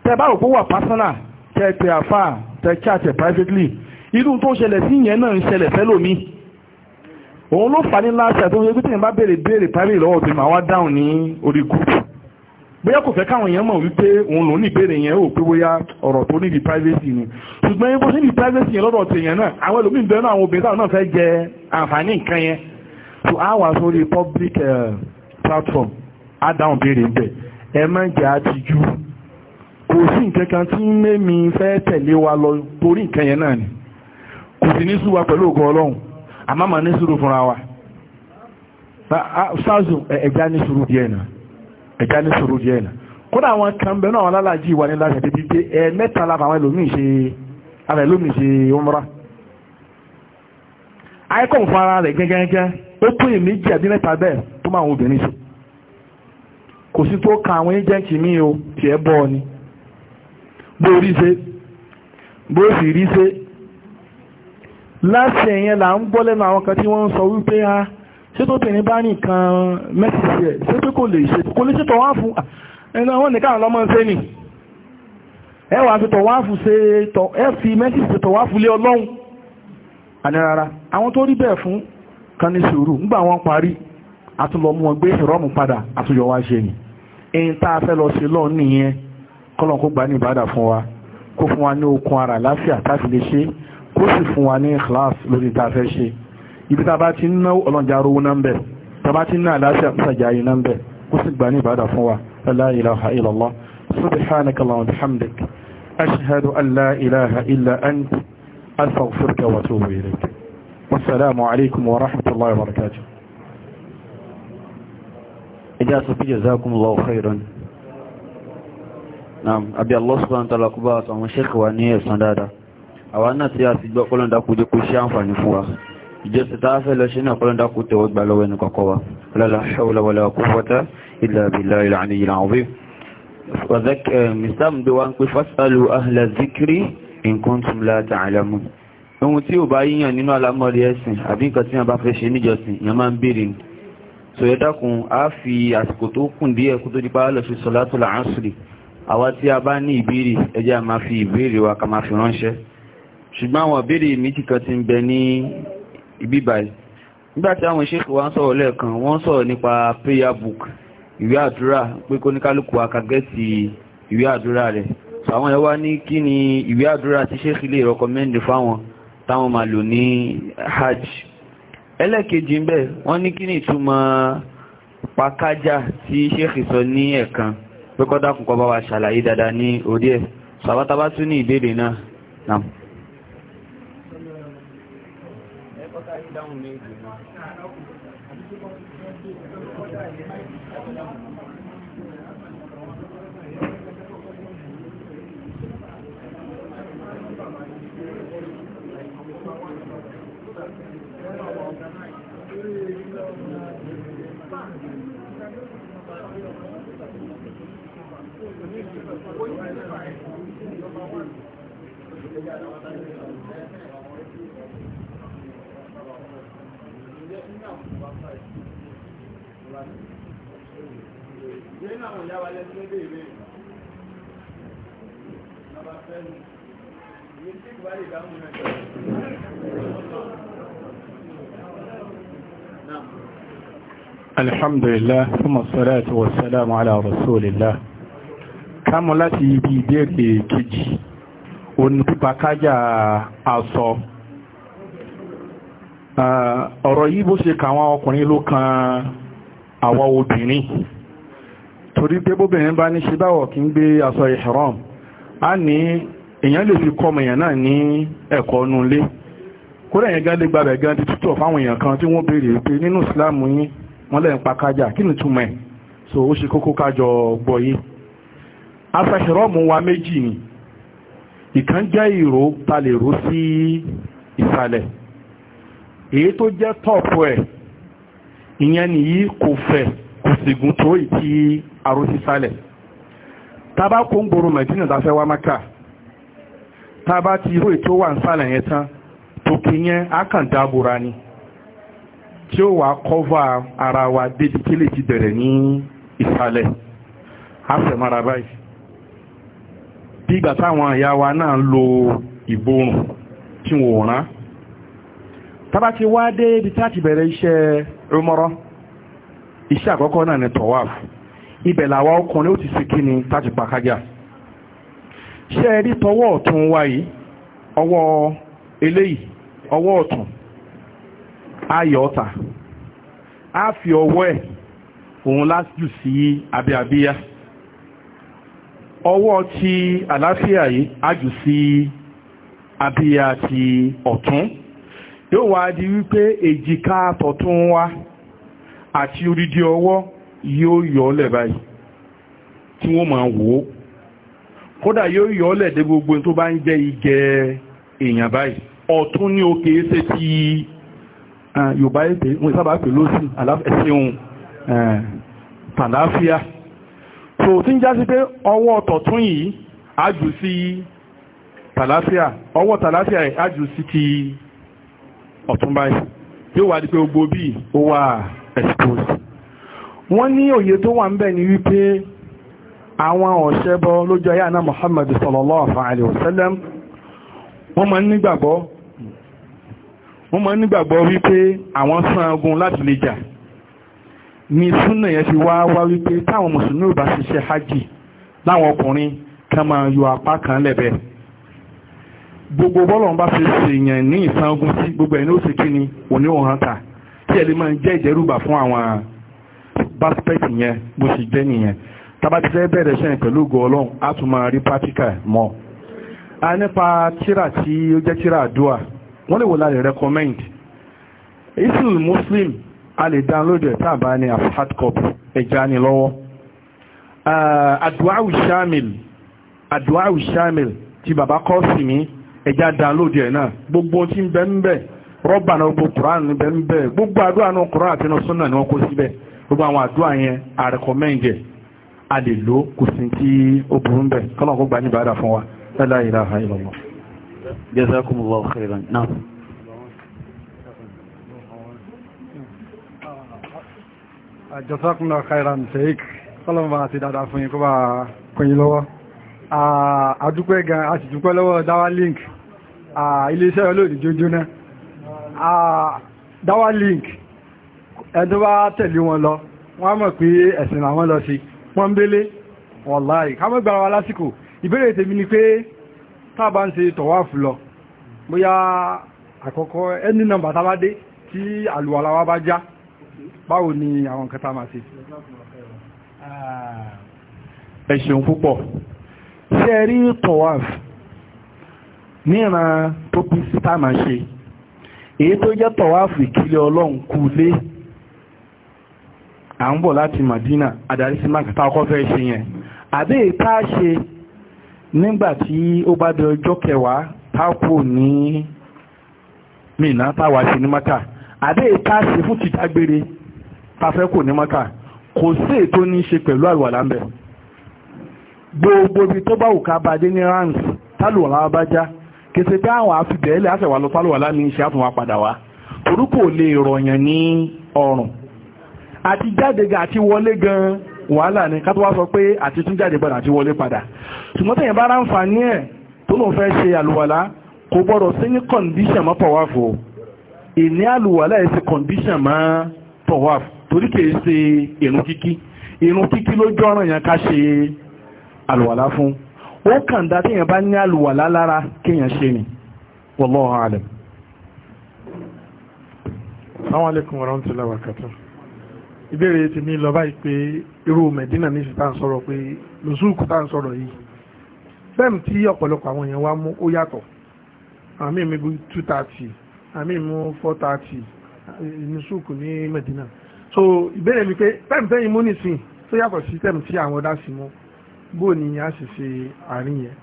tẹ bá òpó wà personal tẹ tẹ àfà tẹ chat privately irú tó ṣẹlẹ̀ sí yẹn náà ń ṣẹlẹ̀ fẹ́lòmí òun ló fà ní last year tó ń yẹ pé tí èèyàn bá béèrè béèrè private lọ́wọ́ bí màá wá dáhùn ní orí group bóyá kò fẹ́ káwọn èèyàn mọ̀ wípé òun lòún ìbéèrè yẹn ò pé bóyá ọ̀rọ̀ tó níbi privacy ni ṣùgbọ́n bó ṣe níbi privacy yẹn lọ́dọ̀ tèèyàn náà àwọn ẹlòmíín bẹ́ẹ̀ náà àwọn obìnrin táwọn náà fẹ́ jẹ àǹfààní nǹkan yẹn so a wà sórí public uh, platform a dáhùn béèrè bẹ̀ ẹ má jẹ́ àtijú kò sí nǹkan kan tí mẹ́mi fẹ́ tẹ̀lé wa lọ torí nǹkan yẹn náà ni kò sì ní súwa pẹ̀lú ògùn ọlọ́run àmọ́ màá ní sùúrù fúnra wa ṣáàzù ẹ̀já ní sùúrù díẹ̀ náà ẹ̀já ní sùúrù díẹ̀ náà kódà àwọn kan bẹ́ẹ̀ náà àwọn alálàájì wà ní láti ẹ̀dẹ́bí pé ẹ̀ẹ́mẹ́ta lábàwọn ẹlòmíì ṣe ọmọra icon fún ara rẹ̀ gẹ́gẹ́gẹ́ ó tún ìmíjì àbí mẹ́ta bẹ́ẹ̀ tó máa wọn obìnrin sùn kò sí tó ka àwọn agent mi o tí ẹ bọ́ ni bó rí ṣe bó sì rí ṣe láti ẹ̀yẹn là ń gbọ́ lẹ́nu àwọn kan tí wọ́n ń sọ wípé a ah, ṣé tó tẹ̀yìn bá nìkan mẹ́sìsì ẹ̀ ṣé pé kò lè ṣe kò lè ṣètò wá fún ah, ẹnu àwọn nìkan lọ́mọ ṣe nì ẹ wàá fi tọ̀ wá fún ṣe ẹ fi mẹ́sìsì tọ̀ wá fún lé ọlọ́run ànírara àwọn tó rí bẹ́ẹ̀ fún kan ní sùúrù nígbà wọn parí àtúnlọ́mú wọn gbé ìrọ́mù padà àtúnyọ wá ṣe ni èyí tá a fẹ́ lọ sí lọ́ọ̀ nìyẹn kọ́lọ̀ kó gbà ní ìbádà fún wa kó fún wa ní okun ara láfíà táfi lè ṣe kó sì fún wa ní ikhlas lórí tá fẹ́ ṣe ibi tá bá ti ń ná ọlọ́njà arówó náà bẹ̀ tá bá ti ń ná àlàáfíà mùsàjà yìí náà bẹ̀ kó sì gbà ní ìbádà fún wa la ilaha illallah subhanaka allahumma bihamdik ilaha illa anta أستغفرك وأتوب إليك والسلام عليكم ورحمة الله وبركاته إجازة جزاكم الله خيرا نعم أبي الله سبحانه وتعالى كبارة ومشيخ وأنيه سندادة àwọn náà tí a ti gbọ́ kọ́lọ́ndà kú jẹ́ kó ṣe àǹfààní fún wa ìjọsìn tàà fẹ́ lọ ṣe náà kọ́lọ́ndà kú tẹ̀wọ́ gbà lọ́wọ́ ẹnu kọ̀kọ́ wa la hawla wala quwwata illa billahi al-'aliyyil 'azim Mr. mdo wa ń pè fasalu ahla zikri in kuntum la ta'lamun ohun tí ò bá yíyàn nínú alámọ̀rí ẹ̀sìn àbí nǹkan tí wọ́n bá fẹ́ ṣe níjọsìn yẹn máa ń béèrè ni so ẹ dákun a fi àsìkò tó kùn díẹ̀ kó tó di pa lọ sí sọlátùl àásùrì àwa tí a bá ní ìbéèrè ẹ jẹ́ a máa fi ìbéèrè wa ká máa fi ránṣẹ́ ṣùgbọ́n àwọn ìbéèrè méjì kan ti ń bẹ ní ibi báyìí nígbà tí àwọn ìṣèkò wa ń sọ̀rọ̀ lẹ́ẹ̀kan wọ́n sọ̀rọ̀ nípa prayer book ìwé àdúrà pé kóníkálukú akagẹ́sì ìwé àdúrà rẹ̀ àwọn ẹwà ní kí ni ìwé àdúrà tí Sheikh lè rọkọmẹ́ndì fáwọn táwọn máa lò ní hajj ẹlẹ́kejì ń bẹ wọ́n ní kí ni ìtumọ̀ pakájá tí Sheikh sọ ní ẹ̀kan pé bá wa ṣàlàyé dáadáa ní orí ẹ̀ sàbátabá tún ní ìbéèrè náà náà. الحمد لله ثم الصلاة والسلام على رسول الله ibi ìbéèrè kejì òní pípa kájà aṣọ ọ̀rọ̀ yìí bó ṣe kàwọn ọkùnrin ló kan àwọn obìnrin torí pé bóbìnrin bá ní ṣe báwọ̀ kí ń gbé aṣọ ihram a ní èèyàn lè fi kọmọ èèyàn náà ní ẹ̀kọ́ nulé kó rẹ̀ gán lè gbàbẹ̀ gan ti tútọ̀ fáwọn èèyàn kan tí wọ́n béèrè pé nínú ìsìláàmù yín wọ́n lẹ́yìn pa kájà kí ni ẹ̀ so ó ṣe kókó kájọ gbọ́yé wa méjì ni ìkan jẹ́ ìró ta ró sí ìsàlẹ̀ èyí tó jẹ́ tọ́ọ̀pù ẹ̀ ìyẹn nìyí kò fẹ̀ kò sì tó ìtì aró sísàlẹ̀ tábà kó ń gbòòrò ti irú ètò wà ń sàlẹ̀ yẹn tán yẹn tí ó wà kọ́fà ara wa débi kí lè ti bẹ̀rẹ̀ ní ìsàlẹ̀ àfẹ̀mára báyìí bí ìgbà táwọn àyà wa náà lo ìborùn tí wọ́n rán tàbá ti wá dé ibi tá ti bẹ̀rẹ̀ iṣẹ́ rúmọ́rọ́ iṣẹ́ àkọ́kọ́ náà ni tọ̀wáf ibẹ̀ làwọn ọkùnrin ó ti sì kí ni táti pàkájà ṣe tọwọ́ ọ̀tún wáyìí ọwọ́ eléyìí ọwọ́ ọ̀tún ayọ̀ ọ̀tà á fi ọwọ́ ẹ̀ òun lájú sí abẹ́ abíyá ọwọ́ ti àlàáfíà yìí ájù sí abíyá ti ọ̀tún yóò wá di wípé èjìká tọ̀tún wá àti orídí ọwọ́ yóò yọ ọ́lẹ̀ báyìí tí wọ́n máa wò ó kódà yóò yọ ọ́lẹ̀ dé gbogbo tó bá ń jẹ́ igẹ èèyàn báyìí ọ̀tún ní òkè ṣe ti Ah, yorùbá ètè wọn sábà pè lóṣì ẹ̀sìn eh, tàlàáfíà so tí ń já sí pé ọwọ́ tọ̀tún yìí ájù sí tàlàáfíà ọwọ́ tàlàáfíà yìí ájù sí ti ọ̀tún báyìí yóò wá di pé gbogbo bíi ó wà exposed wọ́n ní òye tó wà ń bẹ̀ ni wípé àwọn ọ̀ṣẹ́bọ lójú ayé àná Muhammadu sallallahu alaihi wasallam wọ́n máa ń nígbàgbọ́ wọ́n máa nígbàgbọ́ wípé àwọn sán ogun láti lè jà ní súnà yẹn fi wá wá wípé táwọn mùsùlùmí ò bá ṣiṣẹ́ hajj láwọn ọkùnrin kan máa yọ apá kan lẹ́bẹ̀ gbogbo bọ́lọ̀ bá fi ṣèyàn ní ìsán ogun sí gbogbo ẹ̀ ní òsì kíni òní òhàn ta kí ẹ̀ lè máa jẹ́ ìjẹ́rùbà fún àwọn basket yẹn bó sì jẹ́ nìyẹn tàbá ti fẹ́ bẹ̀rẹ̀ sẹ́yìn pẹ̀lú ògo ọlọ́run á tún máa rí pátíkà mọ́ a nípa tíra tí ó jẹ́ tíra àdúà wọ́n lè wò láti recommend isil muslim a lè download ẹ̀ tàbá ní hard copy ẹja ni lọ́wọ́ àdúwáwù uh, shamil àdúwáwù shamil ti bàbá kọ́ọ̀sì mi ẹja download ẹ̀ náà gbogbo tí ń bẹ ń bẹ rọ́bà náà gbogbo Quran ń bẹ ń bẹ gbogbo àdúrà náà Quran àti náà sunna ni wọ́n kó síbẹ̀ gbogbo àwọn àdúrà yẹn a recommend ẹ̀ a lè lò kò sí tí ó burú ń bẹ kọ́nà kó gbà fún wa la ilaha illallah Jazakumullahu khairan náà Jazakumullahu khairan sheik kọlọ̀mọ̀ àti dáadáa fún yín kó bá kọyìn lọ́wọ́ àdúpẹ́ gan a sì dúpẹ́ lọ́wọ́ dáwà link iléeṣẹ́ olóòdì jójóná dáwà link ẹni bá tẹ̀lé wọn lọ wọ́n mọ̀ pé ẹ̀sìn àwọn lọ sí pọ́nbélé wọ̀láì ká mọ́ gbára wa lásìkò ìbéèrè tèmi ni pé tábà ń ṣe tọ̀wáàfù lọ bóyá àkọ́kọ́ ẹni nọmbà tábà dé tí àlùwàlá wa bá já báwo ni àwọn nǹkan tá máa ṣe. ẹ ṣeun púpọ̀ ṣe rí tọ̀wáàfù níran tó bí síta máa ṣe èyí tó jẹ́ tọ̀wáàfù ìkílẹ̀ ọlọ́run kú lé à ń bọ̀ láti Madina àdárísí mákàtà ọkọ̀ fẹ́ ṣe yẹn àbẹ́ ìta ṣe nígbàtí ó bá di ọjọ́ kẹwàá tákù ní Mínà táwà sí ní Mọ́kà àdé ìta ṣe fún tìdágbére tafẹ́ kò ní Mọ́kà kò sí ètò ní ṣe pẹ̀lú àlùwàlá ń bẹ gbogbo ibi tó bá wùká bá dé ní rand tálùwàlá bá já kèsè pé àwọn afibẹ̀ẹ́lẹ̀ àfẹ̀wà lọ tálùwàlá ní iṣẹ́ àtúnwà padà wá torí lè rọ̀yàn ní ọrùn àti jáde gan àti wọlé gan wàhálà ni ká tó wá sọ pé àti tún jáde padà àti wọlé padà ṣùgbọ́n tẹ̀yìn bá ráǹfààní ẹ̀ tó lóun fẹ́ ṣe àlùwàlá kò gbọ́dọ̀ sí ní kọ̀ǹdíṣàn mọ́ tọ̀wáfù ìní àlùwàlá ẹ̀ sí kọ̀ǹdíṣàn mọ́ tọ̀wáfù torí kìí ṣe ìrun kíkí ìrun kíkí ló jọ́ràn yẹn ká ṣe àlùwàlá fún ó kàn dá tẹ̀yìn bá ní àlùwàlá lára kéèyàn ṣe ni wallahu alam. Assalamu alaikum warahmatullahi wabarakatuh ìbéèrè ti mi lọ báyìí pé irú mẹ̀dínà ní ṣe tá ń sọ̀rọ̀ pé lùsùkù tá ń sọ̀rọ̀ yìí fẹ́m tí ọ̀pọ̀lọpọ̀ àwọn èèyàn wá mú ó yàtọ̀ àmì mi bí two thirty àmì mi four thirty lùsùkù ní mẹ̀dínà so ìbéèrè mi pé fẹ́m tẹ́yìn mú nìsín tó yàtọ̀ sí fẹ́m tí àwọn ọ̀dà sì mú bó ni a sì ṣe àárín yẹn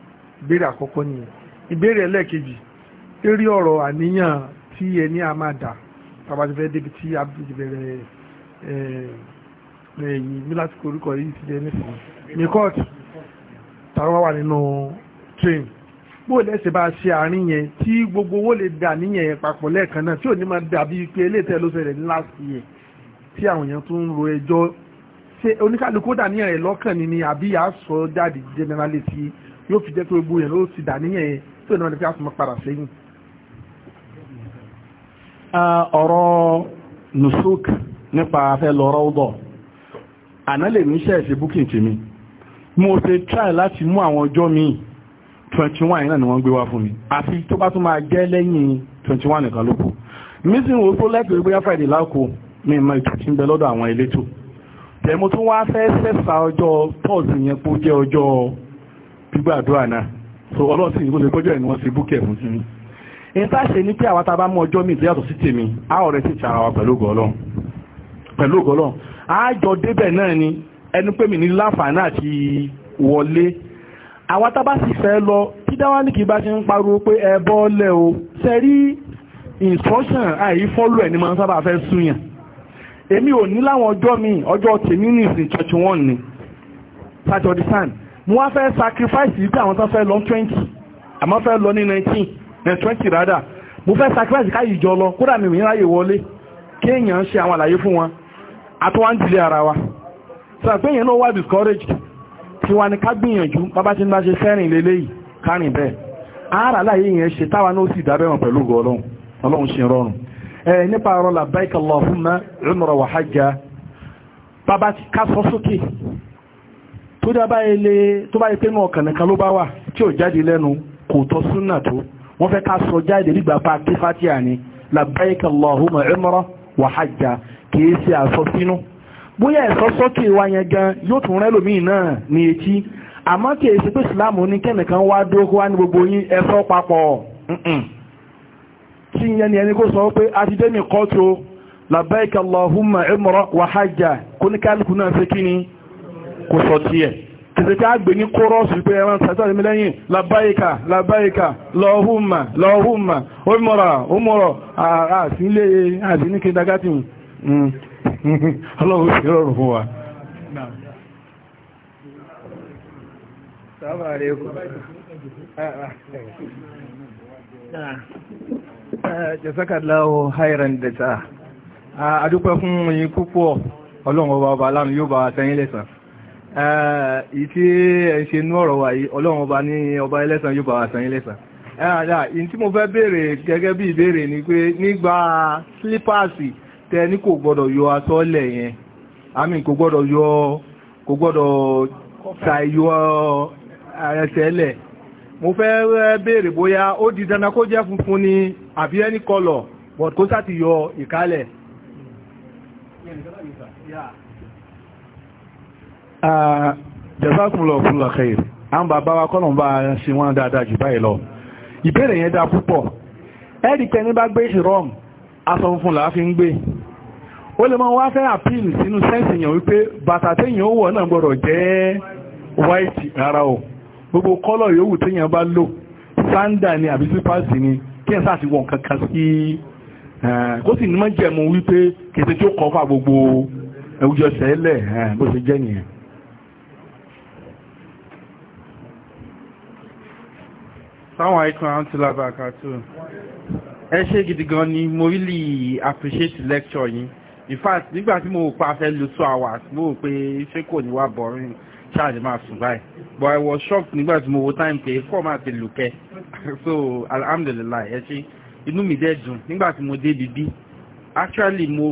ìbéèrè àkọ́kọ́ nìyẹn ìbéèrè ẹlẹ́ẹ̀kejì eré ọ̀rọ̀ àníyàn tí ẹni a ẹ̀yìn mi láti korúkọ yìí ti jẹ́ nísìnyí mikot tàwọn wà nínú train bóò lẹ́sẹ̀ bá ṣe àárín yẹn tí gbogbo owó lè dà níyẹn yẹn papọ̀ lẹ́ẹ̀kan náà tí ò ní máa dàbí pé eléyìí ló ṣẹlẹ̀ ní last year tí àwọn èèyàn tún ń ro ẹjọ́ ṣé oníkálukú dàníyàn rẹ̀ lọ́kàn ni ni àbí àsọ jáde generally tí yóò fi jẹ́ pé gbogbo yẹn ló ti dàníyàn yẹn tí ò ní máa ní àtúmọ̀ padà sẹ́yìn. Ah, ọ̀rọ̀ nusuk nípa afẹ́ lọ rọ́ọ̀dọ̀ àná lè ní iṣẹ́ ìṣe booking ti mi mo ṣe try láti mú àwọn ọjọ́ mi 21 náà ni wọ́n gbé wá fún mi àfi tó bá tún máa jẹ́ lẹ́yìn 21 nìkan ló kù mísìn wo tó lẹ́gbẹ̀ẹ́ bóyá Friday láko mi mọ ìtọ́sí ń bẹ lọ́dọ̀ àwọn elétò tẹ̀mú tún wá fẹ́ sẹ́sà ọjọ́ pọ́ọ̀sì yẹn kó jẹ́ ọjọ́ gbígbàdúrà náà so ọlọ́sìn ìgbóṣe kọjọ́ ìní wọ́n ti búkẹ̀ fún sí mi ìta ṣe ní pé àwọn tá a bá mú ọjọ́ mi ìdíyàtọ̀ sí tèmi á ọ̀rẹ́ sì ṣàrà wa pẹ̀lú gọ́ọ̀lọ́run pẹ̀lú ògọ́lọ́ àjọ débẹ̀ náà ni ẹnu pé mi ní láǹfààní àti wọlé àwọn tábà sì fẹ́ lọ tí dáwálìkì bá ti ń pariwo pé ẹ bọ́ lẹ̀ o ṣe rí instruction àì fọ́lù ẹ̀ ni máa ń sábà fẹ́ súnyàn èmi ò ní láwọn ọjọ́ mi ọjọ́ tèmi ní ìsìn church one ni saturday sun mo wá fẹ́ sacrifice yìí pé àwọn tó fẹ́ lọ twenty àmọ́ fẹ́ lọ ní nineteen ní eh, twenty rather, mo fẹ́ sacrifice káyìí jọ lọ kódà mi ò ní ráyè wọlé kéèyàn ṣe àwọn àlàyé fún wọn àtọ́wà ń dìlé ara wa sàgbéyàn náà wà discouraged tí wà ní ká gbìyànjú bàbá tí ń bá ṣe sẹ́rìn lélé yìí kárìn bẹ́ẹ̀ ara láyé yẹn ṣe táwa náà sì dábẹ́ wọn pẹ̀lú ọlọ́run ọlọ́run ṣe rọrùn ẹ nípa ọ̀rọ̀ labbaik Allahumma umra wa hajja bàbá tí ká sọ sókè wọ́n fẹ́ ká sọ jáde nígbà bá kí fatia ni labbaik Allahumma umra wa hajja kìí ṣe àsọsínú bóyá ìsọsọ́kè wa yẹn gan yóò tún rẹ́ lòmíì náà ní etí àmọ́ kìí ṣe pé ìsìláàmù ní kẹ́nìkan wá dúró kó wá ní gbogbo yín ẹ̀sọ́ papọ̀ tí ìyẹn ni ẹni kó sọ pé a ti dé mi kọ́tò labbaika Allahumma umra wa hajja ni kò sọ tiẹ̀ kìsẹ̀ tí a gbé ní kórọ́ọ̀sì pé umra umra àti ilé àti ní Mm. ọlọ́run ṣe rọrùn fún wa. Ah, ah, eh, jazakallahu hairan da inú ọ̀rọ̀ wà ọlọ́run ọba ní ọba ẹlẹ́san yóò bá sẹ́yìn lẹ́san ẹ̀rọ ah, àdá mo fẹ́ gẹ́gẹ́ bí ni pé nígbà tẹ ní kò gbọ́dọ̀ yọ asọ́lẹ̀ yẹn àmì kò gbọ́dọ̀ yọ kò gbọ́dọ̀ ṣàyọ ẹsẹ̀lẹ̀ mo fẹ́ béèrè bóyá ó di dandan kó jẹ́ funfun ni àbí ẹni kọlọ̀ but kó sáti yọ ìkálẹ̀ jazakumullahu kullu khair an bàbá wa kọ́nà bá ṣe wọ́n ìbéèrè yẹn dá púpọ̀ ẹ̀rí pé ní bá gbé ìrọ́mù aṣọ funfun làá fi ń gbé ó lè máa wá fẹ́ àpíl sínú sẹ́ǹsì èèyàn wípé bàtà téèyàn ó wọ̀ náà gbọ́dọ̀ jẹ́ white rárá o gbogbo kọ́lọ̀ yòówù téèyàn bá lò sándà ni àbí sípàsì ni kí ẹ̀ sáà ti wọ̀n kankan sí eh, kó sì ní mọ́ jẹ̀mú wípé kèsè tí ó kọ́ fà gbogbo ẹ̀wùjọ sẹ́lẹ̀ eh, bó ṣe jẹ́ nìyẹn. sáwọn àìkú àwọn tí lábàkà tó ẹ ṣe gidi gan ni mo really appreciate lecture yín in fact nígbà tí mo pa fẹ́ lo two hours mo rò pé ṣé kò ní wá boring ṣáàjì máa sùn báyìí but i was shocked nígbà tí mo wo time pé four máa ti lò kẹ́ so alhamdulillah ẹ ṣe inú mi dẹ̀ dùn nígbà tí mo dé bíbí actually mo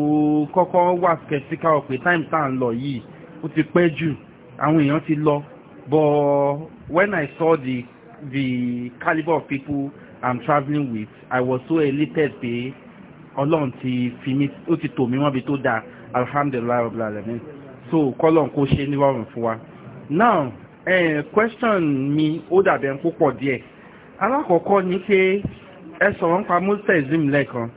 kọ́kọ́ wà skeptical pé time tá à ń lọ yìí ó ti pẹ́ jù àwọn èèyàn ti lọ but when i saw the the calibre of people i'm traveling with i was so elated pé ọlọ́run ti fi mí ó ti tò mí wọ́n bi tó dáa alhamdulilayi rabbil alamin so kọ́lọ́n kó ṣe níwọ̀n fún wa now eh, question mi ó dàbẹ̀ púpọ̀ díẹ̀ alákọ̀ọ́kọ́ ni pé ẹ sọ̀rọ̀ nípa mustazim lẹ́ẹ̀kan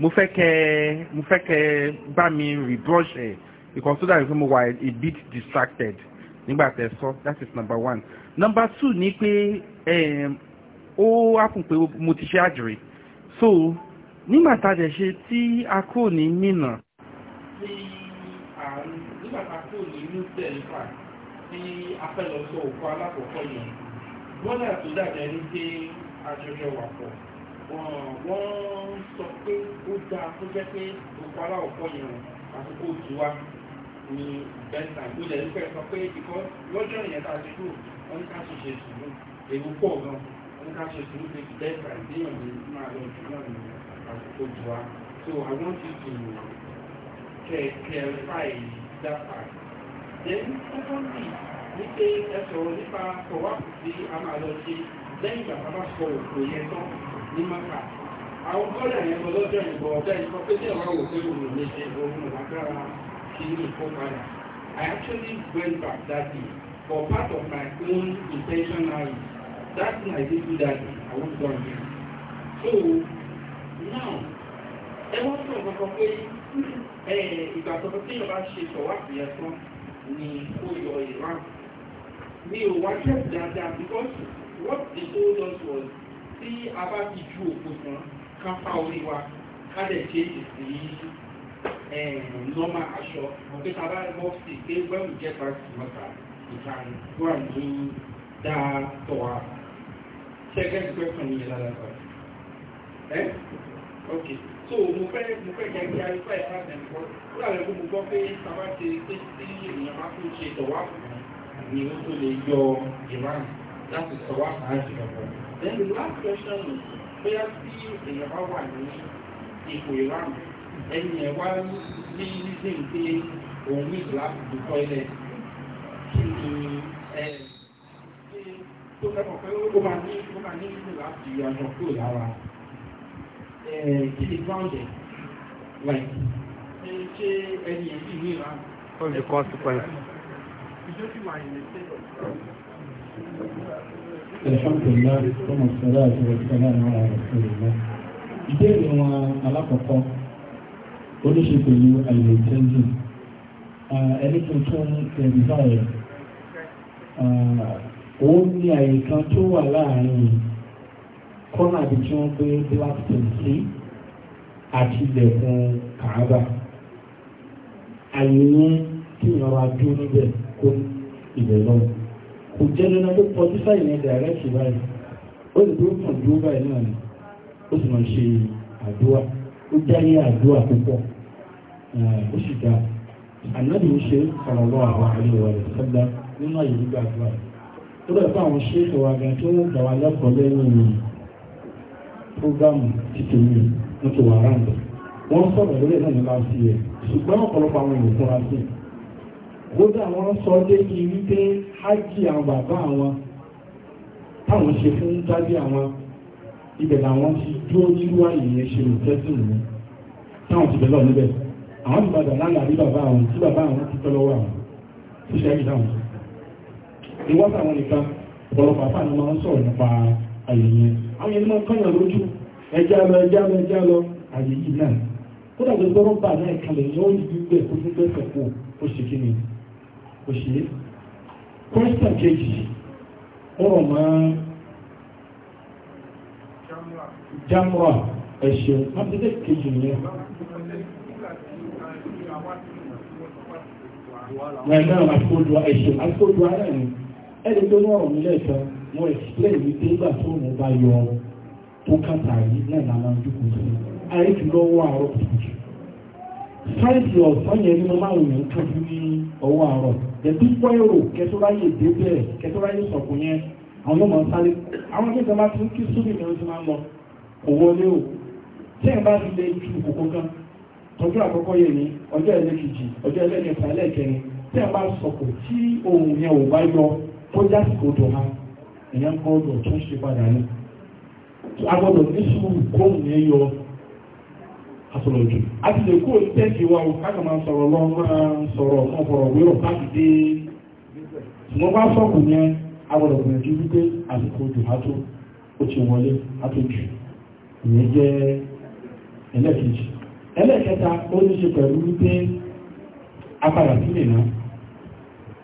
mo fẹ́ kẹ́ mo fẹ́ kẹ́ bá mi rebrush ẹ̀ because so that mo wà a bit distracted nígbà tẹ́ sọ that is number one number two ni pé eh, ó hápùn pé mo ti ṣe àjèrè so nígbà tá a dẹ̀ ṣe tí a kò ní mìnà tí àrùn nígbà tá a kò ní ní tẹ̀lifà tí a fẹ́ lọ sọ òkú alákọ̀ọ́kọ́ yẹn bọ́lá tó dàbẹ̀ ní pé àjọyọ̀ wà pọ̀ wọ́n sọ pé ó dáa tó jẹ́ pé òkú alákọ̀ọ́kọ́ yẹn àkókò tí wá ní bẹ́ẹ̀ta ìpínlẹ̀ ń fẹ́ sọ pé lọ́jọ́ yẹn tá a ti kú wọ́n ní ká ṣe ṣe sùúrù so I want you to clarify that part then secondly ní that ẹ sọ̀rọ̀ nípa tọ̀wápù tí a máa lọ sí lẹ́yìn bàbá bá sọ òkò yẹn tán ní maka àwọn bọ́ọ̀lù yẹn lọ lọ́jọ́ ìbọn ọ̀dọ́ ìbọn pé tí ẹ̀rọ wò pé òun ò lè ṣe òun lágbára kí ní ìkópadà I actually went back that day for part of my own intentionality That thing I did do that, I won't go on again. So, now, ẹwọ́n tó ọ̀sán kan pé ìgbà tuntun tí ìjọba ṣe sọ̀wáàpì yẹn tán ni ó yọ ìran. Mi watch wá check dáadáa because what they told us was see about the ti ju òkú tán ká fá orí wa ká dẹ̀ ṣe normal aṣọ ọ̀pẹ́ tá a bá bọ́ sí pé wẹ́ẹ̀mù jẹ́ pàṣẹ mọ́ta ìtàn tó wà ní dáa tọ́ wa second question yìí lára kan ẹ́ ok so mo fẹ́ mo fẹ́ jẹ́ kí ayé fẹ́ láti ẹ̀kọ́ ó dàbẹ̀ kó mo gbọ́ pé sábà ṣe pé tí ènìyàn bá tó ṣe tọ̀wá ni ó tó lè yọ ìmáà láti tọ̀wá àárín ọ̀pọ̀ then the last question is bóyá tí ènìyàn bá wà ní ipò ìmáà ẹni ẹ̀ wá ní ní pé òun ní ìlà ìdúkọ́ ilẹ̀ kí ni ẹ̀ tó lẹ́mọ̀ pé ó the consequence? ìbéèrè wọn alákọ̀ọ́kọ́ oníṣe pẹ̀lú àyè tẹ́ńdì ẹni tuntun tẹ̀lé báyìí òun ní àyè kan tó wà láàrin kọ́nà àbí tí wọ́n gbé black tin sí àti ilẹ̀kùn kàába àyè yẹn kí èèyàn wá dúró níbẹ̀ kó ibẹ̀ lọ kò jẹ́ nínú pé pọtí sáyẹn ní dàrẹ́tì báyìí ó lè dúró kàn dúró báyìí náà ni ó sì máa ṣe àdúrà ó jáde àdúrà púpọ̀ ó sì ga ànábì ń ṣe sọ̀rọ̀ lọ́wọ́ àwọn àlè ìwà sọ́gbà nínú àyè nígbà àdúrà rẹ̀ tó bẹ̀ fún àwọn ṣéèkì wa gan tó ń gbà wá lẹ́kọ̀ọ́ lẹ́nu prógámù títún mi ní tó wà ráńdọ̀ wọ́n sọ̀rọ̀ lórí ẹ̀ náà ní láti yẹ ṣùgbọ́n ọ̀pọ̀lọpọ̀ àwọn èèyàn fúnra sí kódà wọ́n sọ débi wípé hajj àwọn bàbá àwọn táwọn ṣe fún dájú àwọn ibẹ̀ làwọn ti dúró nírú àyè yẹn ṣe lè tẹ́sí mi táwọn ti bẹ̀ lọ níbẹ̀ àwọn ìbàdàn náà làbí bàbá ìwọ́n àwọn nìkan ọ̀pọ̀lọpọ̀ àfààní máa ń sọ̀rọ̀ nípa àyè yẹn àwọn yẹn máa ń kọ́yàn lójú ẹja lọ ẹja lọ ẹja lọ àyè yìí náà kó dàgbé gbọ́rọ̀ bà náà kalẹ̀ yẹn ó yí bẹ́ẹ̀ kó fún bẹ́ẹ̀ kọ̀ ó ṣe kí ni ó ṣe é. kọ́ńtà kejì ọ̀rọ̀ máa jámúra ẹ̀ṣẹ̀ mábílẹ̀ kejì yẹn. Wọ́n náà àkójọ ẹ̀ṣẹ̀ àkójọ ara ẹ̀yìn ẹni tó ní ọ̀rọ̀ nílẹ̀ sọ mo explain wípé nígbà tó mo bá yọ tó kàtà yìí náà náà máa ń dúkù sí ayé ti lọ́wọ́ àárọ̀ kùtùkùtù sáyẹ̀nsì ọ̀sán yẹn ni mo máa ń yàn kájú ní ọwọ́ àárọ̀ ẹ̀bí pọ́ èrò kẹtọ́ráyè débẹ̀ kẹtọ́ráyè sọ̀kù yẹn àwọn ọmọ sáré àwọn akẹ́kọ̀ọ́ máa ti ń kí súnmí ni wọ́n ti máa ń lọ kò wọlé o tí ẹ̀ bá ti lè ju kòkó kan tọ́jú àkọ́kọ́ yẹn ni ọjọ́ ẹlẹ́kejì ọjọ́ ẹlẹ́kẹta ẹlẹ́kẹrin tí ẹ̀ bá sọ̀kù tí ohun yẹn ò bá yọ kó jásìkò dùn ha èèyàn kọ́ ọ̀dọ̀ tó ń ṣe padà ní agbọ́dọ̀ ní sùúrù kóhùn ní yọ asọ̀rọ̀ jù a ti lè kó o tẹ́sí wa o ká kà máa sọ̀rọ̀ lọ máa sọ̀rọ̀ mọ́ fọ̀rọ̀ wérò káàkì dé ṣùgbọ́n bá sọ̀kù yẹn agbọ́dọ̀ gbìyànjú wípé àsìkò dùn ha tó ó ti wọlé ha tó jù ìyẹn jẹ́ ẹlẹ́kejì ẹlẹ́kẹta ó ní ṣe pẹ̀lú wípé apàdà sílẹ̀ náà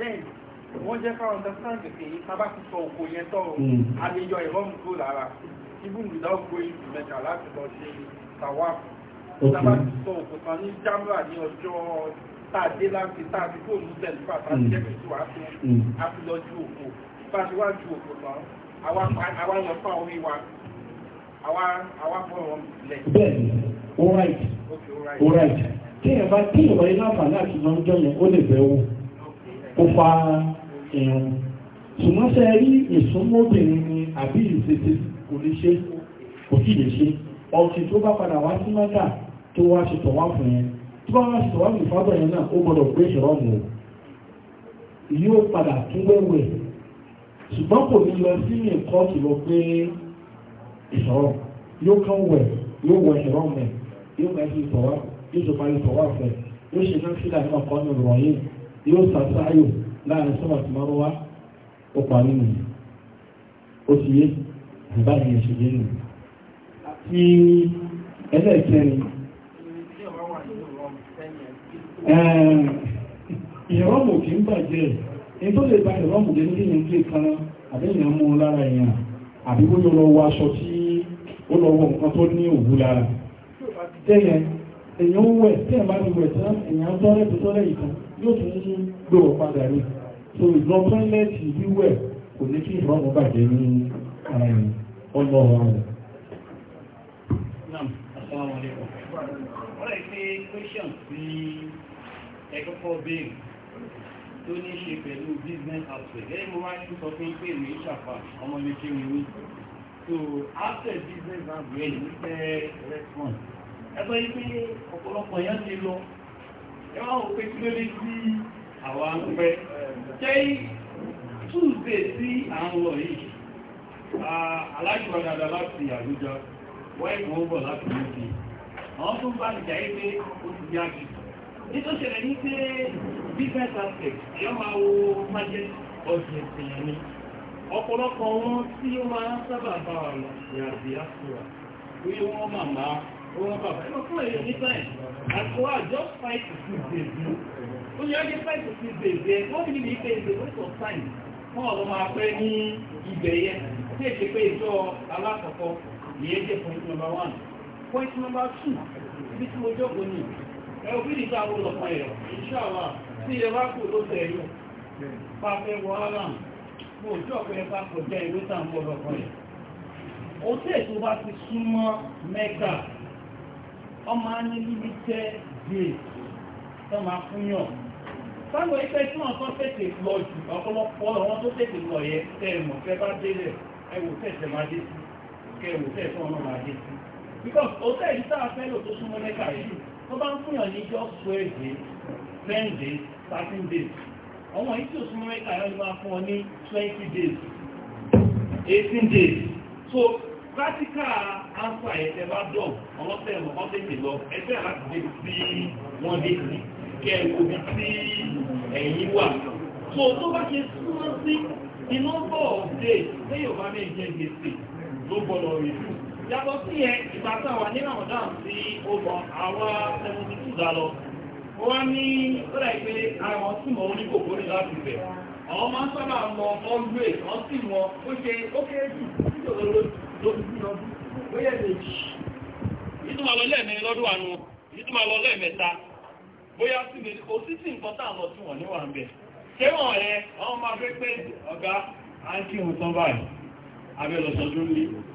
then wọ́n jẹ́ ká understand pé tábà ti sọ òkò yẹn tọrọ hmm. àlejò ìrọ́mù tó lára even without going to mẹ́ta láti lọ ṣe tawaf tábà ti sọ òkò kan ní jamra ní ọjọ́ tàdé láti tàbí kò ní tẹ̀lú pàtàkì hmm. àti jẹ́pẹ̀ tí wàá fún àti hmm. lọ ju òkò bá ti wá ju òkò tán àwa lọ fún àwọn ìwà àwa bọ̀ wọn lẹ̀. bẹ́ẹ̀ni all right all right tí ẹ bá tí ìwà iná àǹfààní àti ìjọ ń jọ yẹn ó lè bẹ̀ wò ó fa ẹ̀rùn ṣùgbọ́n ṣe rí ìsúnmọ́bìnrin ni àbí ìṣẹ́ṣe kò lè ṣe kò sí lè ṣe ọtí tó bá padà wá sí mẹ́ta tó wá ṣe tọ̀wá fún yẹn tó bá wá ṣe tọ̀wá fún ìfábọ̀ yẹn náà ó gbọ́dọ̀ gbé ìṣòro mù yóò padà tún wẹ́wẹ́ ṣùgbọ́n kò ní lọ sí nǹkan tí lọ pé ìṣòro yóò kán wẹ̀ yóò wọ ìṣòro mẹ́ yóò gbà sí ìtọ̀wá yóò ṣe parí ìtọ̀wá fún yóò ṣe náà sílẹ̀ ní yóò sàṣàyò láàrin sọ́wọ́ àti mọ́rọ́wá ó parí nù ó ti yé bàbá yẹn ṣe yé nù. àti ẹlẹ́ẹ̀kẹrin ìrọ́mù kì bàjẹ́ tó lè ba ìrọ́mù jẹ́ nílé yẹn lè kan mú lára èèyàn àbí ó yọ lọ wọ aṣọ tí ó lọ wọ nǹkan tó ní òwú lára. tẹ́yẹ ń wẹ̀ bá ti wẹ̀ tán tọ́rẹ́ yóò tún gbò padà ní so ìgbọ́n tọ́lẹ́tì wíwẹ̀ kò ní kí ìrọ̀mù bàjẹ́ ní um, ọlọ́ ọ̀rọ̀ rẹ̀. Ọ̀rẹ́ pé question ní ẹ̀kọ́kọ́ béèrè tó ní ṣe pẹ̀lú business aspect. Lẹ́yìn mo wá ní sọ pé pé mi ṣàfà ọmọ mi kí mi ní. So after business aspect, ẹ̀ ní fẹ́ response. Ẹgbẹ́ yìí pé ọ̀pọ̀lọpọ̀ yẹn ti lọ ẹwà wọn pé kí ló lé sí àwọn àpẹ́ jẹ́ Tuesday sí àwọn lọ yìí aláṣọ láti Àbújá wọ́n ìmọ̀ bọ̀ láti méjì àwọn tó bá ìjà yìí pé ó ṣẹlẹ̀ ní pé business aspect máa wo market budget èèyàn ni ọ̀pọ̀lọpọ̀ wọn tí ó máa sábà bá wà ní Wọ́n ọ̀rọ̀ máa pẹ́ ní ibẹ̀ yẹn tí èṣe pé ìjọ alákọ̀ọ́kọ́ ìyẹn jẹ́ point number one. Point number two, ibi tí mo jókòó ní ẹ òfin ìjọ àwọn olùkọ́ ẹ̀rọ, ìṣàwà tí ẹ bá kò ló tẹ̀ yóò. Pàfẹ́ wọ Aram, mo jọ́ pé bá kọjá ìwé tàǹbọ̀ ọ̀rọ̀ kan yẹn. Ó tẹ̀ tó bá ti súnmọ́ Mẹ́kà ọmọ ní níbi tẹ́ dé tó máa fún ẹgbẹ́ tí wọ́n tó tètè lọ jù ọ̀pọ̀lọpọ̀ wọn tó tètè lọ yẹ tẹ́ bá délẹ̀ ẹ wò máa dé sí kẹ́ ẹ wò máa dé sí because hotel yìí tá a fẹ́ lò tó súnmọ́ lẹ́ka yìí tó bá ń fún yàn ní just twelve days ten days thirteen days ọmọ yìí tí ó súnmọ́ lẹ́ka yẹn máa fún ọ ní twenty days eighteen days so pátíkà ánsà ẹ̀tẹ́ bá dọ̀ ọlọ́tẹ̀ ẹ̀mọ̀kọ́ tètè lọ ẹgbẹ́ láti dé sí wọ́n dé sí kẹ́ omi tí ẹ̀yìn wà tó tó bá ṣe súnmọ́ sí iná bọ̀ dé lẹ́yìn ọba ní ìjẹ́ gbèsè ló gbọ́dọ̀ rè fún yàtọ̀ sí yẹn ìgbà tá wà ní ramadan sí ọgbọ̀n àwa seventy two dá lọ wọ́n á ní rẹ̀ pé ara wọn túmọ̀ oníkòkó ní láti bẹ̀ àwọn máa ń sábà mọ ọ́n lóye olóòrò lórí ìgbìyànjú lóyẹ̀ méjì ìtumà lọ lẹ́ẹ̀mẹ́rin lọ́dún wà nù ìtumà lọ lẹ́ẹ̀mẹ́ta bóyá sí mi kò sí sí nǹkan tá àlọ́ tí wọ́n ní wà ń bẹ̀ ṣé wọ́n ẹ àwọn máa fẹ́ pé ọ̀gá á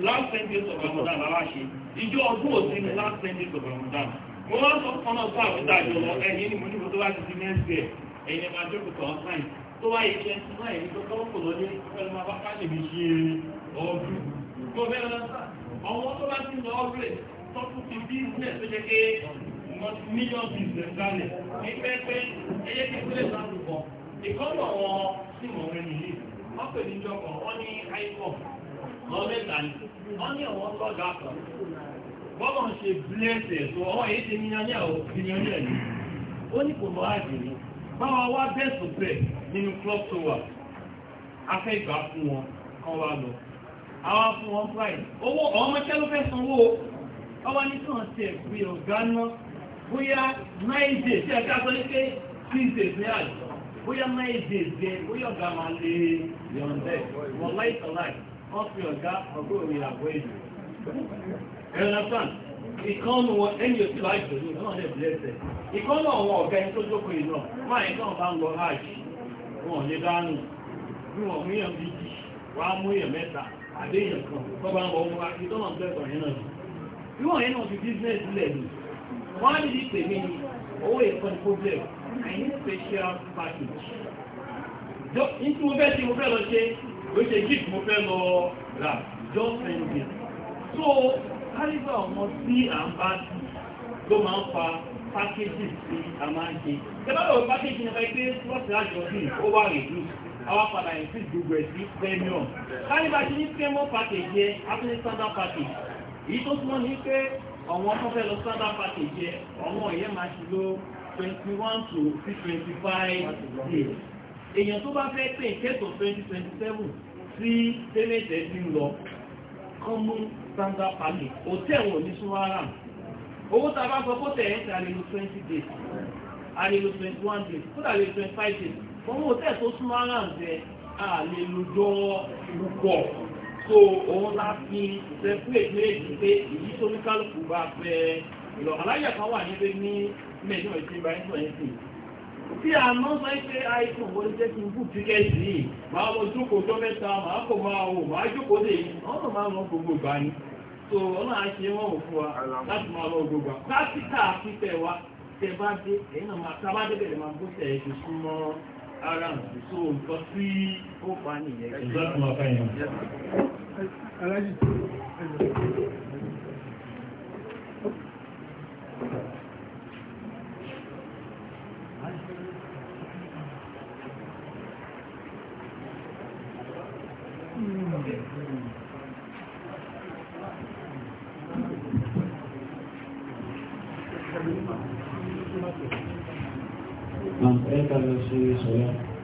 last ten days of Ramadan aláṣẹ ìjọ ọdún òsì ní last ten days of Ramadan mo wá sọ fún ọ náà fún àwọn ìdájọ́ ẹ̀yìn ni mo ní mo tó wá ti di next year ẹ̀yìn ni màá jókòó tọ̀ tó wáyé twenty nine tó tọ́wọ́ kò lọ́dé pẹ̀lú máa bá ká lè fi ṣe ọdún tó bẹ́ẹ̀ lọ sá àwọn tó bá ti lọ ọ́gbẹ̀rẹ̀ tó tún ti bí ìwúlẹ̀ tó jẹ́ pé million business lálẹ̀ ní pẹ́pẹ́ ẹyẹ ti kúlẹ̀ lásìkò ìkọ́nà wọn sì mọ̀ rẹ̀ nìyí wọ́n pè ní jọkọ̀ wọ́n ní ipop lọ́mẹ́ta ni wọ́n ní àwọn sọ́jà kan bọ́lọ̀ ń ṣe bílẹ̀ẹ̀sì ẹ̀sọ́ ọ̀ báwa wá bẹ̀sùn bẹ̀ nínú club tó wà afẹ́ ìgbà fún wọn kan wá lọ àwa fún wọn price owó ọmọ mẹ́kẹ́ ló fẹ́ sanwó ọwọ́ ní kàn ṣe ìpè ọ̀gá náà bóyá nine days tí a ká sọ pé three days ní àjọ bóyá nine days jẹ bóyá ọ̀gá máa lè yọ̀ǹdẹ̀ wọ́n láì wọ́n fi ọ̀gá ọgbọ́n òwe àbọ̀ èdè ẹ̀rọ náà ìkọ́nù wọn ẹni òsì láì pẹ̀lú náà lè bí ẹsẹ̀ ìkọ́nù àwọn ọ̀gá ẹni tó jókòó iná máa ń tán bá ń lọ hajj wọn lè dánù bí wọn mú èèyàn bíi wà á mú èèyàn mẹ́ta àbí èèyàn kan tó bá ń bọ̀ wọn àti tọ́nà bẹ́ẹ̀kọ̀ yẹn náà bí wọn yẹn náà fi business lẹ̀ ni wọn á lè pè mí ní owó ìkọ́ ní problem àyè special package ní tí mo fẹ́ ṣe mo fẹ́ lọ ṣe ló ṣe gift mo fẹ́ lọ rà just ten days so kálíbà ọmọ tí à ń bá ló máa ń fa pákéjì tí a máa ń ṣe tẹ́lá lọ pákéjì nípa pé lọ́sẹ̀ àjọsìn ó wà rèdú àwọn padà yìí sí gbogbo ẹ̀ sí premium kálíbà ti ní premium package yẹ afẹ́ standard package èyí tó túmọ̀ ní pé àwọn tó fẹ́ lọ standard package yẹ ọmọ ìyẹn máa ti lo twenty one to twenty five days èèyàn tó bá fẹ́ pè kẹ́tọ̀ twenty twenty seven sí tẹ́lẹ̀ tẹ́lẹ̀ ń lọ kọ́mú standard pali hotel wọn ní suwara owó tá a bá gbọ́ kó tẹ̀ ẹ́ tẹ̀ a lè twenty days a lè lo twenty one days kódà lè lo twenty five days fún hotel tó suwara ń bẹ a lè lo jọ púpọ̀ so òun la fi ṣe pé pé pé èyí tó ní kálukú bá fẹ́ lọ aláyà kan wà níbẹ̀ ní mẹ́jọ ìṣèjọba ẹ̀ṣọ́ ẹ̀ṣin tí a mọ́ sọ pé àìsàn wọlé jẹ́ kí n bú tíkẹ́ẹ̀tì yìí máa wọ jókòó tó mẹ́ta máa kò máa wò máa jókòó lè yí ọ̀nà máa ń lọ gbogbo ìgbà ni. so ọlọ́run àti ẹwọ́n ò wa láti máa lọ gbogbo pásítà pípẹ́ wa tẹ dé ẹ̀yìn náà máa tábá dé máa gbọ́sẹ̀ ètò súnmọ́ ara 干的是什么？